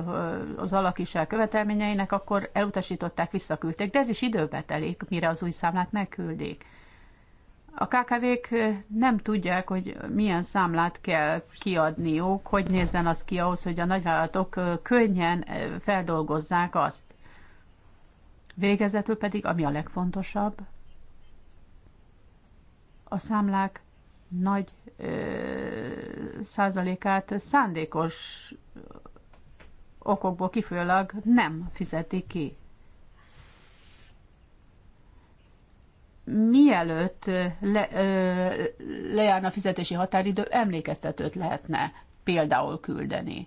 Speaker 1: az alakiság követelményeinek, akkor elutasították, visszaküldték, de ez is időbe telik, mire az új számlát megküldik. A KKV-k nem tudják, hogy milyen számlát kell kiadniuk, hogy nézzen az ki ahhoz, hogy a nagyvállalatok könnyen feldolgozzák azt. Végezetül pedig, ami a legfontosabb, a számlák nagy ö, százalékát szándékos okokból kifolyólag nem fizetik ki. mielőtt le, ö, lejárna a fizetési határidő, emlékeztetőt lehetne például küldeni.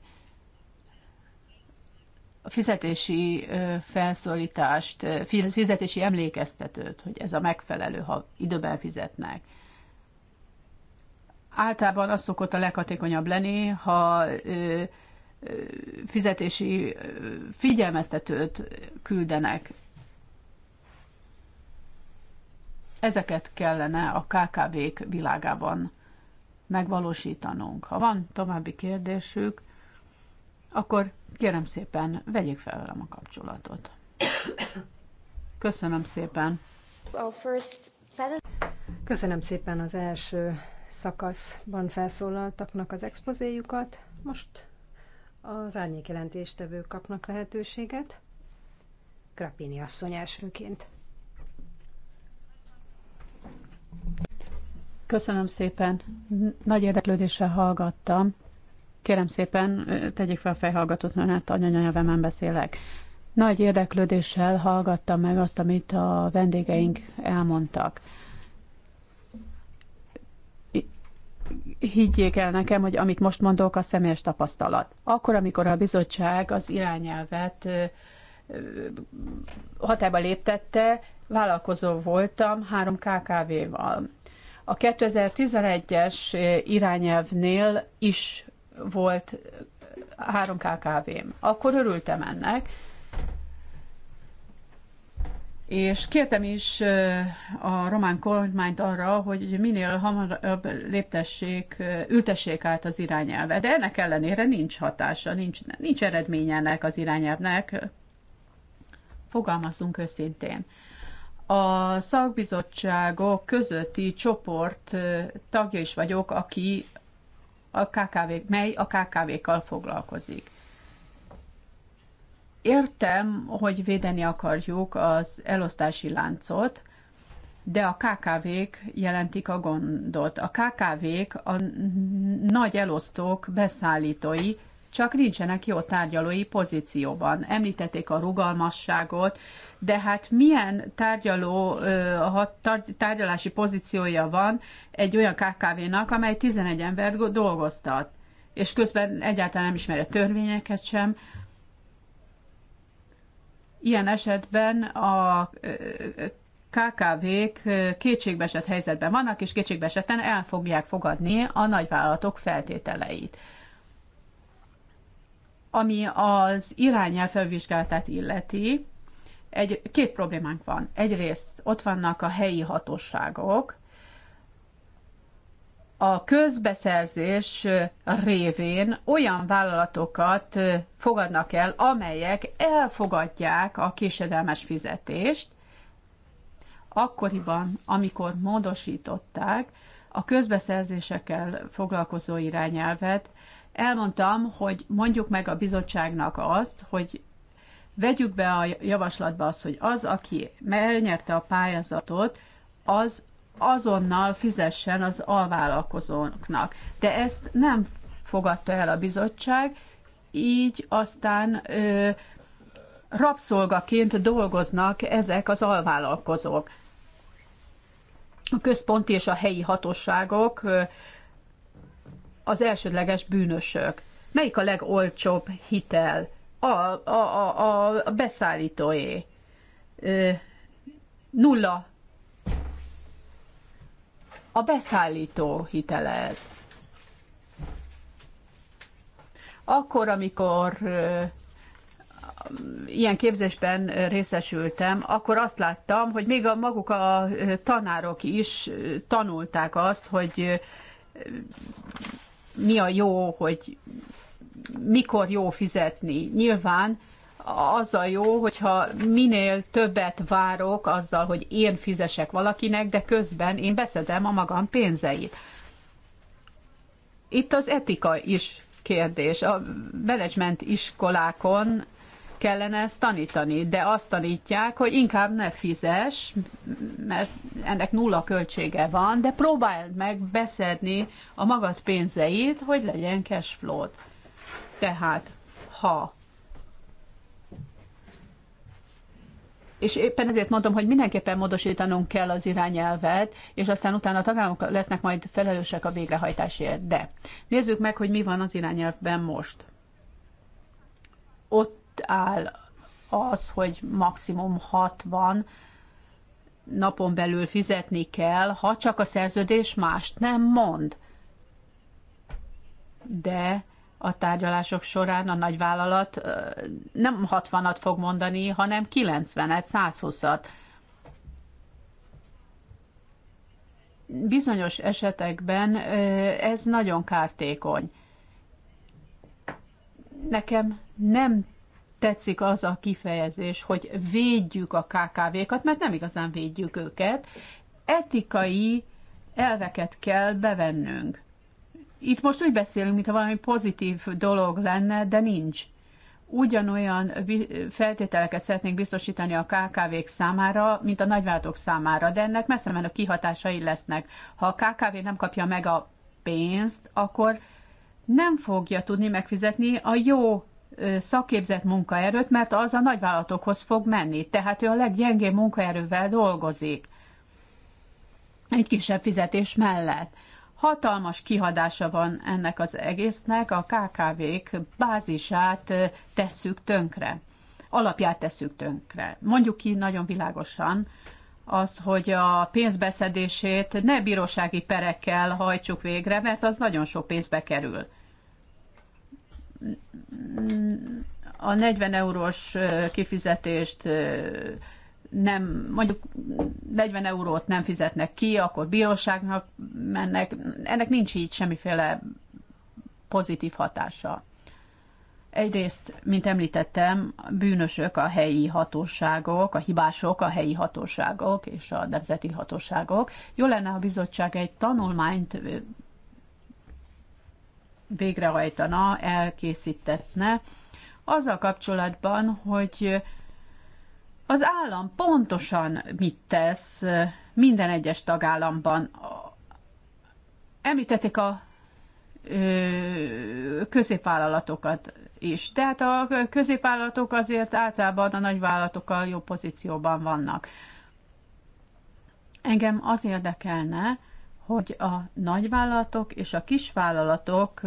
Speaker 1: A fizetési ö, felszólítást, fizetési emlékeztetőt, hogy ez a megfelelő, ha időben fizetnek. Általában az szokott a leghatékonyabb lenni, ha ö, fizetési figyelmeztetőt küldenek Ezeket kellene a KKV-k világában megvalósítanunk. Ha van további kérdésük, akkor kérem szépen, vegyék fel
Speaker 3: velem a kapcsolatot. Köszönöm szépen. Köszönöm szépen az első szakaszban felszólaltaknak az expozéjukat. Most az jelentéstevők kapnak lehetőséget. Krapini asszony elsőként.
Speaker 1: Köszönöm szépen. Nagy érdeklődéssel hallgattam. Kérem szépen, tegyék fel a fejhallgatót, mert hát anyanyelvemen beszélek. Nagy érdeklődéssel hallgattam meg azt, amit a vendégeink elmondtak. Higgyék el nekem, hogy amit most mondok, a személyes tapasztalat. Akkor, amikor a bizottság az irányelvet hatába léptette, vállalkozó voltam három KKV-val a 2011-es irányelvnél is volt három KKV-m. Akkor örültem ennek, és kértem is a román kormányt arra, hogy minél hamarabb léptessék, ültessék át az irányelve. De ennek ellenére nincs hatása, nincs, nincs eredménye ennek az irányelvnek. Fogalmazzunk őszintén a szakbizottságok közötti csoport tagja is vagyok, aki a KKV, mely a KKV-kkal foglalkozik. Értem, hogy védeni akarjuk az elosztási láncot, de a KKV-k jelentik a gondot. A KKV-k a nagy elosztók beszállítói, csak nincsenek jó tárgyalói pozícióban. Említették a rugalmasságot, de hát milyen tárgyaló, tárgyalási pozíciója van egy olyan KKV-nak, amely 11 embert dolgoztat, és közben egyáltalán nem ismeri a törvényeket sem. Ilyen esetben a KKV-k kétségbeesett helyzetben vannak, és kétségbeesetten el fogják fogadni a nagyvállalatok feltételeit. Ami az irányelv felvizsgálatát illeti, egy, két problémánk van. Egyrészt ott vannak a helyi hatóságok, a közbeszerzés révén olyan vállalatokat fogadnak el, amelyek elfogadják a késedelmes fizetést, akkoriban, amikor módosították a közbeszerzésekkel foglalkozó irányelvet, elmondtam, hogy mondjuk meg a bizottságnak azt, hogy Vegyük be a javaslatba azt, hogy az, aki elnyerte a pályázatot, az azonnal fizessen az alvállalkozóknak. De ezt nem fogadta el a bizottság, így aztán ö, rabszolgaként dolgoznak ezek az alvállalkozók. A központi és a helyi hatóságok ö, az elsődleges bűnösök. Melyik a legolcsóbb hitel? a, a, a, a beszállítóé. Nulla. A beszállító hitele ez. Akkor, amikor ilyen képzésben részesültem, akkor azt láttam, hogy még a maguk a tanárok is tanulták azt, hogy mi a jó, hogy mikor jó fizetni. Nyilván az a jó, hogyha minél többet várok azzal, hogy én fizesek valakinek, de közben én beszedem a magam pénzeit. Itt az etika is kérdés. A menedzsment iskolákon kellene ezt tanítani, de azt tanítják, hogy inkább ne fizes, mert ennek nulla költsége van, de próbáld meg beszedni a magad pénzeit, hogy legyen cash flow tehát, ha és éppen ezért mondom, hogy mindenképpen módosítanunk kell az irányelvet, és aztán utána a tagállamok lesznek majd felelősek a végrehajtásért. De nézzük meg, hogy mi van az irányelvben most. Ott áll az, hogy maximum 60 napon belül fizetni kell, ha csak a szerződés mást nem mond. De a tárgyalások során a nagyvállalat nem 60-at fog mondani, hanem 90-et, 120-at. Bizonyos esetekben ez nagyon kártékony. Nekem nem tetszik az a kifejezés, hogy védjük a KKV-kat, mert nem igazán védjük őket. Etikai elveket kell bevennünk itt most úgy beszélünk, mintha valami pozitív dolog lenne, de nincs. Ugyanolyan feltételeket szeretnénk biztosítani a KKV-k számára, mint a nagyváltók számára, de ennek messze menő kihatásai lesznek. Ha a KKV nem kapja meg a pénzt, akkor nem fogja tudni megfizetni a jó szakképzett munkaerőt, mert az a nagyvállalatokhoz fog menni. Tehát ő a leggyengébb munkaerővel dolgozik. Egy kisebb fizetés mellett hatalmas kihadása van ennek az egésznek, a KKV-k bázisát tesszük tönkre, alapját tesszük tönkre. Mondjuk ki nagyon világosan azt, hogy a pénzbeszedését ne bírósági perekkel hajtsuk végre, mert az nagyon sok pénzbe kerül. A 40 eurós kifizetést nem, mondjuk 40 eurót nem fizetnek ki, akkor bíróságnak mennek. Ennek nincs így semmiféle pozitív hatása. Egyrészt, mint említettem, bűnösök a helyi hatóságok, a hibások a helyi hatóságok és a nemzeti hatóságok. Jó lenne, ha a bizottság egy tanulmányt végrehajtana, elkészítetne, azzal kapcsolatban, hogy az állam pontosan mit tesz minden egyes tagállamban. Említették a középvállalatokat is. Tehát a középvállalatok azért általában a nagyvállalatokkal jobb pozícióban vannak. Engem az érdekelne, hogy a nagyvállalatok és a kisvállalatok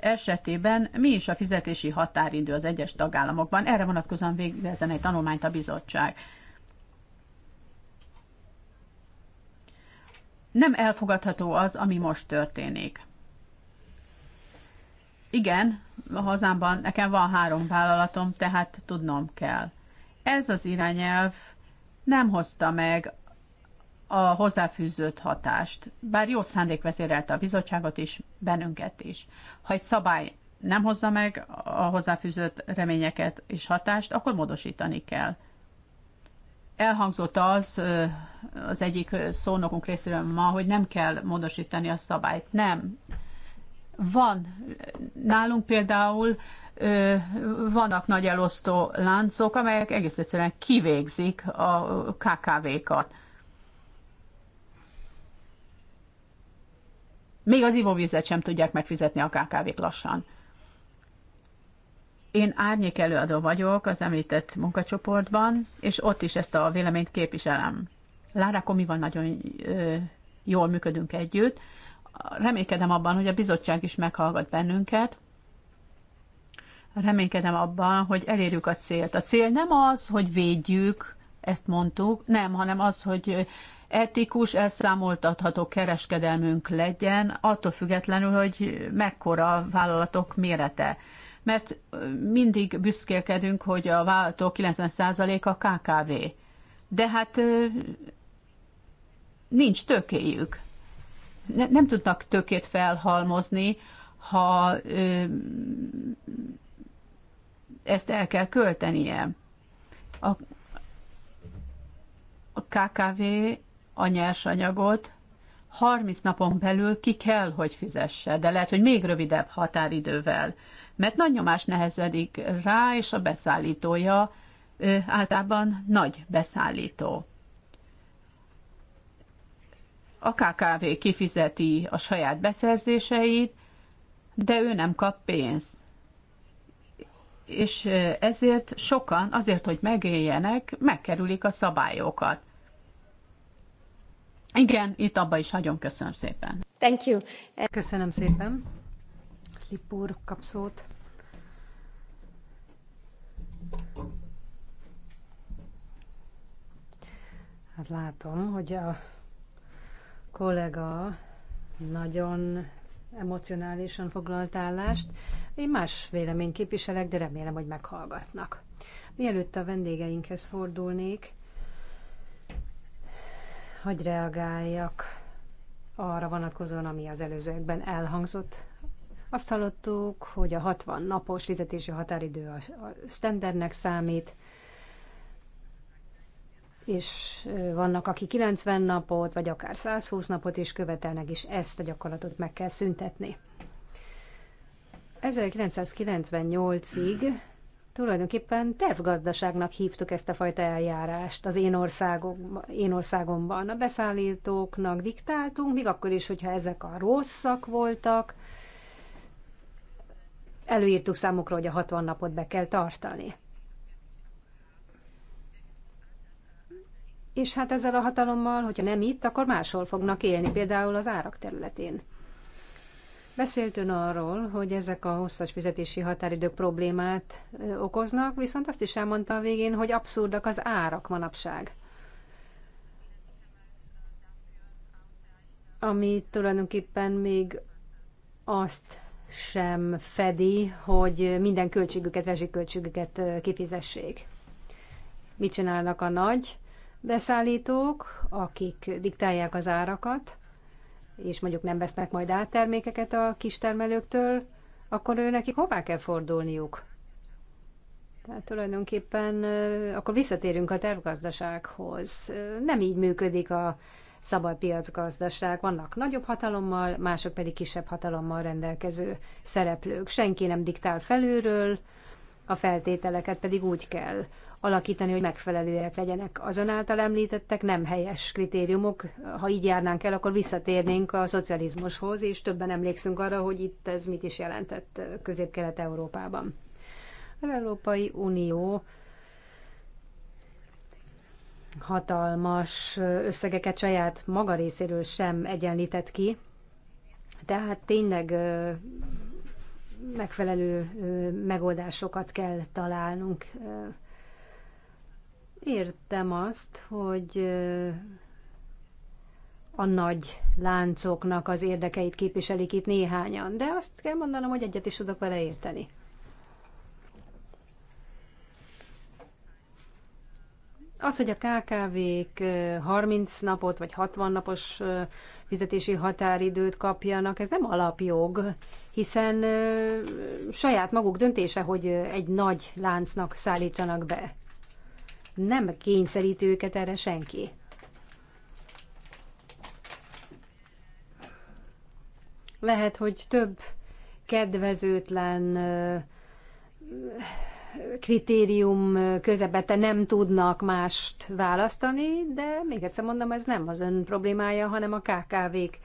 Speaker 1: esetében mi is a fizetési határidő az egyes tagállamokban. Erre vonatkozóan végezzen egy tanulmányt a bizottság. Nem elfogadható az, ami most történik. Igen, a hazámban nekem van három vállalatom, tehát tudnom kell. Ez az irányelv nem hozta meg a hozzáfűzött hatást. Bár jó szándék vezérelte a bizottságot is, bennünket is. Ha egy szabály nem hozza meg a hozzáfűzött reményeket és hatást, akkor módosítani kell. Elhangzott az az egyik szónokunk részéről ma, hogy nem kell módosítani a szabályt. Nem. Van. Nálunk például vannak nagy elosztó láncok, amelyek egész egyszerűen kivégzik a KKV-kat Még az ivóvizet sem tudják megfizetni a kkv lassan. Én árnyék előadó vagyok az említett munkacsoportban, és ott is ezt a véleményt képviselem. Lára Komival nagyon ö, jól működünk együtt. Reménykedem abban, hogy a bizottság is meghallgat bennünket. Reménykedem abban, hogy elérjük a célt. A cél nem az, hogy védjük, ezt mondtuk, nem, hanem az, hogy etikus, elszámoltatható kereskedelmünk legyen, attól függetlenül, hogy mekkora a vállalatok mérete. Mert mindig büszkélkedünk, hogy a vállalatok 90%-a KKV. De hát nincs tökéjük. Nem tudnak tökét felhalmozni, ha ezt el kell költenie. A, a KKV a nyersanyagot 30 napon belül ki kell, hogy fizesse, de lehet, hogy még rövidebb határidővel, mert nagy nyomás nehezedik rá, és a beszállítója ö, általában nagy beszállító. A KKV kifizeti a saját beszerzéseit, de ő nem kap pénzt. És ezért sokan, azért, hogy megéljenek, megkerülik a szabályokat. Igen, itt abba is hagyom. Köszönöm szépen.
Speaker 3: Thank you. Köszönöm szépen. Flip úr kap Hát látom, hogy a kollega nagyon emocionálisan foglalt állást. Én más véleményt képviselek, de remélem, hogy meghallgatnak. Mielőtt a vendégeinkhez fordulnék, hogy reagáljak arra vonatkozóan, ami az előzőekben elhangzott. Azt hallottuk, hogy a 60 napos fizetési határidő a standardnek számít, és vannak, akik 90 napot, vagy akár 120 napot is követelnek, és ezt a gyakorlatot meg kell szüntetni. 1998-ig tulajdonképpen tervgazdaságnak hívtuk ezt a fajta eljárást az én, országok, én országomban. A beszállítóknak diktáltunk, még akkor is, hogyha ezek a rosszak voltak, előírtuk számukra, hogy a 60 napot be kell tartani. És hát ezzel a hatalommal, hogyha nem itt, akkor máshol fognak élni, például az árak területén. Beszélt ön arról, hogy ezek a hosszas fizetési határidők problémát okoznak, viszont azt is elmondta a végén, hogy abszurdak az árak manapság. Ami tulajdonképpen még azt sem fedi, hogy minden költségüket, rezsiköltségüket kifizessék. Mit csinálnak a nagy beszállítók, akik diktálják az árakat, és mondjuk nem vesznek majd át termékeket a kistermelőktől, akkor ő nekik hová kell fordulniuk? Tehát tulajdonképpen akkor visszatérünk a tervgazdasághoz. Nem így működik a szabad piacgazdaság. Vannak nagyobb hatalommal, mások pedig kisebb hatalommal rendelkező szereplők. Senki nem diktál felülről, a feltételeket pedig úgy kell alakítani, hogy megfelelőek legyenek. Azon által említettek nem helyes kritériumok. Ha így járnánk el, akkor visszatérnénk a szocializmushoz, és többen emlékszünk arra, hogy itt ez mit is jelentett Közép-Kelet-Európában. Az Európai Unió hatalmas összegeket saját maga részéről sem egyenlített ki, tehát tényleg megfelelő megoldásokat kell találnunk Értem azt, hogy a nagy láncoknak az érdekeit képviselik itt néhányan, de azt kell mondanom, hogy egyet is tudok vele érteni. Az, hogy a KKV-k 30 napot vagy 60 napos fizetési határidőt kapjanak, ez nem alapjog, hiszen saját maguk döntése, hogy egy nagy láncnak szállítsanak be nem kényszerít őket erre senki. Lehet, hogy több kedvezőtlen kritérium közepette nem tudnak mást választani, de még egyszer mondom, ez nem az ön problémája, hanem a KKV-k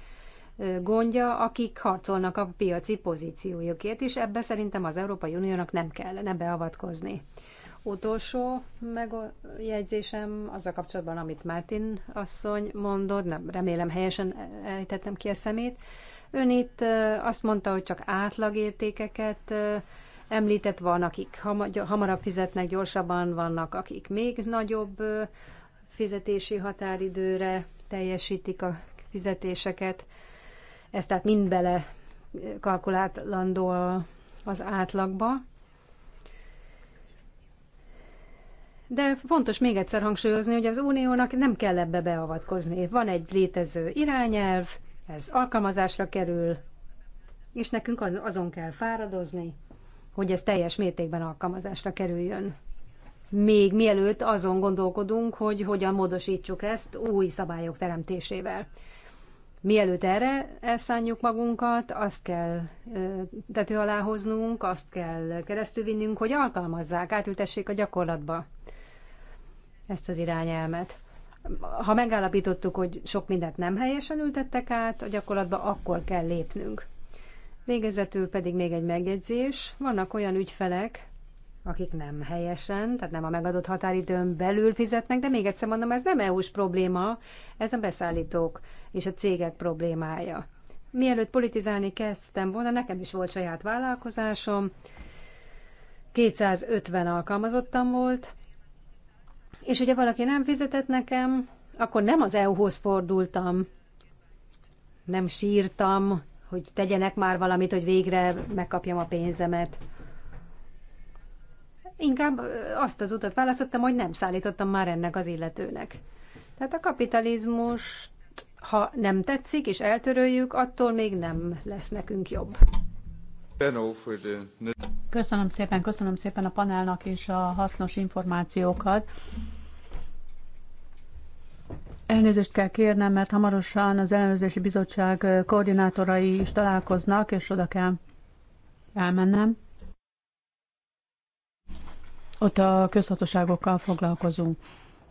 Speaker 3: gondja, akik harcolnak a piaci pozíciójukért, és ebbe szerintem az Európai Uniónak nem kellene beavatkozni. Utolsó megjegyzésem az a kapcsolatban, amit Mártin asszony mondott, nem, remélem helyesen ejtettem ki a szemét. Ön itt azt mondta, hogy csak átlagértékeket említett, van, akik hamarabb fizetnek, gyorsabban vannak, akik még nagyobb fizetési határidőre teljesítik a fizetéseket. Ez tehát mind bele kalkulálandó az átlagba. de fontos még egyszer hangsúlyozni, hogy az uniónak nem kell ebbe beavatkozni. Van egy létező irányelv, ez alkalmazásra kerül, és nekünk azon kell fáradozni, hogy ez teljes mértékben alkalmazásra kerüljön. Még mielőtt azon gondolkodunk, hogy hogyan módosítsuk ezt új szabályok teremtésével. Mielőtt erre elszánjuk magunkat, azt kell tető alá hoznunk, azt kell keresztülvinnünk, hogy alkalmazzák, átültessék a gyakorlatba ezt az irányelmet. Ha megállapítottuk, hogy sok mindent nem helyesen ültettek át, a gyakorlatba akkor kell lépnünk. Végezetül pedig még egy megjegyzés. Vannak olyan ügyfelek, akik nem helyesen, tehát nem a megadott határidőn belül fizetnek, de még egyszer mondom, ez nem EU-s probléma, ez a beszállítók és a cégek problémája. Mielőtt politizálni kezdtem volna, nekem is volt saját vállalkozásom, 250 alkalmazottam volt, és ugye valaki nem fizetett nekem, akkor nem az EU-hoz fordultam, nem sírtam, hogy tegyenek már valamit, hogy végre megkapjam a pénzemet. Inkább azt az utat választottam, hogy nem szállítottam már ennek az illetőnek. Tehát a kapitalizmust, ha nem tetszik és eltöröljük, attól még nem lesz nekünk jobb.
Speaker 1: Köszönöm szépen, köszönöm szépen a panelnak és a hasznos információkat. Elnézést kell kérnem, mert hamarosan az ellenőrzési bizottság koordinátorai is találkoznak, és oda kell elmennem. Ott a közhatóságokkal foglalkozunk.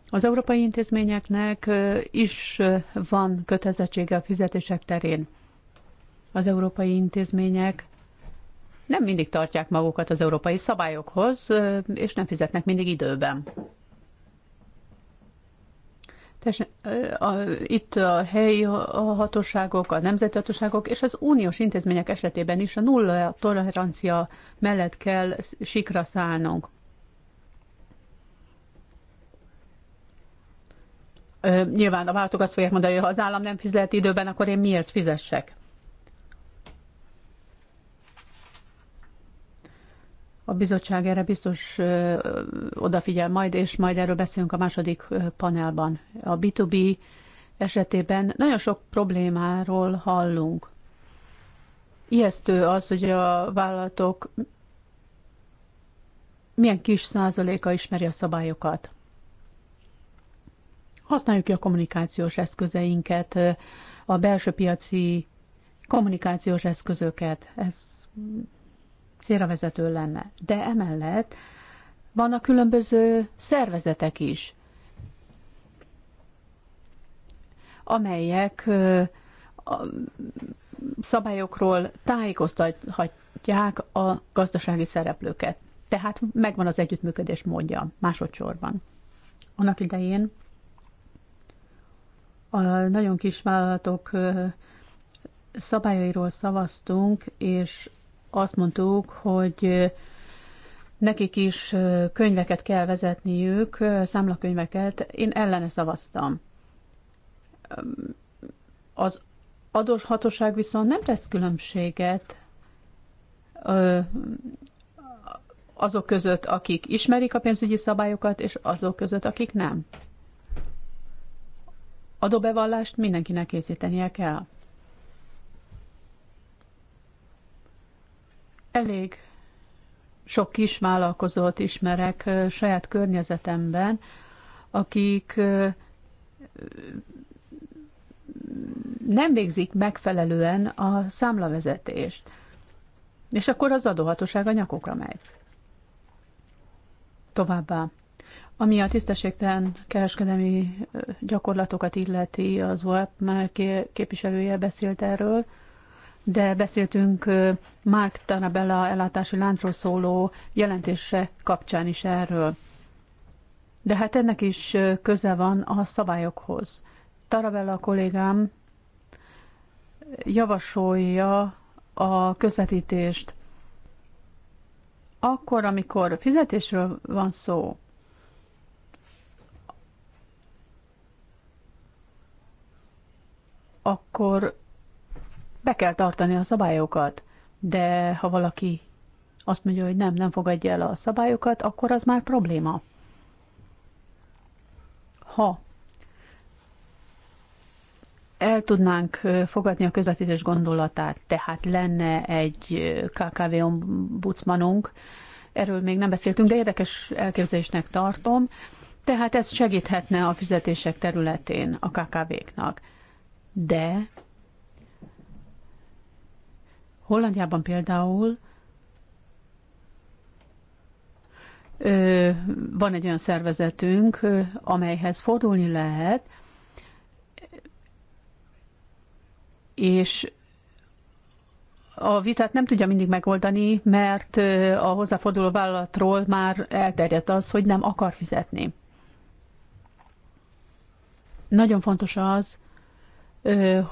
Speaker 1: Az európai intézményeknek is van kötelezettsége a fizetések terén. Az európai intézmények nem mindig tartják magukat az európai szabályokhoz, és nem fizetnek mindig időben. Itt a helyi hatóságok, a nemzeti hatóságok és az uniós intézmények esetében is a nulla tolerancia mellett kell sikra szállnunk. Nyilván a váltók azt fogják mondani, hogy ha az állam nem fizet időben, akkor én miért fizessek? A bizottság erre biztos odafigyel majd, és majd erről beszélünk a második panelban. A B2B esetében nagyon sok problémáról hallunk. Ijesztő az, hogy a vállalatok milyen kis százaléka ismeri a szabályokat. Használjuk ki a kommunikációs eszközeinket, a belső piaci kommunikációs eszközöket. Ez célravezető lenne. De emellett vannak különböző szervezetek is, amelyek szabályokról tájékoztathatják a gazdasági szereplőket. Tehát megvan az együttműködés módja másodszorban. Annak idején a nagyon kis vállalatok szabályairól szavaztunk, és azt mondtuk, hogy nekik is könyveket kell vezetniük, számlakönyveket. Én ellene szavaztam. Az adós hatóság viszont nem tesz különbséget azok között, akik ismerik a pénzügyi szabályokat, és azok között, akik nem. Adóbevallást mindenkinek készítenie kell. Elég sok kis vállalkozót ismerek saját környezetemben, akik nem végzik megfelelően a számlavezetést. És akkor az adóhatóság a nyakokra megy. Továbbá, ami a tisztességtelen kereskedelmi gyakorlatokat illeti, az OEP már képviselője beszélt erről, de beszéltünk Mark Tarabella ellátási láncról szóló jelentése kapcsán is erről. De hát ennek is köze van a szabályokhoz. Tarabella kollégám javasolja a közvetítést. Akkor, amikor fizetésről van szó, akkor be kell tartani a szabályokat. De ha valaki azt mondja, hogy nem, nem fogadja el a szabályokat, akkor az már probléma. Ha el tudnánk fogadni a közvetítés gondolatát, tehát lenne egy KKV ombudsmanunk, erről még nem beszéltünk, de érdekes elképzelésnek tartom, tehát ez segíthetne a fizetések területén a KKV-knak. De Hollandiában például van egy olyan szervezetünk, amelyhez fordulni lehet, és a vitát nem tudja mindig megoldani, mert a hozzáforduló vállalatról már elterjedt az, hogy nem akar fizetni. Nagyon fontos az,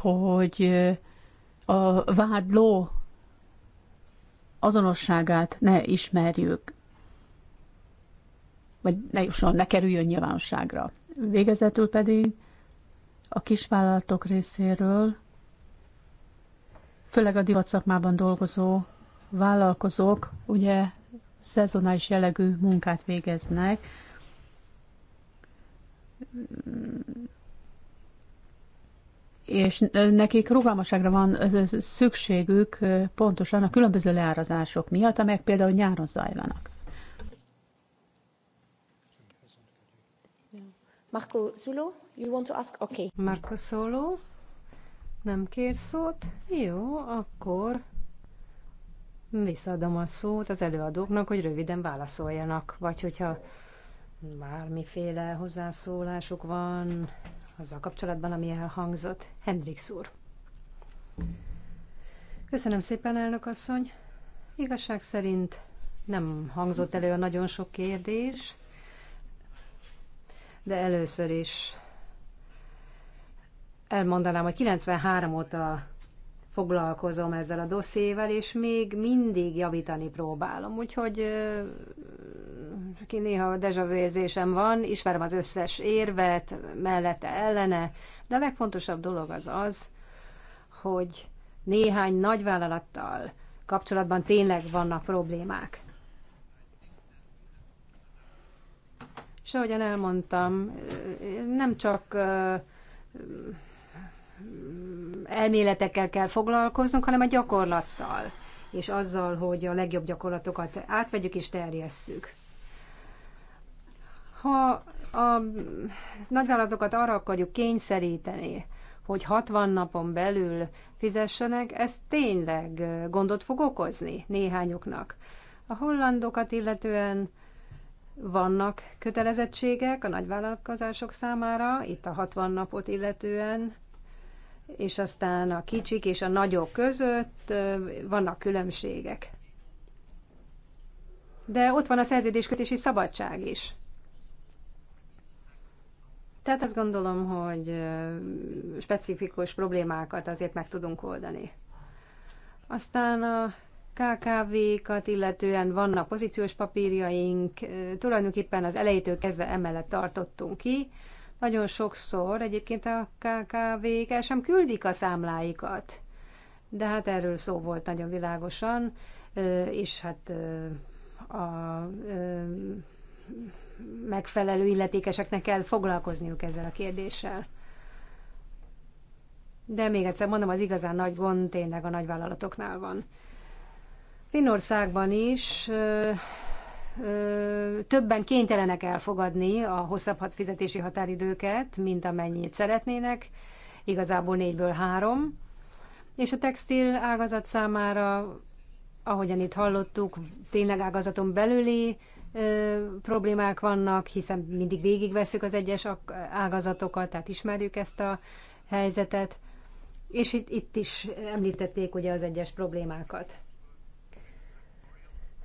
Speaker 1: hogy a vádló azonosságát ne ismerjük, vagy ne jusson, ne kerüljön nyilvánosságra. Végezetül pedig a kisvállalatok részéről, főleg a divatszakmában dolgozó vállalkozók, ugye szezonális jellegű munkát végeznek, és nekik rugalmaságra van szükségük pontosan a különböző leárazások miatt, amelyek például nyáron zajlanak.
Speaker 3: Marco Zulo, you want to ask? Okay. Marco Solo, nem kér szót? Jó, akkor visszaadom a szót az előadóknak, hogy röviden válaszoljanak, vagy hogyha bármiféle hozzászólásuk van, azzal kapcsolatban, ami elhangzott. Hendrix úr. Köszönöm szépen, elnök asszony. Igazság szerint nem hangzott elő a nagyon sok kérdés, de először is elmondanám, hogy 93 óta foglalkozom ezzel a dosszével, és még mindig javítani próbálom. Úgyhogy ki néha dejavő érzésem van, ismerem az összes érvet, mellette, ellene, de a legfontosabb dolog az az, hogy néhány nagyvállalattal kapcsolatban tényleg vannak problémák. És ahogyan elmondtam, nem csak elméletekkel kell foglalkoznunk, hanem a gyakorlattal, és azzal, hogy a legjobb gyakorlatokat átvegyük és terjesszük. Ha a nagyvállalatokat arra akarjuk kényszeríteni, hogy 60 napon belül fizessenek, ez tényleg gondot fog okozni néhányoknak. A hollandokat illetően vannak kötelezettségek a nagyvállalkozások számára, itt a 60 napot illetően, és aztán a kicsik és a nagyok között vannak különbségek. De ott van a szerződéskötési szabadság is. Tehát azt gondolom, hogy specifikus problémákat azért meg tudunk oldani. Aztán a KKV-kat illetően vannak pozíciós papírjaink, tulajdonképpen az elejétől kezdve emellett tartottunk ki. Nagyon sokszor egyébként a KKV-k el sem küldik a számláikat, de hát erről szó volt nagyon világosan, és hát a megfelelő illetékeseknek kell foglalkozniuk ezzel a kérdéssel. De még egyszer mondom, az igazán nagy gond tényleg a nagyvállalatoknál van. Finnországban is ö, ö, többen kénytelenek elfogadni a hosszabb hat fizetési határidőket, mint amennyit szeretnének, igazából négyből három. És a textil ágazat számára, ahogyan itt hallottuk, tényleg ágazaton belüli problémák vannak, hiszen mindig végigveszük az egyes ágazatokat, tehát ismerjük ezt a helyzetet, és itt, itt is említették ugye az egyes problémákat.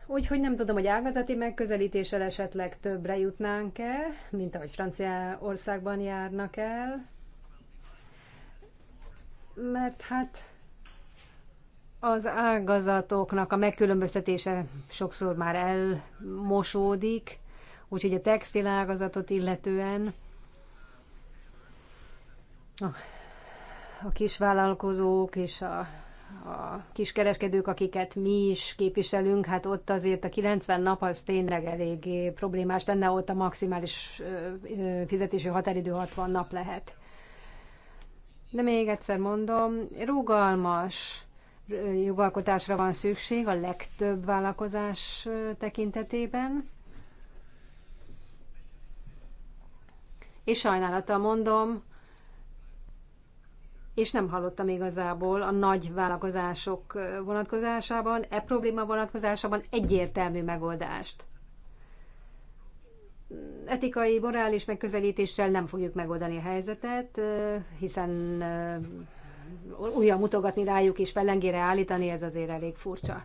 Speaker 3: Úgyhogy nem tudom, hogy ágazati megközelítéssel esetleg többre jutnánk-e, mint ahogy Franciaországban járnak el, mert hát az ágazatoknak a megkülönböztetése sokszor már elmosódik, úgyhogy a textil ágazatot illetően a kisvállalkozók és a, a kiskereskedők, akiket mi is képviselünk, hát ott azért a 90 nap az tényleg eléggé problémás lenne, ott a maximális fizetési határidő 60 nap lehet. De még egyszer mondom, rugalmas, jogalkotásra van szükség a legtöbb vállalkozás tekintetében. És sajnálattal mondom, és nem hallottam igazából a nagy vállalkozások vonatkozásában, e probléma vonatkozásában egyértelmű megoldást. Etikai, morális megközelítéssel nem fogjuk megoldani a helyzetet, hiszen újra mutogatni rájuk és pellengére állítani, ez azért elég furcsa.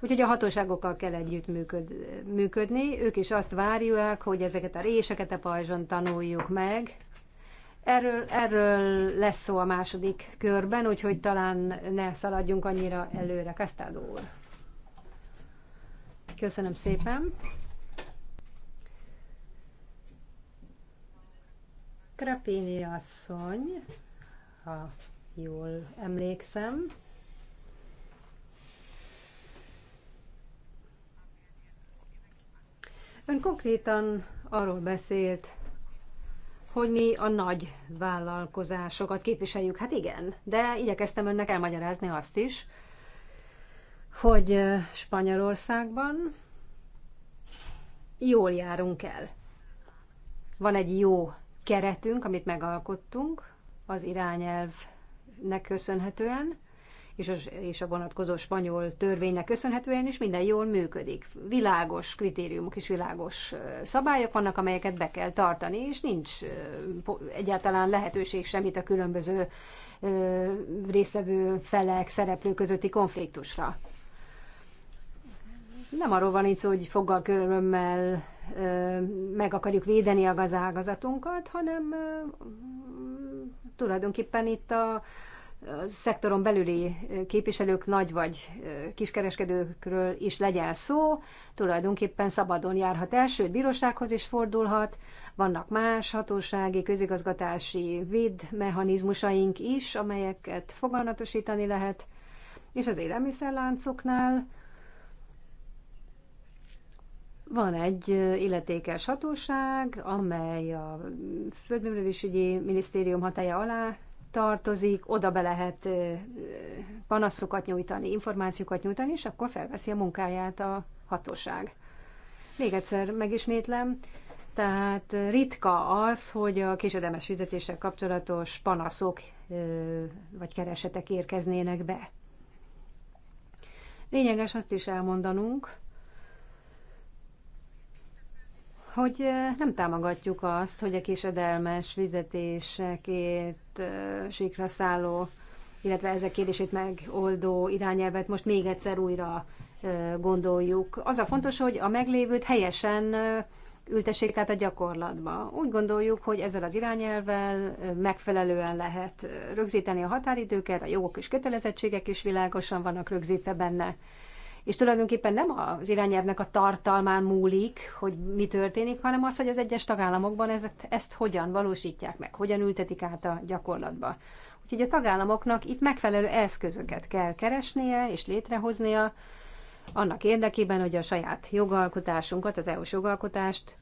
Speaker 3: Úgyhogy a hatóságokkal kell együtt működ, működni, ők is azt várják, hogy ezeket a réseket a pajzson tanuljuk meg. Erről, erről lesz szó a második körben, úgyhogy talán ne szaladjunk annyira előre. Kasztádó úr. Köszönöm szépen. Krapini asszony, ha jól emlékszem. Ön konkrétan arról beszélt, hogy mi a nagy vállalkozásokat képviseljük. Hát igen, de igyekeztem önnek elmagyarázni azt is, hogy Spanyolországban jól járunk el. Van egy jó keretünk, amit megalkottunk, az irányelv nek köszönhetően, és a, és a vonatkozó spanyol törvénynek köszönhetően is minden jól működik. Világos kritériumok és világos szabályok vannak, amelyeket be kell tartani, és nincs egyáltalán lehetőség semmit a különböző résztvevő felek, szereplő közötti konfliktusra. Nem arról van itt szó, hogy foggal körömmel meg akarjuk védeni a gazágazatunkat, hanem tulajdonképpen itt a szektoron belüli képviselők, nagy vagy kiskereskedőkről is legyen szó, tulajdonképpen szabadon járhat el, sőt, bírósághoz is fordulhat, vannak más hatósági, közigazgatási védmechanizmusaink is, amelyeket fogalmatosítani lehet, és az élelmiszerláncoknál van egy illetékes hatóság, amely a földművelési Minisztérium hatája alá tartozik, oda be lehet panaszokat nyújtani, információkat nyújtani, és akkor felveszi a munkáját a hatóság. Még egyszer megismétlem, tehát ritka az, hogy a késedemes fizetéssel kapcsolatos panaszok vagy keresetek érkeznének be. Lényeges azt is elmondanunk, hogy nem támogatjuk azt, hogy a késedelmes fizetésekért síkra szálló, illetve ezek kérdését megoldó irányelvet most még egyszer újra gondoljuk. Az a fontos, hogy a meglévőt helyesen ültessék át a gyakorlatba. Úgy gondoljuk, hogy ezzel az irányelvel megfelelően lehet rögzíteni a határidőket, a jogok és kötelezettségek is világosan vannak rögzítve benne és tulajdonképpen nem az irányelvnek a tartalmán múlik, hogy mi történik, hanem az, hogy az egyes tagállamokban ezt, ezt hogyan valósítják meg, hogyan ültetik át a gyakorlatba. Úgyhogy a tagállamoknak itt megfelelő eszközöket kell keresnie és létrehoznia, annak érdekében, hogy a saját jogalkotásunkat, az EU-s jogalkotást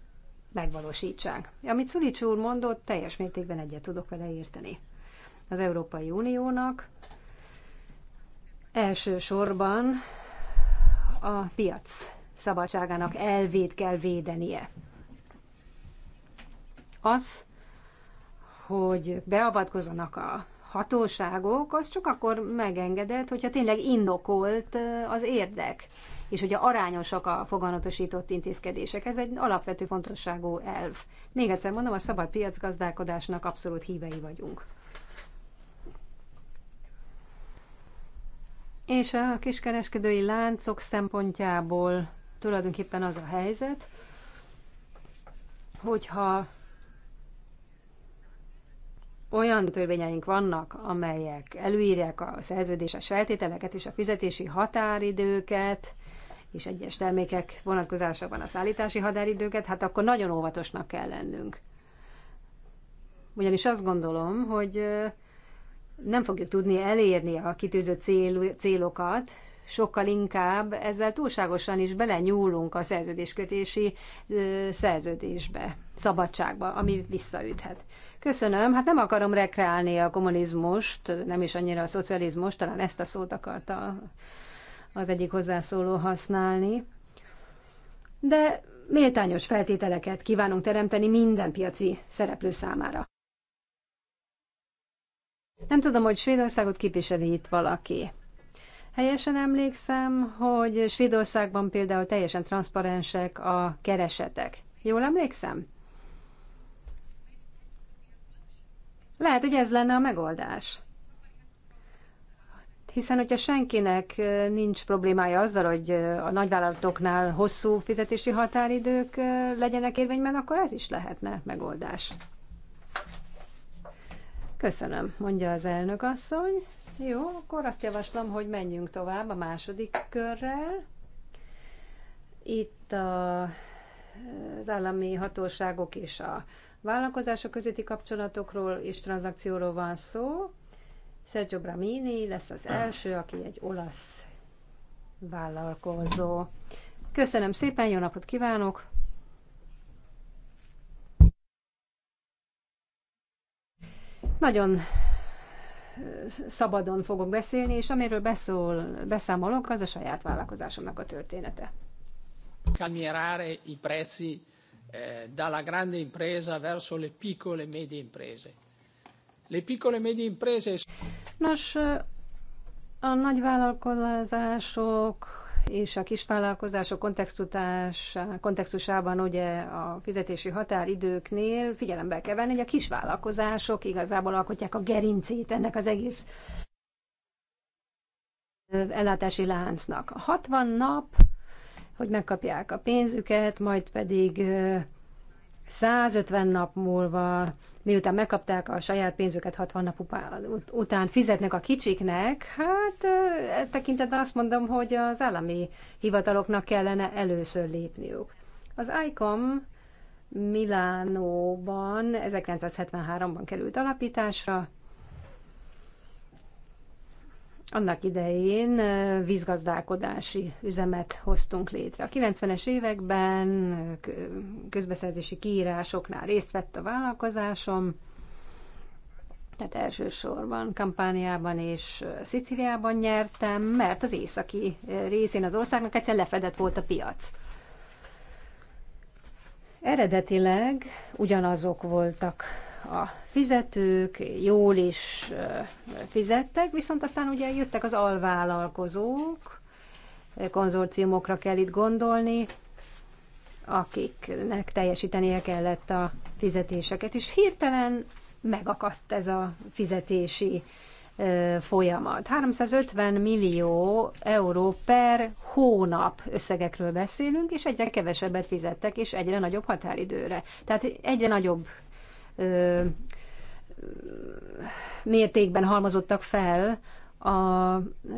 Speaker 3: megvalósítsák. Amit Szulics úr mondott, teljes mértékben egyet tudok vele érteni. Az Európai Uniónak elsősorban a piac szabadságának elvét kell védenie. Az, hogy beavatkozzanak a hatóságok, az csak akkor megengedett, hogyha tényleg indokolt az érdek, és hogy arányosak a foganatosított intézkedések. Ez egy alapvető fontosságú elv. Még egyszer mondom, a szabad piacgazdálkodásnak abszolút hívei vagyunk. És a kiskereskedői láncok szempontjából tulajdonképpen az a helyzet, hogyha olyan törvényeink vannak, amelyek előírják a szerződéses feltételeket és a fizetési határidőket, és egyes termékek vonatkozásában a szállítási határidőket, hát akkor nagyon óvatosnak kell lennünk. Ugyanis azt gondolom, hogy nem fogjuk tudni elérni a kitűzött cél, célokat, sokkal inkább ezzel túlságosan is belenyúlunk a szerződéskötési szerződésbe, szabadságba, ami visszaüthet. Köszönöm, hát nem akarom rekreálni a kommunizmust, nem is annyira a szocializmust, talán ezt a szót akarta az egyik hozzászóló használni. De méltányos feltételeket kívánunk teremteni minden piaci szereplő számára. Nem tudom, hogy Svédországot képviseli itt valaki. Helyesen emlékszem, hogy Svédországban például teljesen transzparensek a keresetek. Jól emlékszem? Lehet, hogy ez lenne a megoldás. Hiszen, hogyha senkinek nincs problémája azzal, hogy a nagyvállalatoknál hosszú fizetési határidők legyenek érvényben, akkor ez is lehetne megoldás. Köszönöm, mondja az elnök asszony. Jó, akkor azt javaslom, hogy menjünk tovább a második körrel. Itt a, az állami hatóságok és a vállalkozások közötti kapcsolatokról és tranzakcióról van szó. Sergio Bramini lesz az első, aki egy olasz vállalkozó. Köszönöm szépen, jó napot kívánok! Nagyon szabadon fogok beszélni, és amiről beszól, beszámolok, az a saját vállalkozásomnak a története.
Speaker 1: Camierare i prezzi eh, dalla grande impresa verso le piccole e medie imprese. Le piccole e medie imprese...
Speaker 3: Nos, a nagy vállalkozások és a kisvállalkozások kontextusában ugye a fizetési határidőknél figyelembe kell venni, hogy a kisvállalkozások igazából alkotják a gerincét ennek az egész ellátási láncnak. A 60 nap, hogy megkapják a pénzüket, majd pedig 150 nap múlva, miután megkapták a saját pénzüket 60 nap után, fizetnek a kicsiknek, hát e tekintetben azt mondom, hogy az állami hivataloknak kellene először lépniük. Az ICOM Milánóban 1973-ban került alapításra, annak idején vízgazdálkodási üzemet hoztunk létre. A 90-es években közbeszerzési kiírásoknál részt vett a vállalkozásom, tehát elsősorban Kampániában és Sziciliában nyertem, mert az északi részén az országnak egyszer lefedett volt a piac. Eredetileg ugyanazok voltak a fizetők jól is fizettek, viszont aztán ugye jöttek az alvállalkozók, konzorciumokra kell itt gondolni, akiknek teljesítenie kellett a fizetéseket, és hirtelen megakadt ez a fizetési folyamat. 350 millió euró per hónap összegekről beszélünk, és egyre kevesebbet fizettek, és egyre nagyobb határidőre. Tehát egyre nagyobb mértékben halmozottak fel a,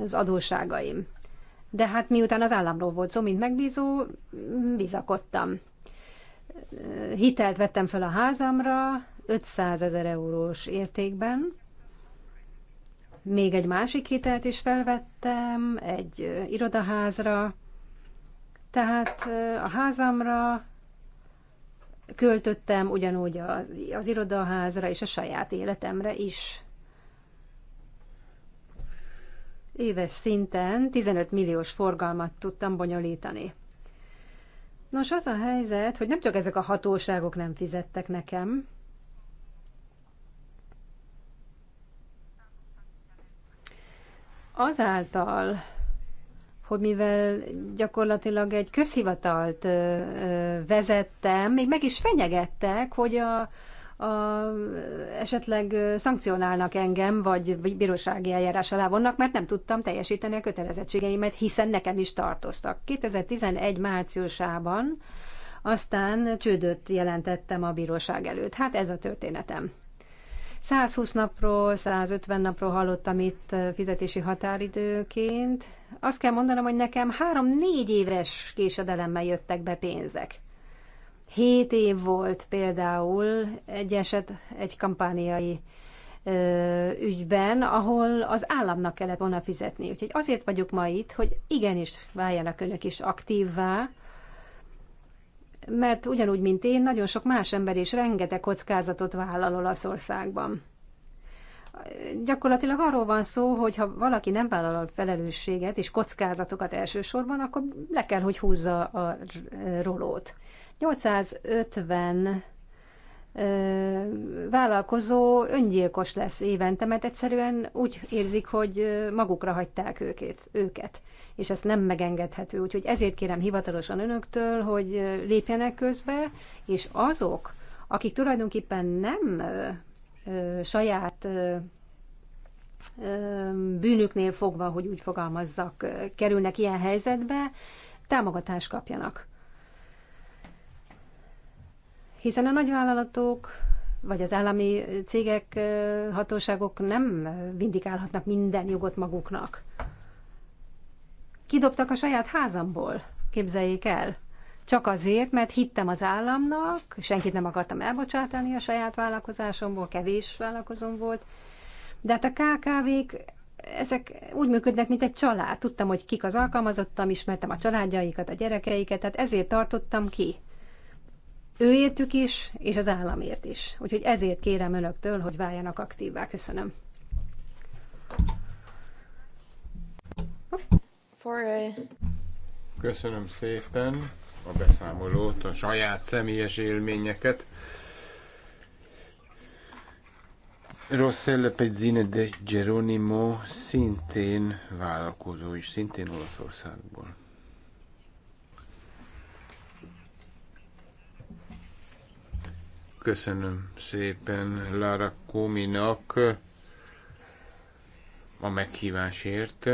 Speaker 3: az adósságaim. De hát miután az államról volt szó, mint megbízó, bizakodtam. Hitelt vettem fel a házamra 500 ezer eurós értékben, még egy másik hitelt is felvettem, egy irodaházra, tehát a házamra költöttem, ugyanúgy az, az irodaházra és a saját életemre is. Éves szinten 15 milliós forgalmat tudtam bonyolítani. Nos, az a helyzet, hogy nem csak ezek a hatóságok nem fizettek nekem, azáltal, hogy mivel gyakorlatilag egy közhivatalt vezettem, még meg is fenyegettek, hogy a, a, esetleg szankcionálnak engem, vagy bírósági eljárás alá vonnak, mert nem tudtam teljesíteni a kötelezettségeimet, hiszen nekem is tartoztak. 2011 márciusában aztán csődöt jelentettem a bíróság előtt. Hát ez a történetem. 120 napról, 150 napról hallottam itt fizetési határidőként, azt kell mondanom, hogy nekem három-négy éves késedelemmel jöttek be pénzek. Hét év volt például egy eset egy kampániai ö, ügyben, ahol az államnak kellett volna fizetni. Úgyhogy azért vagyok ma itt, hogy igenis váljanak önök is aktívvá, mert ugyanúgy, mint én, nagyon sok más ember is rengeteg kockázatot vállal Olaszországban gyakorlatilag arról van szó, hogy ha valaki nem vállal felelősséget és kockázatokat elsősorban, akkor le kell, hogy húzza a rolót. 850 vállalkozó öngyilkos lesz évente, mert egyszerűen úgy érzik, hogy magukra hagyták őket, őket. És ez nem megengedhető. Úgyhogy ezért kérem hivatalosan önöktől, hogy lépjenek közbe, és azok, akik tulajdonképpen nem saját bűnüknél fogva, hogy úgy fogalmazzak, kerülnek ilyen helyzetbe, támogatást kapjanak. Hiszen a nagyvállalatok vagy az állami cégek, hatóságok nem vindikálhatnak minden jogot maguknak. Kidobtak a saját házamból, képzeljék el csak azért, mert hittem az államnak, senkit nem akartam elbocsátani a saját vállalkozásomból, kevés vállalkozom volt, de hát a KKV-k ezek úgy működnek, mint egy család. Tudtam, hogy kik az alkalmazottam, ismertem a családjaikat, a gyerekeiket, tehát ezért tartottam ki. Őértük is, és az államért is. Úgyhogy ezért kérem önöktől, hogy váljanak aktívvá. Köszönöm.
Speaker 2: Köszönöm szépen a beszámolót, a saját személyes élményeket. Rossella Pezzine de Geronimo szintén vállalkozó is, szintén Olaszországból. Köszönöm szépen Lara Kuminak a meghívásért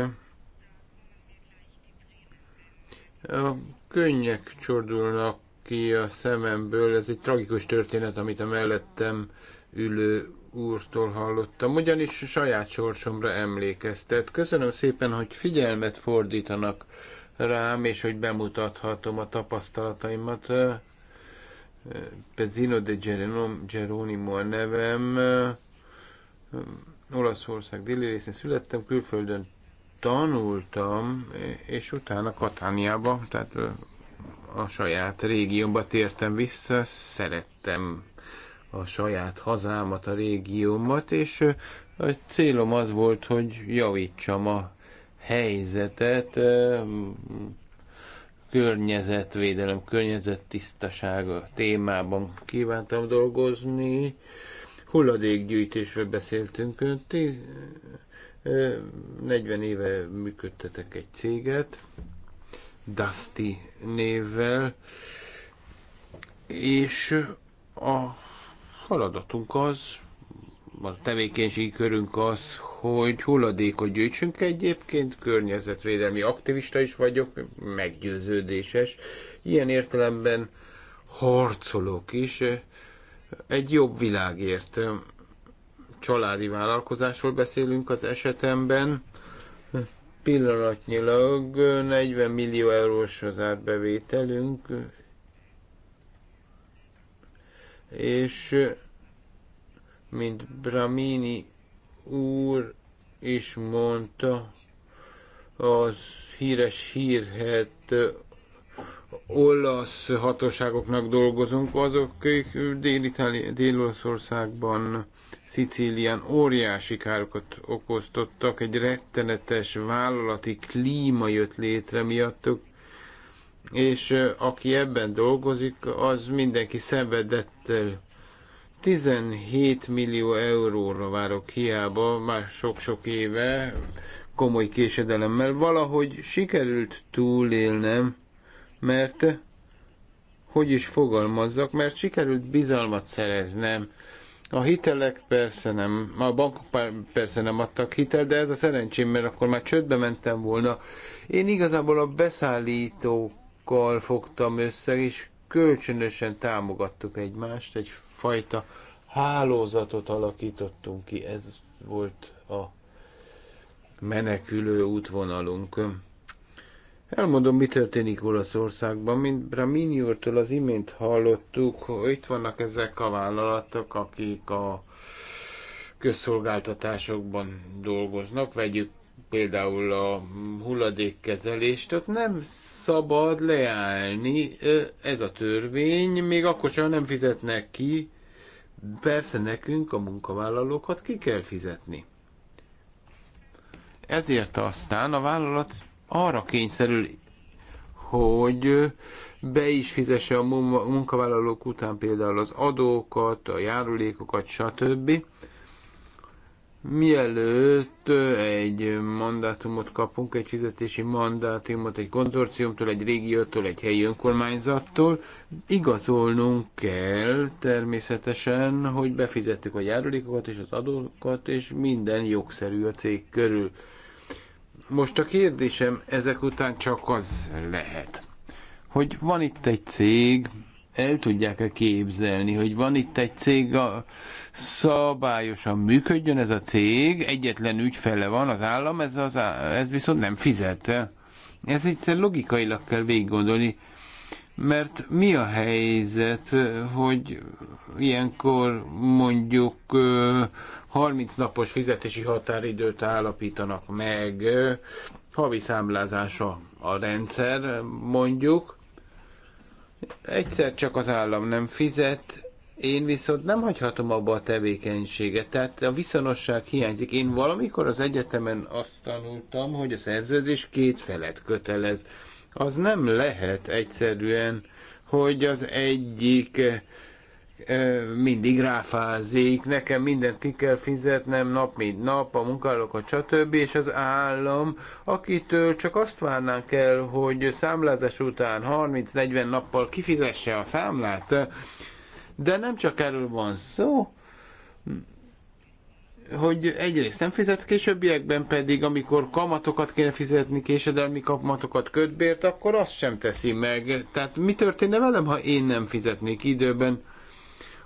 Speaker 2: könnyek csordulnak ki a szememből. Ez egy tragikus történet, amit a mellettem ülő úrtól hallottam, ugyanis saját sorsomra emlékeztet. Köszönöm szépen, hogy figyelmet fordítanak rám, és hogy bemutathatom a tapasztalataimat. Pezzino de Geronimo a nevem. Olaszország déli részén születtem, külföldön tanultam, és utána Katániába, tehát a saját régiómba tértem vissza, szerettem a saját hazámat, a régiómat, és a célom az volt, hogy javítsam a helyzetet, környezetvédelem, környezettisztaság témában kívántam dolgozni. Hulladékgyűjtésről beszéltünk. 40 éve működtetek egy céget, Dusty névvel, és a haladatunk az, a tevékenységi körünk az, hogy hulladékot gyűjtsünk egyébként, környezetvédelmi aktivista is vagyok, meggyőződéses. Ilyen értelemben harcolok is egy jobb világért családi vállalkozásról beszélünk az esetemben. Pillanatnyilag 40 millió eurós az árbevételünk, és mint Bramini úr is mondta, az híres hírhet olasz hatóságoknak dolgozunk, azok dél-olaszországban Szicílián óriási károkat okoztottak, egy rettenetes vállalati klíma jött létre miattuk, és aki ebben dolgozik, az mindenki szenvedettel 17 millió euróra várok hiába, már sok-sok éve, komoly késedelemmel. Valahogy sikerült túlélnem, mert hogy is fogalmazzak, mert sikerült bizalmat szereznem a hitelek persze nem, a bankok persze nem adtak hitelt, de ez a szerencsém, mert akkor már csődbe mentem volna. Én igazából a beszállítókkal fogtam össze, és kölcsönösen támogattuk egymást, egyfajta hálózatot alakítottunk ki, ez volt a menekülő útvonalunk. Elmondom, mi történik Olaszországban. Mint Bramini úrtól az imént hallottuk, hogy itt vannak ezek a vállalatok, akik a közszolgáltatásokban dolgoznak. Vegyük például a hulladékkezelést, ott nem szabad leállni, ez a törvény, még akkor sem nem fizetnek ki, persze nekünk a munkavállalókat ki kell fizetni. Ezért aztán a vállalat arra kényszerül, hogy be is fizesse a munkavállalók után például az adókat, a járulékokat, stb. Mielőtt egy mandátumot kapunk, egy fizetési mandátumot egy konzorciumtól, egy régiótól, egy helyi önkormányzattól, igazolnunk kell természetesen, hogy befizettük a járulékokat és az adókat, és minden jogszerű a cég körül. Most a kérdésem ezek után csak az lehet, hogy van itt egy cég, el tudják-e képzelni, hogy van itt egy cég, a, szabályosan működjön ez a cég, egyetlen ügyfele van az állam, ez, az, ez viszont nem fizet. Ez egyszer logikailag kell végiggondolni, mert mi a helyzet, hogy ilyenkor mondjuk 30 napos fizetési határidőt állapítanak meg, havi számlázása a rendszer, mondjuk. Egyszer csak az állam nem fizet, én viszont nem hagyhatom abba a tevékenységet, tehát a viszonosság hiányzik. Én valamikor az egyetemen azt tanultam, hogy a szerződés két felet kötelez. Az nem lehet egyszerűen, hogy az egyik mindig ráfázik, nekem mindent ki kell fizetnem nap, mint nap, a munkálókat, stb. És az állam, akitől csak azt várnánk el, hogy számlázás után 30-40 nappal kifizesse a számlát, de nem csak erről van szó, hogy egyrészt nem fizet, későbbiekben pedig, amikor kamatokat kéne fizetni, késedelmi kamatokat kötbért, akkor azt sem teszi meg. Tehát mi történne velem, ha én nem fizetnék időben?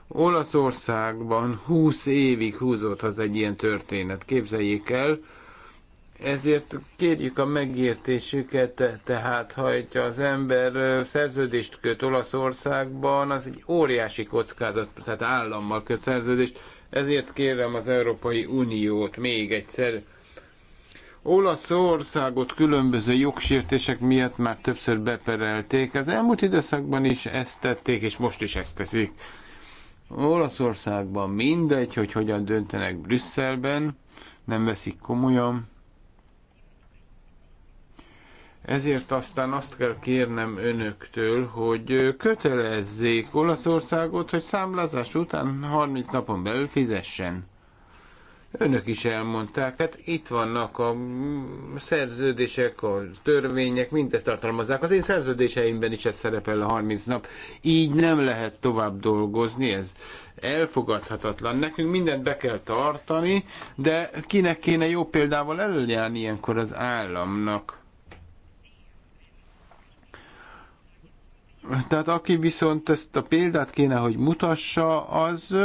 Speaker 2: Olaszországban 20 évig húzott az egy ilyen történet, képzeljék el, ezért kérjük a megértésüket, tehát ha az ember szerződést köt Olaszországban, az egy óriási kockázat, tehát állammal köt szerződést, ezért kérem az Európai Uniót még egyszer. Olaszországot különböző jogsértések miatt már többször beperelték, az elmúlt időszakban is ezt tették, és most is ezt teszik. Olaszországban mindegy, hogy hogyan döntenek Brüsszelben, nem veszik komolyan. Ezért aztán azt kell kérnem önöktől, hogy kötelezzék Olaszországot, hogy számlázás után 30 napon belül fizessen. Önök is elmondták, hát itt vannak a szerződések, a törvények, mindezt tartalmazzák. Az én szerződéseimben is ez szerepel a 30 nap. Így nem lehet tovább dolgozni, ez elfogadhatatlan. Nekünk mindent be kell tartani, de kinek kéne jó példával előjárni ilyenkor az államnak? Tehát aki viszont ezt a példát kéne, hogy mutassa, az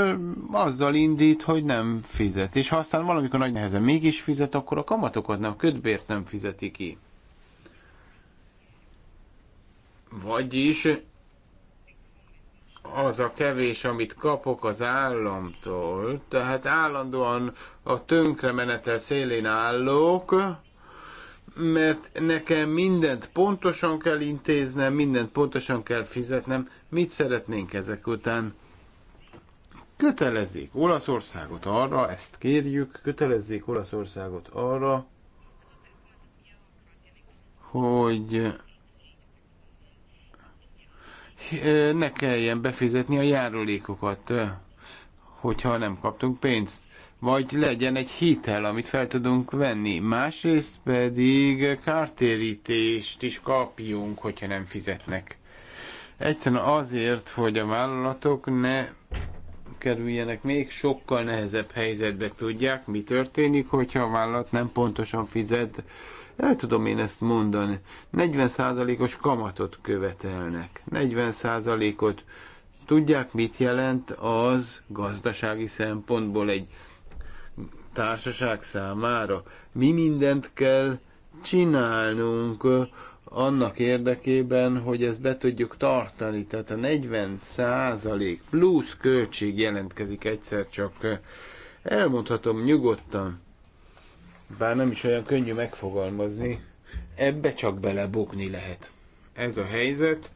Speaker 2: azzal indít, hogy nem fizet. És ha aztán valamikor nagy nehezen mégis fizet, akkor a kamatokat nem, a ködbért nem fizeti ki. Vagyis az a kevés, amit kapok az államtól, tehát állandóan a menetel szélén állok, mert nekem mindent pontosan kell intéznem, mindent pontosan kell fizetnem. Mit szeretnénk ezek után? Kötelezzék Olaszországot arra, ezt kérjük, kötelezzék Olaszországot arra, hogy eh, ne kelljen befizetni a járulékokat, eh, hogyha nem kaptunk pénzt vagy legyen egy hitel, amit fel tudunk venni. Másrészt pedig kártérítést is kapjunk, hogyha nem fizetnek. Egyszerűen azért, hogy a vállalatok ne kerüljenek még sokkal nehezebb helyzetbe. Tudják, mi történik, hogyha a vállalat nem pontosan fizet. El tudom én ezt mondani. 40%-os kamatot követelnek. 40%-ot. Tudják, mit jelent az gazdasági szempontból egy társaság számára. Mi mindent kell csinálnunk annak érdekében, hogy ezt be tudjuk tartani. Tehát a 40 százalék plusz költség jelentkezik egyszer csak. Elmondhatom nyugodtan, bár nem is olyan könnyű megfogalmazni, ebbe csak belebukni lehet. Ez a helyzet,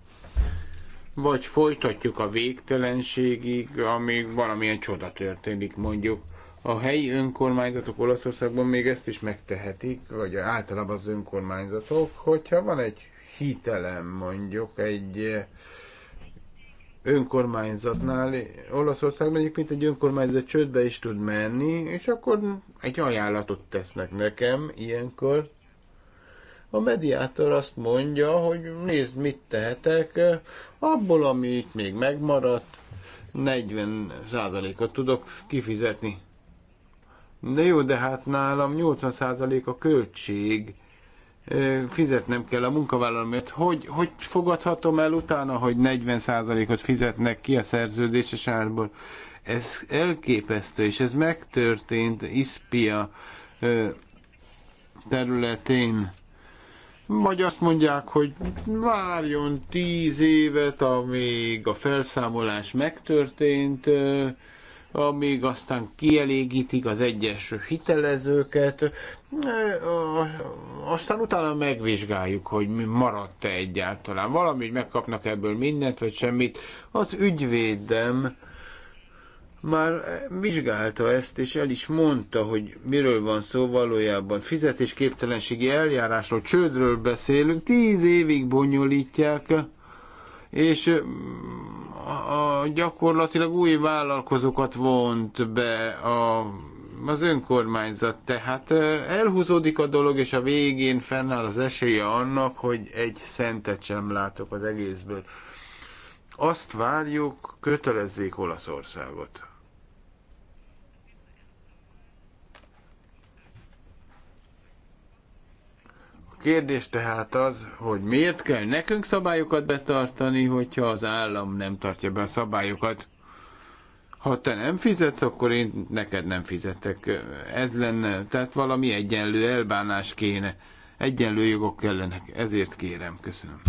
Speaker 2: vagy folytatjuk a végtelenségig, amíg valamilyen csoda történik mondjuk. A helyi önkormányzatok Olaszországban még ezt is megtehetik, vagy általában az önkormányzatok, hogyha van egy hitelem mondjuk egy eh, önkormányzatnál, Olaszországban egyébként egy önkormányzat csődbe is tud menni, és akkor egy ajánlatot tesznek nekem ilyenkor. A mediátor azt mondja, hogy nézd, mit tehetek, eh, abból, amit még megmaradt, 40%-ot tudok kifizetni. Na jó, de hát nálam 80% a költség, fizetnem kell a munkavállalomért. Hogy, hogy fogadhatom el utána, hogy 40%-ot fizetnek ki a szerződéses árból? Ez elképesztő, és ez megtörtént Ispia területén. Vagy azt mondják, hogy várjon tíz évet, amíg a felszámolás megtörtént, amíg aztán kielégítik az egyes hitelezőket, eh, aztán utána megvizsgáljuk, hogy mi maradt-e egyáltalán. Valami, hogy megkapnak ebből mindent, vagy semmit. Az ügyvédem már vizsgálta ezt, és el is mondta, hogy miről van szó valójában. Fizetésképtelenségi eljárásról, csődről beszélünk, tíz évig bonyolítják és a, gyakorlatilag új vállalkozókat vont be a, az önkormányzat. Tehát elhúzódik a dolog, és a végén fennáll az esélye annak, hogy egy szentet sem látok az egészből. Azt várjuk, kötelezzék Olaszországot. kérdés tehát az, hogy miért kell nekünk szabályokat betartani, hogyha az állam nem tartja be a szabályokat. Ha te nem fizetsz, akkor én neked nem fizetek. Ez lenne, tehát valami egyenlő elbánás kéne. Egyenlő jogok kellenek. Ezért kérem. Köszönöm.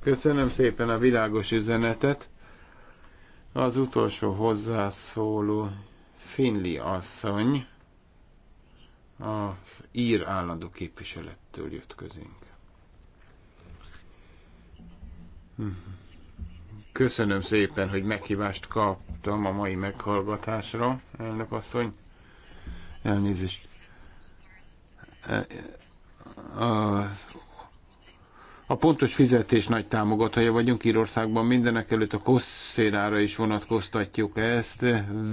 Speaker 2: Köszönöm szépen a világos üzenetet. Az utolsó hozzászóló Finli asszony az ír állandó képviselettől jött közénk. Köszönöm szépen, hogy meghívást kaptam a mai meghallgatásra, elnök asszony. Elnézést. A a pontos fizetés nagy támogatója vagyunk Írországban, mindenek előtt a koszférára is vonatkoztatjuk ezt.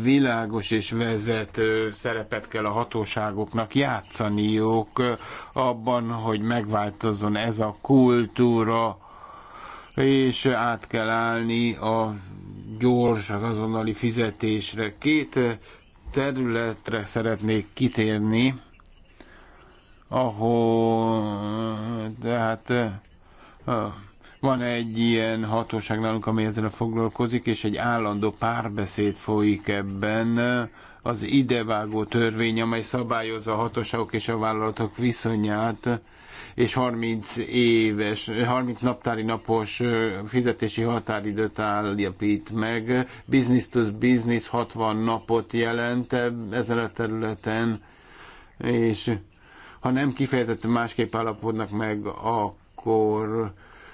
Speaker 2: Világos és vezető szerepet kell a hatóságoknak játszaniuk abban, hogy megváltozzon ez a kultúra, és át kell állni a gyors, az azonnali fizetésre. Két területre szeretnék kitérni, ahol tehát van egy ilyen hatóság nálunk, ami ezzel foglalkozik, és egy állandó párbeszéd folyik ebben az idevágó törvény, amely szabályozza a hatóságok és a vállalatok viszonyát, és 30 éves, 30 naptári napos fizetési határidőt állapít meg. Business to business 60 napot jelent ezen a területen, és ha nem kifejezetten másképp állapodnak meg, akkor akkor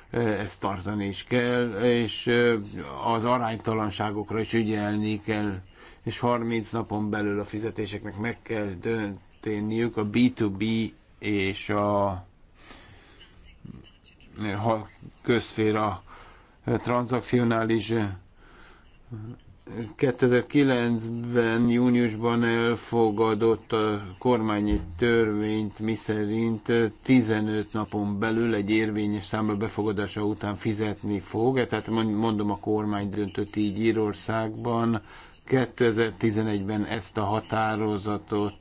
Speaker 2: eh, ezt tartani is kell, és eh, az aránytalanságokra is ügyelni kell, és 30 napon belül a fizetéseknek meg kell dönténniük a B2B és a eh, közféra transzakcionális. 2009-ben júniusban elfogadott a kormány egy törvényt, miszerint 15 napon belül egy érvényes számla befogadása után fizetni fog. E, tehát mondom, a kormány döntött így Írországban. 2011-ben ezt a határozatot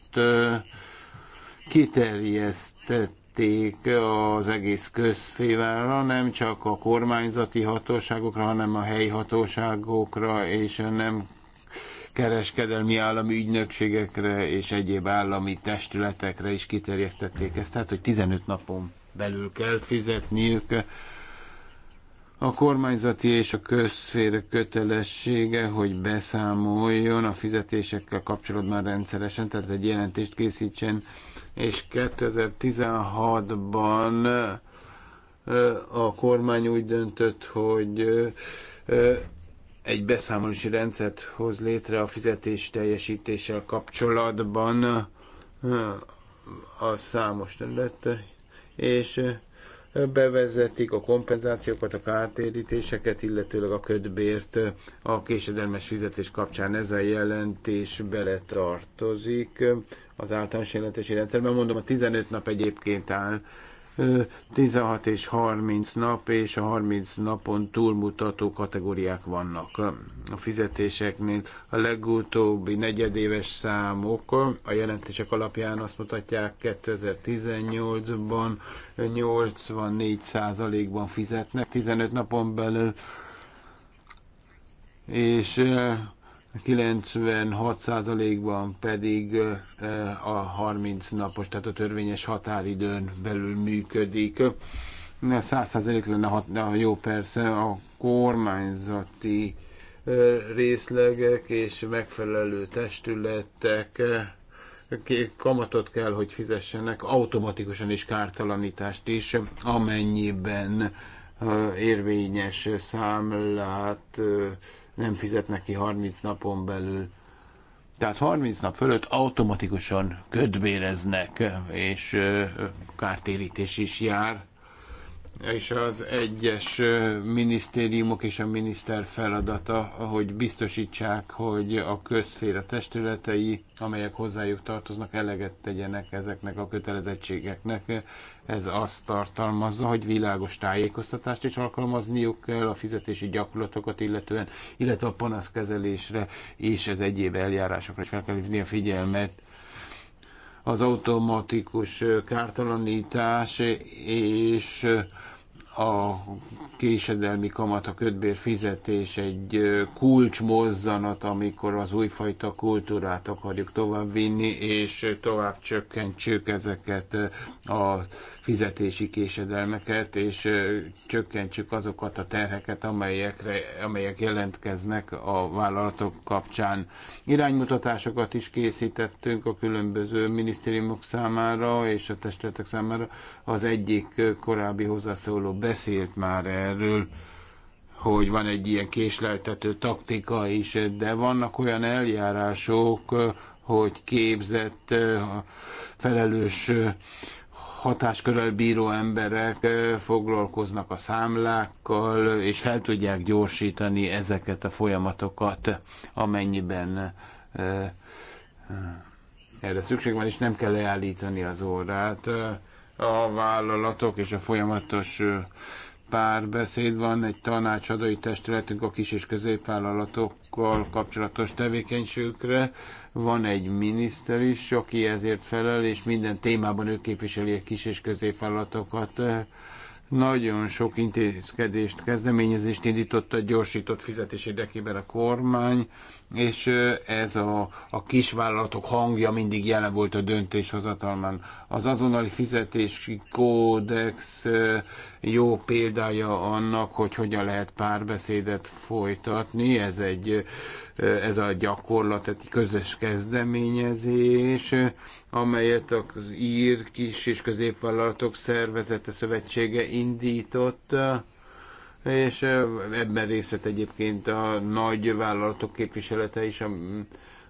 Speaker 2: kiterjesztett tették az egész közfélelre, nem csak a kormányzati hatóságokra, hanem a helyi hatóságokra és a nem kereskedelmi állami ügynökségekre és egyéb állami testületekre is kiterjesztették ezt, tehát hogy 15 napon belül kell fizetniük. A kormányzati és a közszféra kötelessége, hogy beszámoljon a fizetésekkel kapcsolatban rendszeresen, tehát egy jelentést készítsen és 2016-ban a kormány úgy döntött, hogy egy beszámolási rendszert hoz létre a fizetés teljesítéssel kapcsolatban a számos terület, és bevezetik a kompenzációkat, a kártérítéseket, illetőleg a ködbért a késedelmes fizetés kapcsán ez a jelentés beletartozik az általános jelentési rendszerben. Mondom, a 15 nap egyébként áll 16 és 30 nap, és a 30 napon túlmutató kategóriák vannak a fizetéseknél. A legutóbbi negyedéves számok a jelentések alapján azt mutatják, 2018-ban 84%-ban fizetnek 15 napon belül, és 96%-ban pedig eh, a 30 napos, tehát a törvényes határidőn belül működik. 100% lenne, hat, jó persze, a kormányzati eh, részlegek és megfelelő testületek eh, kamatot kell, hogy fizessenek, automatikusan is kártalanítást is, amennyiben érvényes számlát nem fizetnek ki 30 napon belül. Tehát 30 nap fölött automatikusan ködbéreznek, és kártérítés is jár és az egyes minisztériumok és a miniszter feladata, hogy biztosítsák, hogy a közféra testületei, amelyek hozzájuk tartoznak, eleget tegyenek ezeknek a kötelezettségeknek. Ez azt tartalmazza, hogy világos tájékoztatást is alkalmazniuk kell a fizetési gyakorlatokat illetően, illetve a panaszkezelésre és az egyéb eljárásokra is fel kell hívni a figyelmet az automatikus kártalanítás és a késedelmi kamat, a kötbér fizetés egy kulcsmozzanat, amikor az újfajta kultúrát akarjuk továbbvinni, és tovább csökkentsük ezeket a fizetési késedelmeket, és csökkentsük azokat a terheket, amelyekre, amelyek jelentkeznek a vállalatok kapcsán. Iránymutatásokat is készítettünk a különböző minisztériumok számára és a testületek számára. Az egyik korábbi hozzászóló be beszélt már erről, hogy van egy ilyen késleltető taktika is, de vannak olyan eljárások, hogy képzett, felelős hatáskörrel bíró emberek foglalkoznak a számlákkal, és fel tudják gyorsítani ezeket a folyamatokat, amennyiben erre szükség van, és nem kell leállítani az órát a vállalatok és a folyamatos párbeszéd van, egy tanácsadói testületünk a kis- és középvállalatokkal kapcsolatos tevékenységükre, van egy miniszter is, aki ezért felel, és minden témában ő képviseli a kis- és középvállalatokat. Nagyon sok intézkedést, kezdeményezést indított a gyorsított fizetés érdekében a kormány, és ez a, a kisvállalatok hangja mindig jelen volt a döntéshozatalmán. Az azonnali fizetési kódex jó példája annak, hogy hogyan lehet párbeszédet folytatni. Ez, egy, ez a gyakorlat, egy közös kezdeményezés, amelyet az ír kis és középvállalatok szervezete szövetsége indított és ebben részt vett egyébként a nagy vállalatok képviselete is,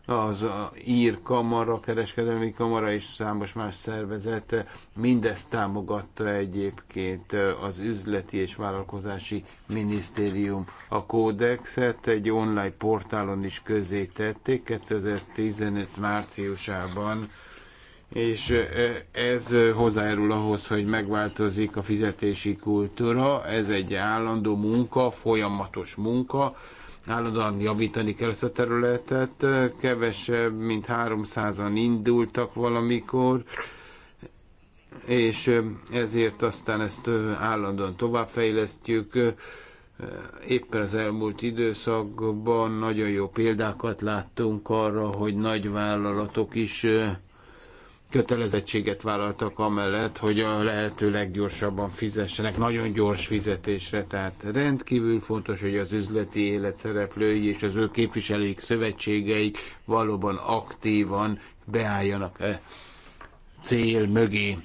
Speaker 2: az ír kamara, kereskedelmi kamara és számos más szervezet mindezt támogatta egyébként az üzleti és vállalkozási minisztérium. A kódexet egy online portálon is tették 2015 márciusában és ez hozzájárul ahhoz, hogy megváltozik a fizetési kultúra, ez egy állandó munka, folyamatos munka, állandóan javítani kell ezt a területet, kevesebb, mint 300-an indultak valamikor, és ezért aztán ezt állandóan továbbfejlesztjük. Éppen az elmúlt időszakban nagyon jó példákat láttunk arra, hogy nagy vállalatok is kötelezettséget vállaltak amellett, hogy a lehető leggyorsabban fizessenek, nagyon gyors fizetésre, tehát rendkívül fontos, hogy az üzleti élet szereplői és az ő képviselőik, szövetségeik valóban aktívan beálljanak e cél mögé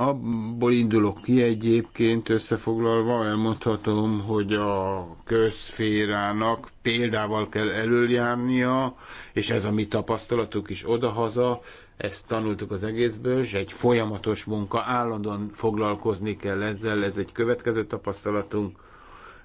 Speaker 2: abból indulok ki egyébként összefoglalva, elmondhatom, hogy a közférának példával kell előjárnia, és ez a mi tapasztalatuk is odahaza, ezt tanultuk az egészből, és egy folyamatos munka, állandóan foglalkozni kell ezzel, ez egy következő tapasztalatunk,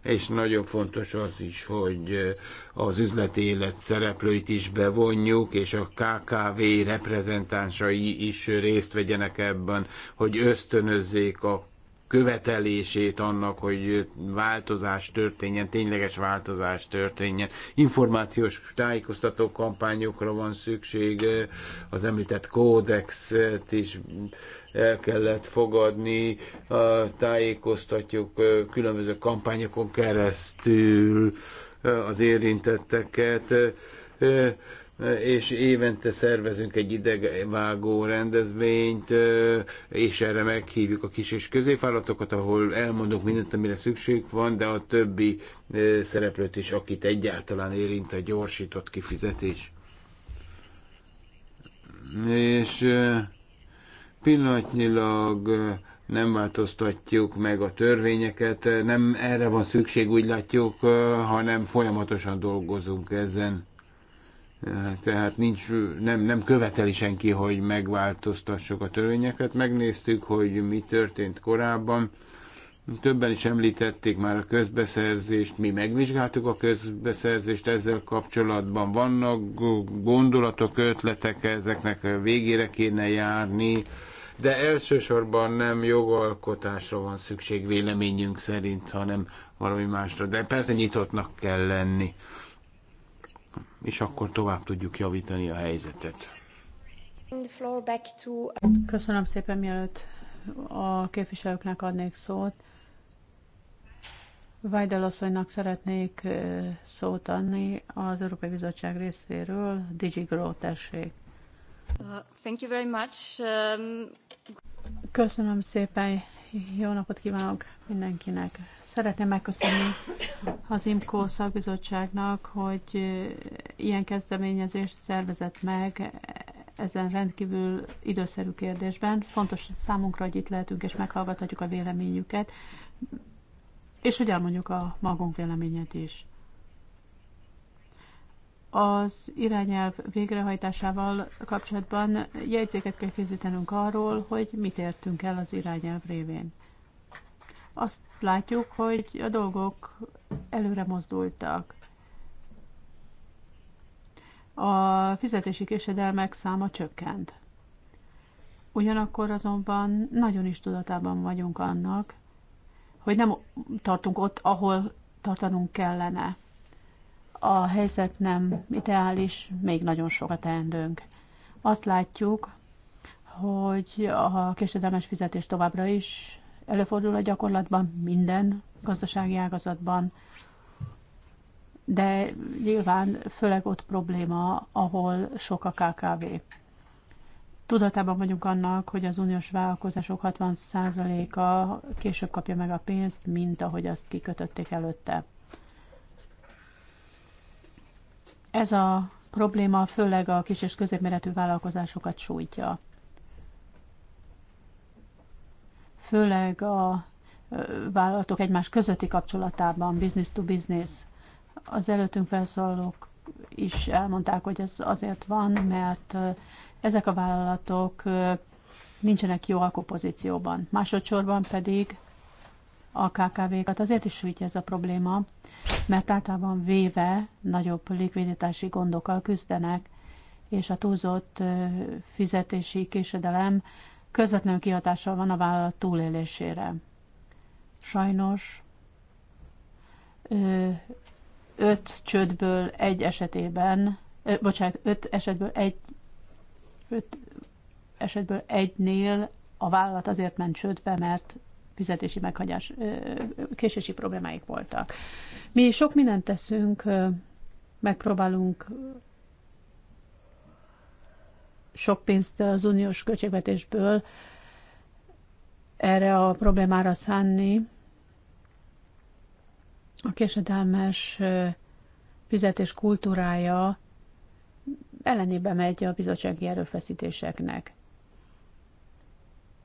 Speaker 2: és nagyon fontos az is, hogy eh, az üzleti élet szereplőit is bevonjuk, és a KKV reprezentánsai is részt vegyenek ebben, hogy ösztönözzék a követelését annak, hogy változás történjen, tényleges változás történjen. Információs tájékoztató kampányokra van szükség, eh, az említett kódexet is el kellett fogadni, tájékoztatjuk különböző kampányokon keresztül az érintetteket és évente szervezünk egy idegvágó rendezvényt, és erre meghívjuk a kis és középvállalatokat, ahol elmondunk mindent, amire szükség van, de a többi szereplőt is, akit egyáltalán érint a gyorsított kifizetés. És Pillanatnyilag nem változtatjuk meg a törvényeket, nem erre van szükség, úgy látjuk, hanem folyamatosan dolgozunk ezen. Tehát nincs, nem, nem követeli senki, hogy megváltoztassuk a törvényeket. Megnéztük, hogy mi történt korábban. Többen is említették már a közbeszerzést, mi megvizsgáltuk a közbeszerzést ezzel kapcsolatban. Vannak gondolatok, ötletek, ezeknek végére kéne járni, de elsősorban nem jogalkotásra van szükség véleményünk szerint, hanem valami másra. De persze nyitottnak kell lenni, és akkor tovább tudjuk javítani a helyzetet.
Speaker 1: Köszönöm szépen, mielőtt a képviselőknek adnék szót. Vajdal asszonynak szeretnék szót adni az Európai Bizottság részéről. Digi Grow, tessék. Um, Köszönöm szépen, jó napot kívánok mindenkinek. Szeretném megköszönni az IMCO szakbizottságnak, hogy ilyen kezdeményezést szervezett meg ezen rendkívül időszerű kérdésben. Fontos számunkra, hogy itt lehetünk és meghallgathatjuk a véleményüket, és hogy elmondjuk a magunk véleményét is az irányelv végrehajtásával kapcsolatban jegyzéket kell készítenünk arról, hogy mit értünk el az irányelv révén. Azt látjuk, hogy a dolgok előre mozdultak. A fizetési késedelmek száma csökkent. Ugyanakkor azonban nagyon is tudatában vagyunk annak, hogy nem tartunk ott, ahol tartanunk kellene a helyzet nem ideális, még nagyon sokat teendőnk. Azt látjuk, hogy a késedelmes fizetés továbbra is előfordul a gyakorlatban minden gazdasági ágazatban, de nyilván főleg ott probléma, ahol sok a KKV. Tudatában vagyunk annak, hogy az uniós vállalkozások 60%-a később kapja meg a pénzt, mint ahogy azt kikötötték előtte. Ez a probléma főleg a kis és középméretű vállalkozásokat sújtja. Főleg a vállalatok egymás közötti kapcsolatában, business to business. Az előttünk felszólalók is elmondták, hogy ez azért van, mert ezek a vállalatok nincsenek jó alkopozícióban. Másodszorban pedig a KKV-kat. Azért is sújtja ez a probléma, mert általában véve nagyobb likviditási gondokkal küzdenek, és a túlzott fizetési késedelem közvetlenül kihatással van a vállalat túlélésére. Sajnos öt csődből egy esetében, ö, bocsánat, öt esetből egy, öt esetből egynél a vállalat azért ment csődbe, mert fizetési meghagyás, késési problémáik voltak. Mi sok mindent teszünk, megpróbálunk sok pénzt az uniós költségvetésből erre a problémára szánni. A késedelmes fizetés kultúrája ellenébe megy a bizottsági erőfeszítéseknek.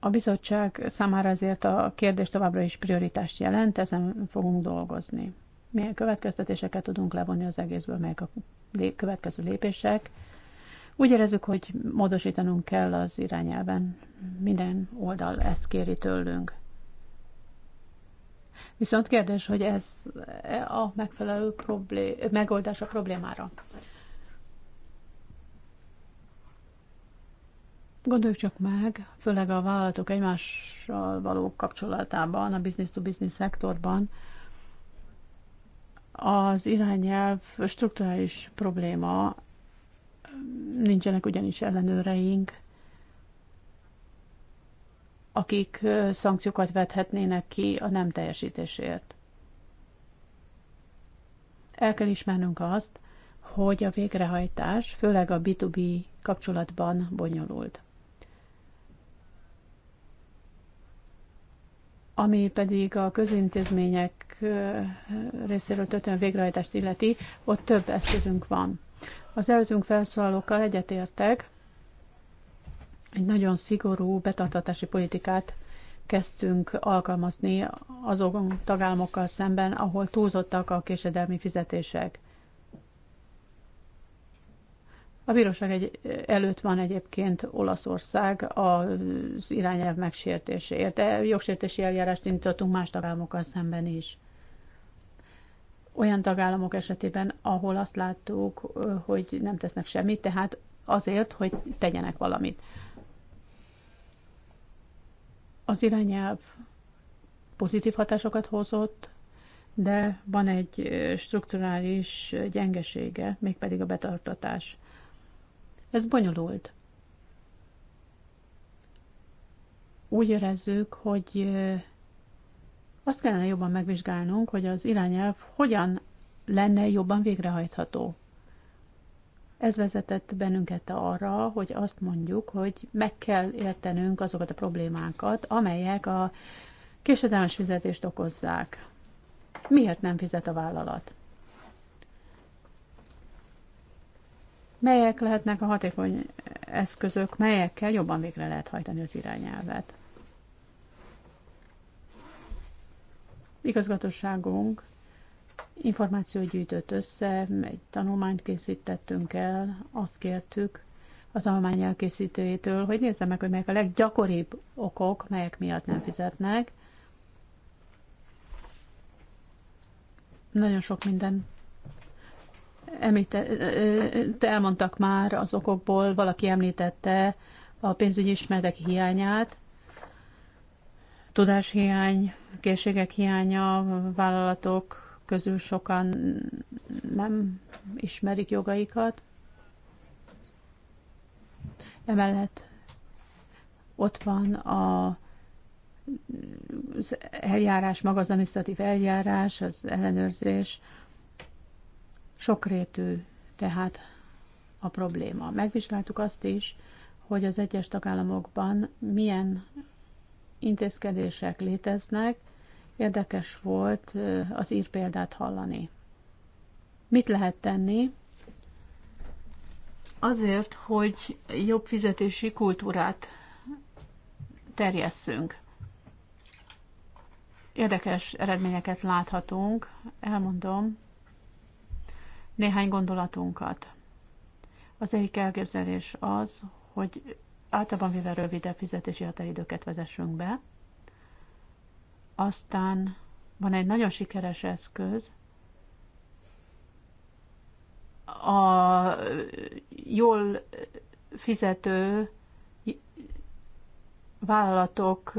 Speaker 1: A bizottság számára ezért a kérdés továbbra is prioritást jelent, ezen fogunk dolgozni. Milyen következtetéseket tudunk levonni az egészből, melyek a következő lépések. Úgy érezzük, hogy módosítanunk kell az irányelven. Minden oldal ezt kéri tőlünk. Viszont kérdés, hogy ez a megfelelő problé- megoldás a problémára. Gondoljuk csak meg, főleg a vállalatok egymással való kapcsolatában, a business-to-business szektorban, az irányelv strukturális probléma, nincsenek ugyanis ellenőreink, akik szankciókat vethetnének ki a nem teljesítésért. El kell ismernünk azt, hogy a végrehajtás, főleg a B2B kapcsolatban bonyolult. Ami pedig a közintézmények részéről történő végrehajtást illeti, ott több eszközünk van. Az előttünk felszólalókkal egyetértek, egy nagyon szigorú betartatási politikát kezdtünk alkalmazni azok tagállamokkal szemben, ahol túlzottak a késedelmi fizetések. A bíróság egy, előtt van egyébként Olaszország az irányelv megsértéséért, de jogsértési eljárást indítottunk más tagállamokkal szemben is. Olyan tagállamok esetében, ahol azt láttuk, hogy nem tesznek semmit, tehát azért, hogy tegyenek valamit. Az irányelv pozitív hatásokat hozott, de van egy strukturális gyengesége, mégpedig a betartatás. Ez bonyolult. Úgy érezzük, hogy azt kellene jobban megvizsgálnunk, hogy az irányelv hogyan lenne jobban végrehajtható. Ez vezetett bennünket arra, hogy azt mondjuk, hogy meg kell értenünk azokat a problémákat, amelyek a késedelmes fizetést okozzák. Miért nem fizet a vállalat? Melyek lehetnek a hatékony eszközök, melyekkel jobban végre lehet hajtani az irányelvet? Igazgatóságunk információt gyűjtött össze, egy tanulmányt készítettünk el, azt kértük a tanulmány elkészítőjétől, hogy nézze meg, hogy melyek a leggyakoribb okok, melyek miatt nem fizetnek. Nagyon sok minden említette, elmondtak már az okokból, valaki említette a pénzügyi ismeretek hiányát, tudáshiány, készségek hiánya, vállalatok közül sokan nem ismerik jogaikat. Emellett ott van a az eljárás, maga az administratív eljárás, az ellenőrzés, Sokrétű tehát a probléma. Megvizsgáltuk azt is, hogy az egyes tagállamokban milyen intézkedések léteznek. Érdekes volt az ír példát hallani. Mit lehet tenni? Azért, hogy jobb fizetési kultúrát terjesszünk. Érdekes eredményeket láthatunk, elmondom, néhány gondolatunkat. Az egyik elképzelés az, hogy általában véve rövidebb fizetési határidőket vezessünk be. Aztán van egy nagyon sikeres eszköz, a jól fizető vállalatok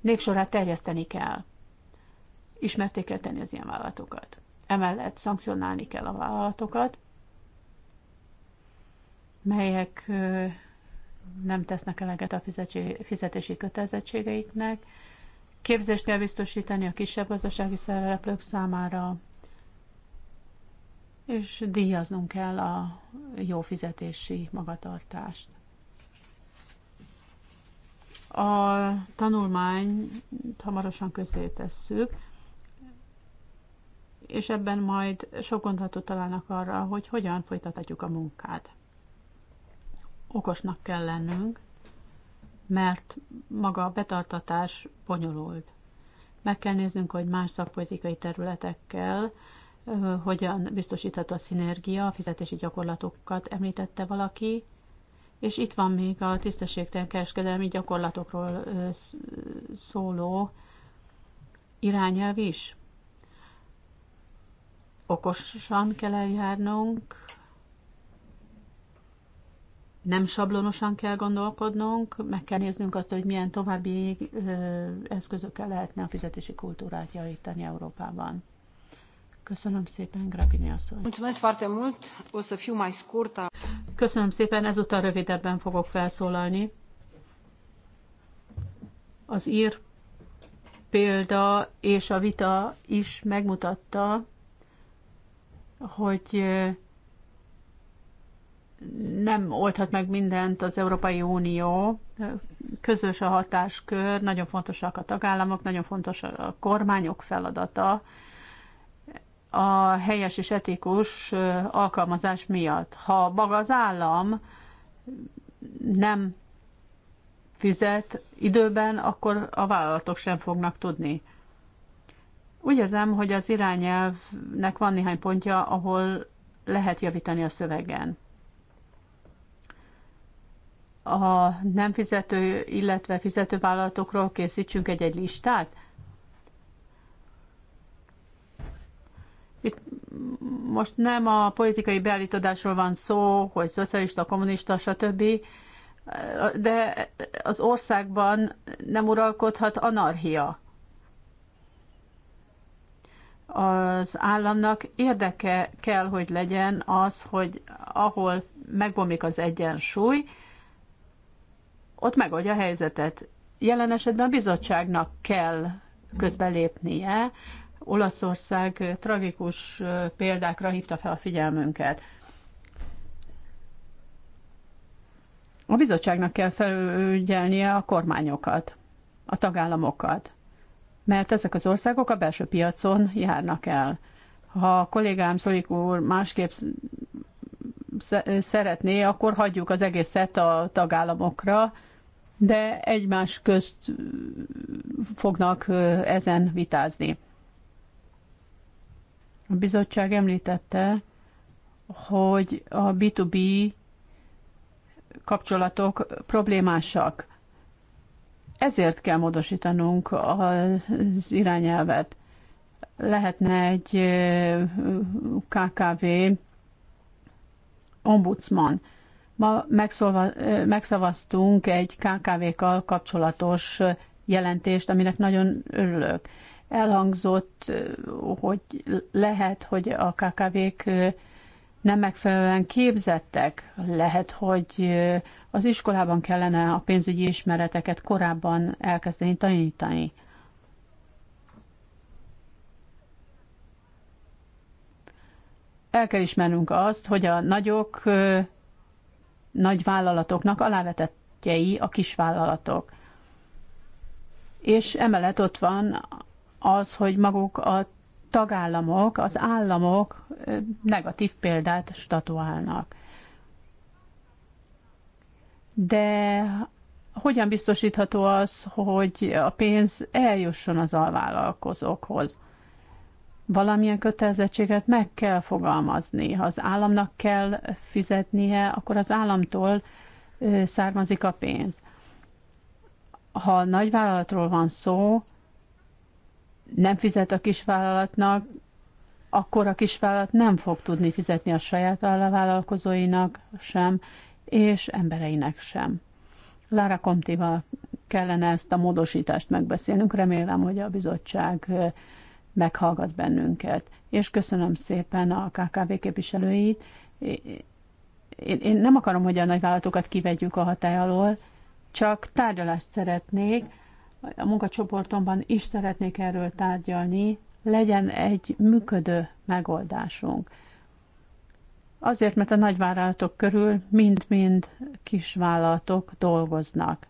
Speaker 1: népsorát terjeszteni kell. Ismerté kell tenni az ilyen vállalatokat. Emellett szankcionálni kell a vállalatokat, melyek nem tesznek eleget a fizetési kötelezettségeiknek. Képzést kell biztosítani a kisebb gazdasági szereplők számára, és díjaznunk kell a jó fizetési magatartást. A tanulmányt hamarosan közé tesszük, és ebben majd sok gondolatot találnak arra, hogy hogyan folytatjuk a munkát. Okosnak kell lennünk, mert maga a betartatás bonyolult. Meg kell néznünk, hogy más szakpolitikai területekkel hogyan biztosítható a szinergia, a fizetési gyakorlatokat említette valaki, és itt van még a tisztességtelen kereskedelmi gyakorlatokról szóló irányelv is okosan kell eljárnunk, nem sablonosan kell gondolkodnunk, meg kell néznünk azt, hogy milyen további eszközökkel lehetne a fizetési kultúrát javítani Európában. Köszönöm szépen, Grabini
Speaker 3: asszony.
Speaker 1: Köszönöm szépen, ezúttal rövidebben fogok felszólalni. Az ír példa és a vita is megmutatta, hogy nem oldhat meg mindent az Európai Unió, közös a hatáskör, nagyon fontosak a tagállamok, nagyon fontos a kormányok feladata a helyes és etikus alkalmazás miatt. Ha maga az állam nem fizet időben, akkor a vállalatok sem fognak tudni. Úgy érzem, hogy az irányelvnek van néhány pontja, ahol lehet javítani a szövegen. A nem fizető, illetve fizető vállalatokról készítsünk egy-egy listát. Itt most nem a politikai beállítodásról van szó, hogy szocialista, kommunista, stb., de az országban nem uralkodhat anarchia az államnak érdeke kell, hogy legyen az, hogy ahol megbomlik az egyensúly, ott megoldja a helyzetet. Jelen esetben a bizottságnak kell közbelépnie. Olaszország tragikus példákra hívta fel a figyelmünket. A bizottságnak kell felügyelnie a kormányokat, a tagállamokat mert ezek az országok a belső piacon járnak el. Ha a kollégám Szolik úr másképp szeretné, akkor hagyjuk az egészet a tagállamokra, de egymás közt fognak ezen vitázni. A bizottság említette, hogy a B2B kapcsolatok problémásak. Ezért kell módosítanunk az irányelvet. Lehetne egy KKV ombudsman. Ma megszolva, megszavaztunk egy KKV-kkal kapcsolatos jelentést, aminek nagyon örülök. Elhangzott, hogy lehet, hogy a KKV-k nem megfelelően képzettek. Lehet, hogy az iskolában kellene a pénzügyi ismereteket korábban elkezdeni tanítani. El kell ismernünk azt, hogy a nagyok, nagy vállalatoknak alávetettjei a kisvállalatok. És emellett ott van az, hogy maguk a tagállamok, az államok negatív példát statuálnak. De hogyan biztosítható az, hogy a pénz eljusson az alvállalkozókhoz? Valamilyen kötelezettséget meg kell fogalmazni. Ha az államnak kell fizetnie, akkor az államtól származik a pénz. Ha nagyvállalatról van szó, nem fizet a kisvállalatnak, akkor a kisvállalat nem fog tudni fizetni a saját vállalkozóinak sem, és embereinek sem. Lára Komtival kellene ezt a módosítást megbeszélnünk. Remélem, hogy a bizottság meghallgat bennünket. És köszönöm szépen a KKV képviselőit. Én, én nem akarom, hogy a nagyvállalatokat kivegyük a hatály alól, csak tárgyalást szeretnék, a munkacsoportomban is szeretnék erről tárgyalni, legyen egy működő megoldásunk. Azért, mert a nagyvállalatok körül mind-mind kisvállalatok dolgoznak.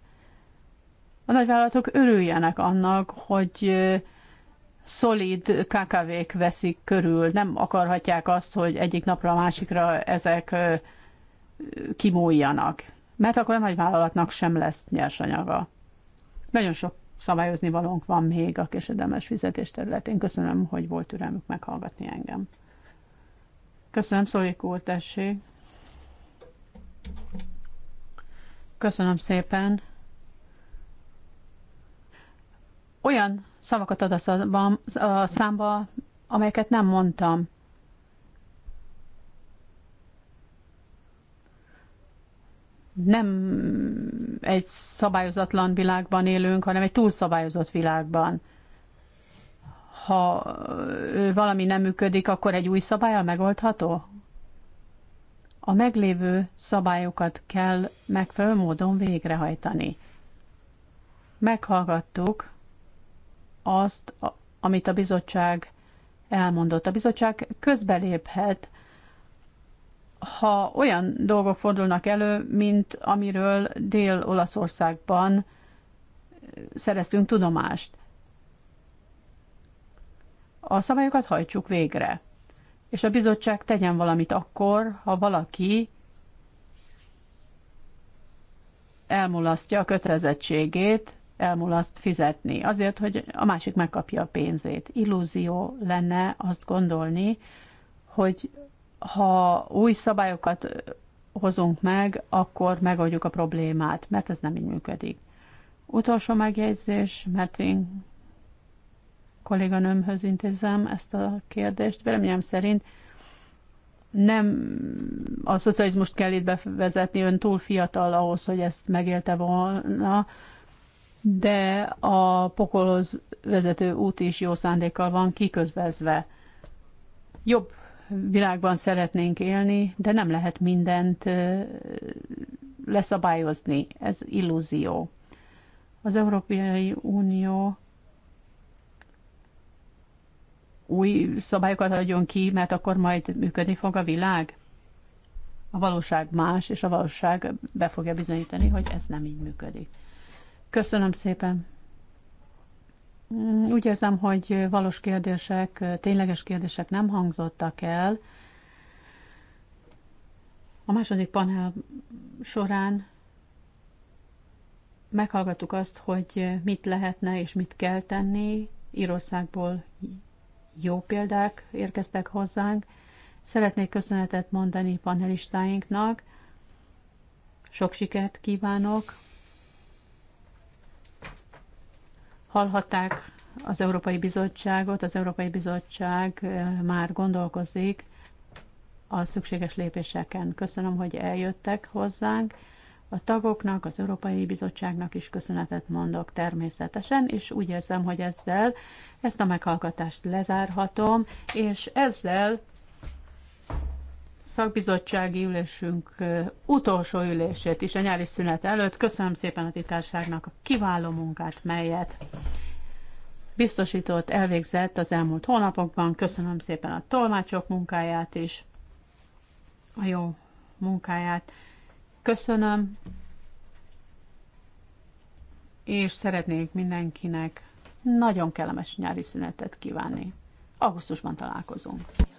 Speaker 1: A nagyvállalatok örüljenek annak, hogy szolid KKV-k veszik körül. Nem akarhatják azt, hogy egyik napra a másikra ezek kimúljanak. Mert akkor a nagyvállalatnak sem lesz nyersanyaga. Nagyon sok szabályozni valónk van még a késedelmes fizetés területén. Köszönöm, hogy volt türelmük meghallgatni engem. Köszönöm, Szolik úr, tessék. Köszönöm szépen. Olyan szavakat ad a számba, amelyeket nem mondtam. nem egy szabályozatlan világban élünk, hanem egy túlszabályozott világban. Ha valami nem működik, akkor egy új szabályal megoldható? A meglévő szabályokat kell megfelelő módon végrehajtani. Meghallgattuk azt, amit a bizottság elmondott. A bizottság közbeléphet ha olyan dolgok fordulnak elő, mint amiről Dél-Olaszországban szereztünk tudomást. A szabályokat hajtsuk végre, és a bizottság tegyen valamit akkor, ha valaki elmulasztja a kötelezettségét, elmulaszt fizetni, azért, hogy a másik megkapja a pénzét. Illúzió lenne azt gondolni, hogy ha új szabályokat hozunk meg, akkor megoldjuk a problémát, mert ez nem így működik. Utolsó megjegyzés, mert én kolléganőmhöz intézem ezt a kérdést. Véleményem szerint nem a szocializmust kell itt bevezetni, ön túl fiatal ahhoz, hogy ezt megélte volna, de a pokolhoz vezető út is jó szándékkal van kiközbezve. Jobb világban szeretnénk élni, de nem lehet mindent leszabályozni. Ez illúzió. Az Európai Unió új szabályokat adjon ki, mert akkor majd működni fog a világ. A valóság más, és a valóság be fogja bizonyítani, hogy ez nem így működik. Köszönöm szépen! Mm, úgy érzem, hogy valós kérdések, tényleges kérdések nem hangzottak el. A második panel során meghallgattuk azt, hogy mit lehetne és mit kell tenni. Írországból jó példák érkeztek hozzánk. Szeretnék köszönetet mondani panelistáinknak. Sok sikert kívánok Hallhatták az Európai Bizottságot, az Európai Bizottság eh, már gondolkozik a szükséges lépéseken. Köszönöm, hogy eljöttek hozzánk. A tagoknak, az Európai Bizottságnak is köszönetet mondok természetesen, és úgy érzem, hogy ezzel ezt a meghallgatást lezárhatom, és ezzel szakbizottsági ülésünk utolsó ülését is a nyári szünet előtt. Köszönöm szépen a titkárságnak a kiváló munkát, melyet biztosított, elvégzett az elmúlt hónapokban. Köszönöm szépen a tolmácsok munkáját is, a jó munkáját. Köszönöm, és szeretnék mindenkinek nagyon kellemes nyári szünetet kívánni. Augusztusban találkozunk.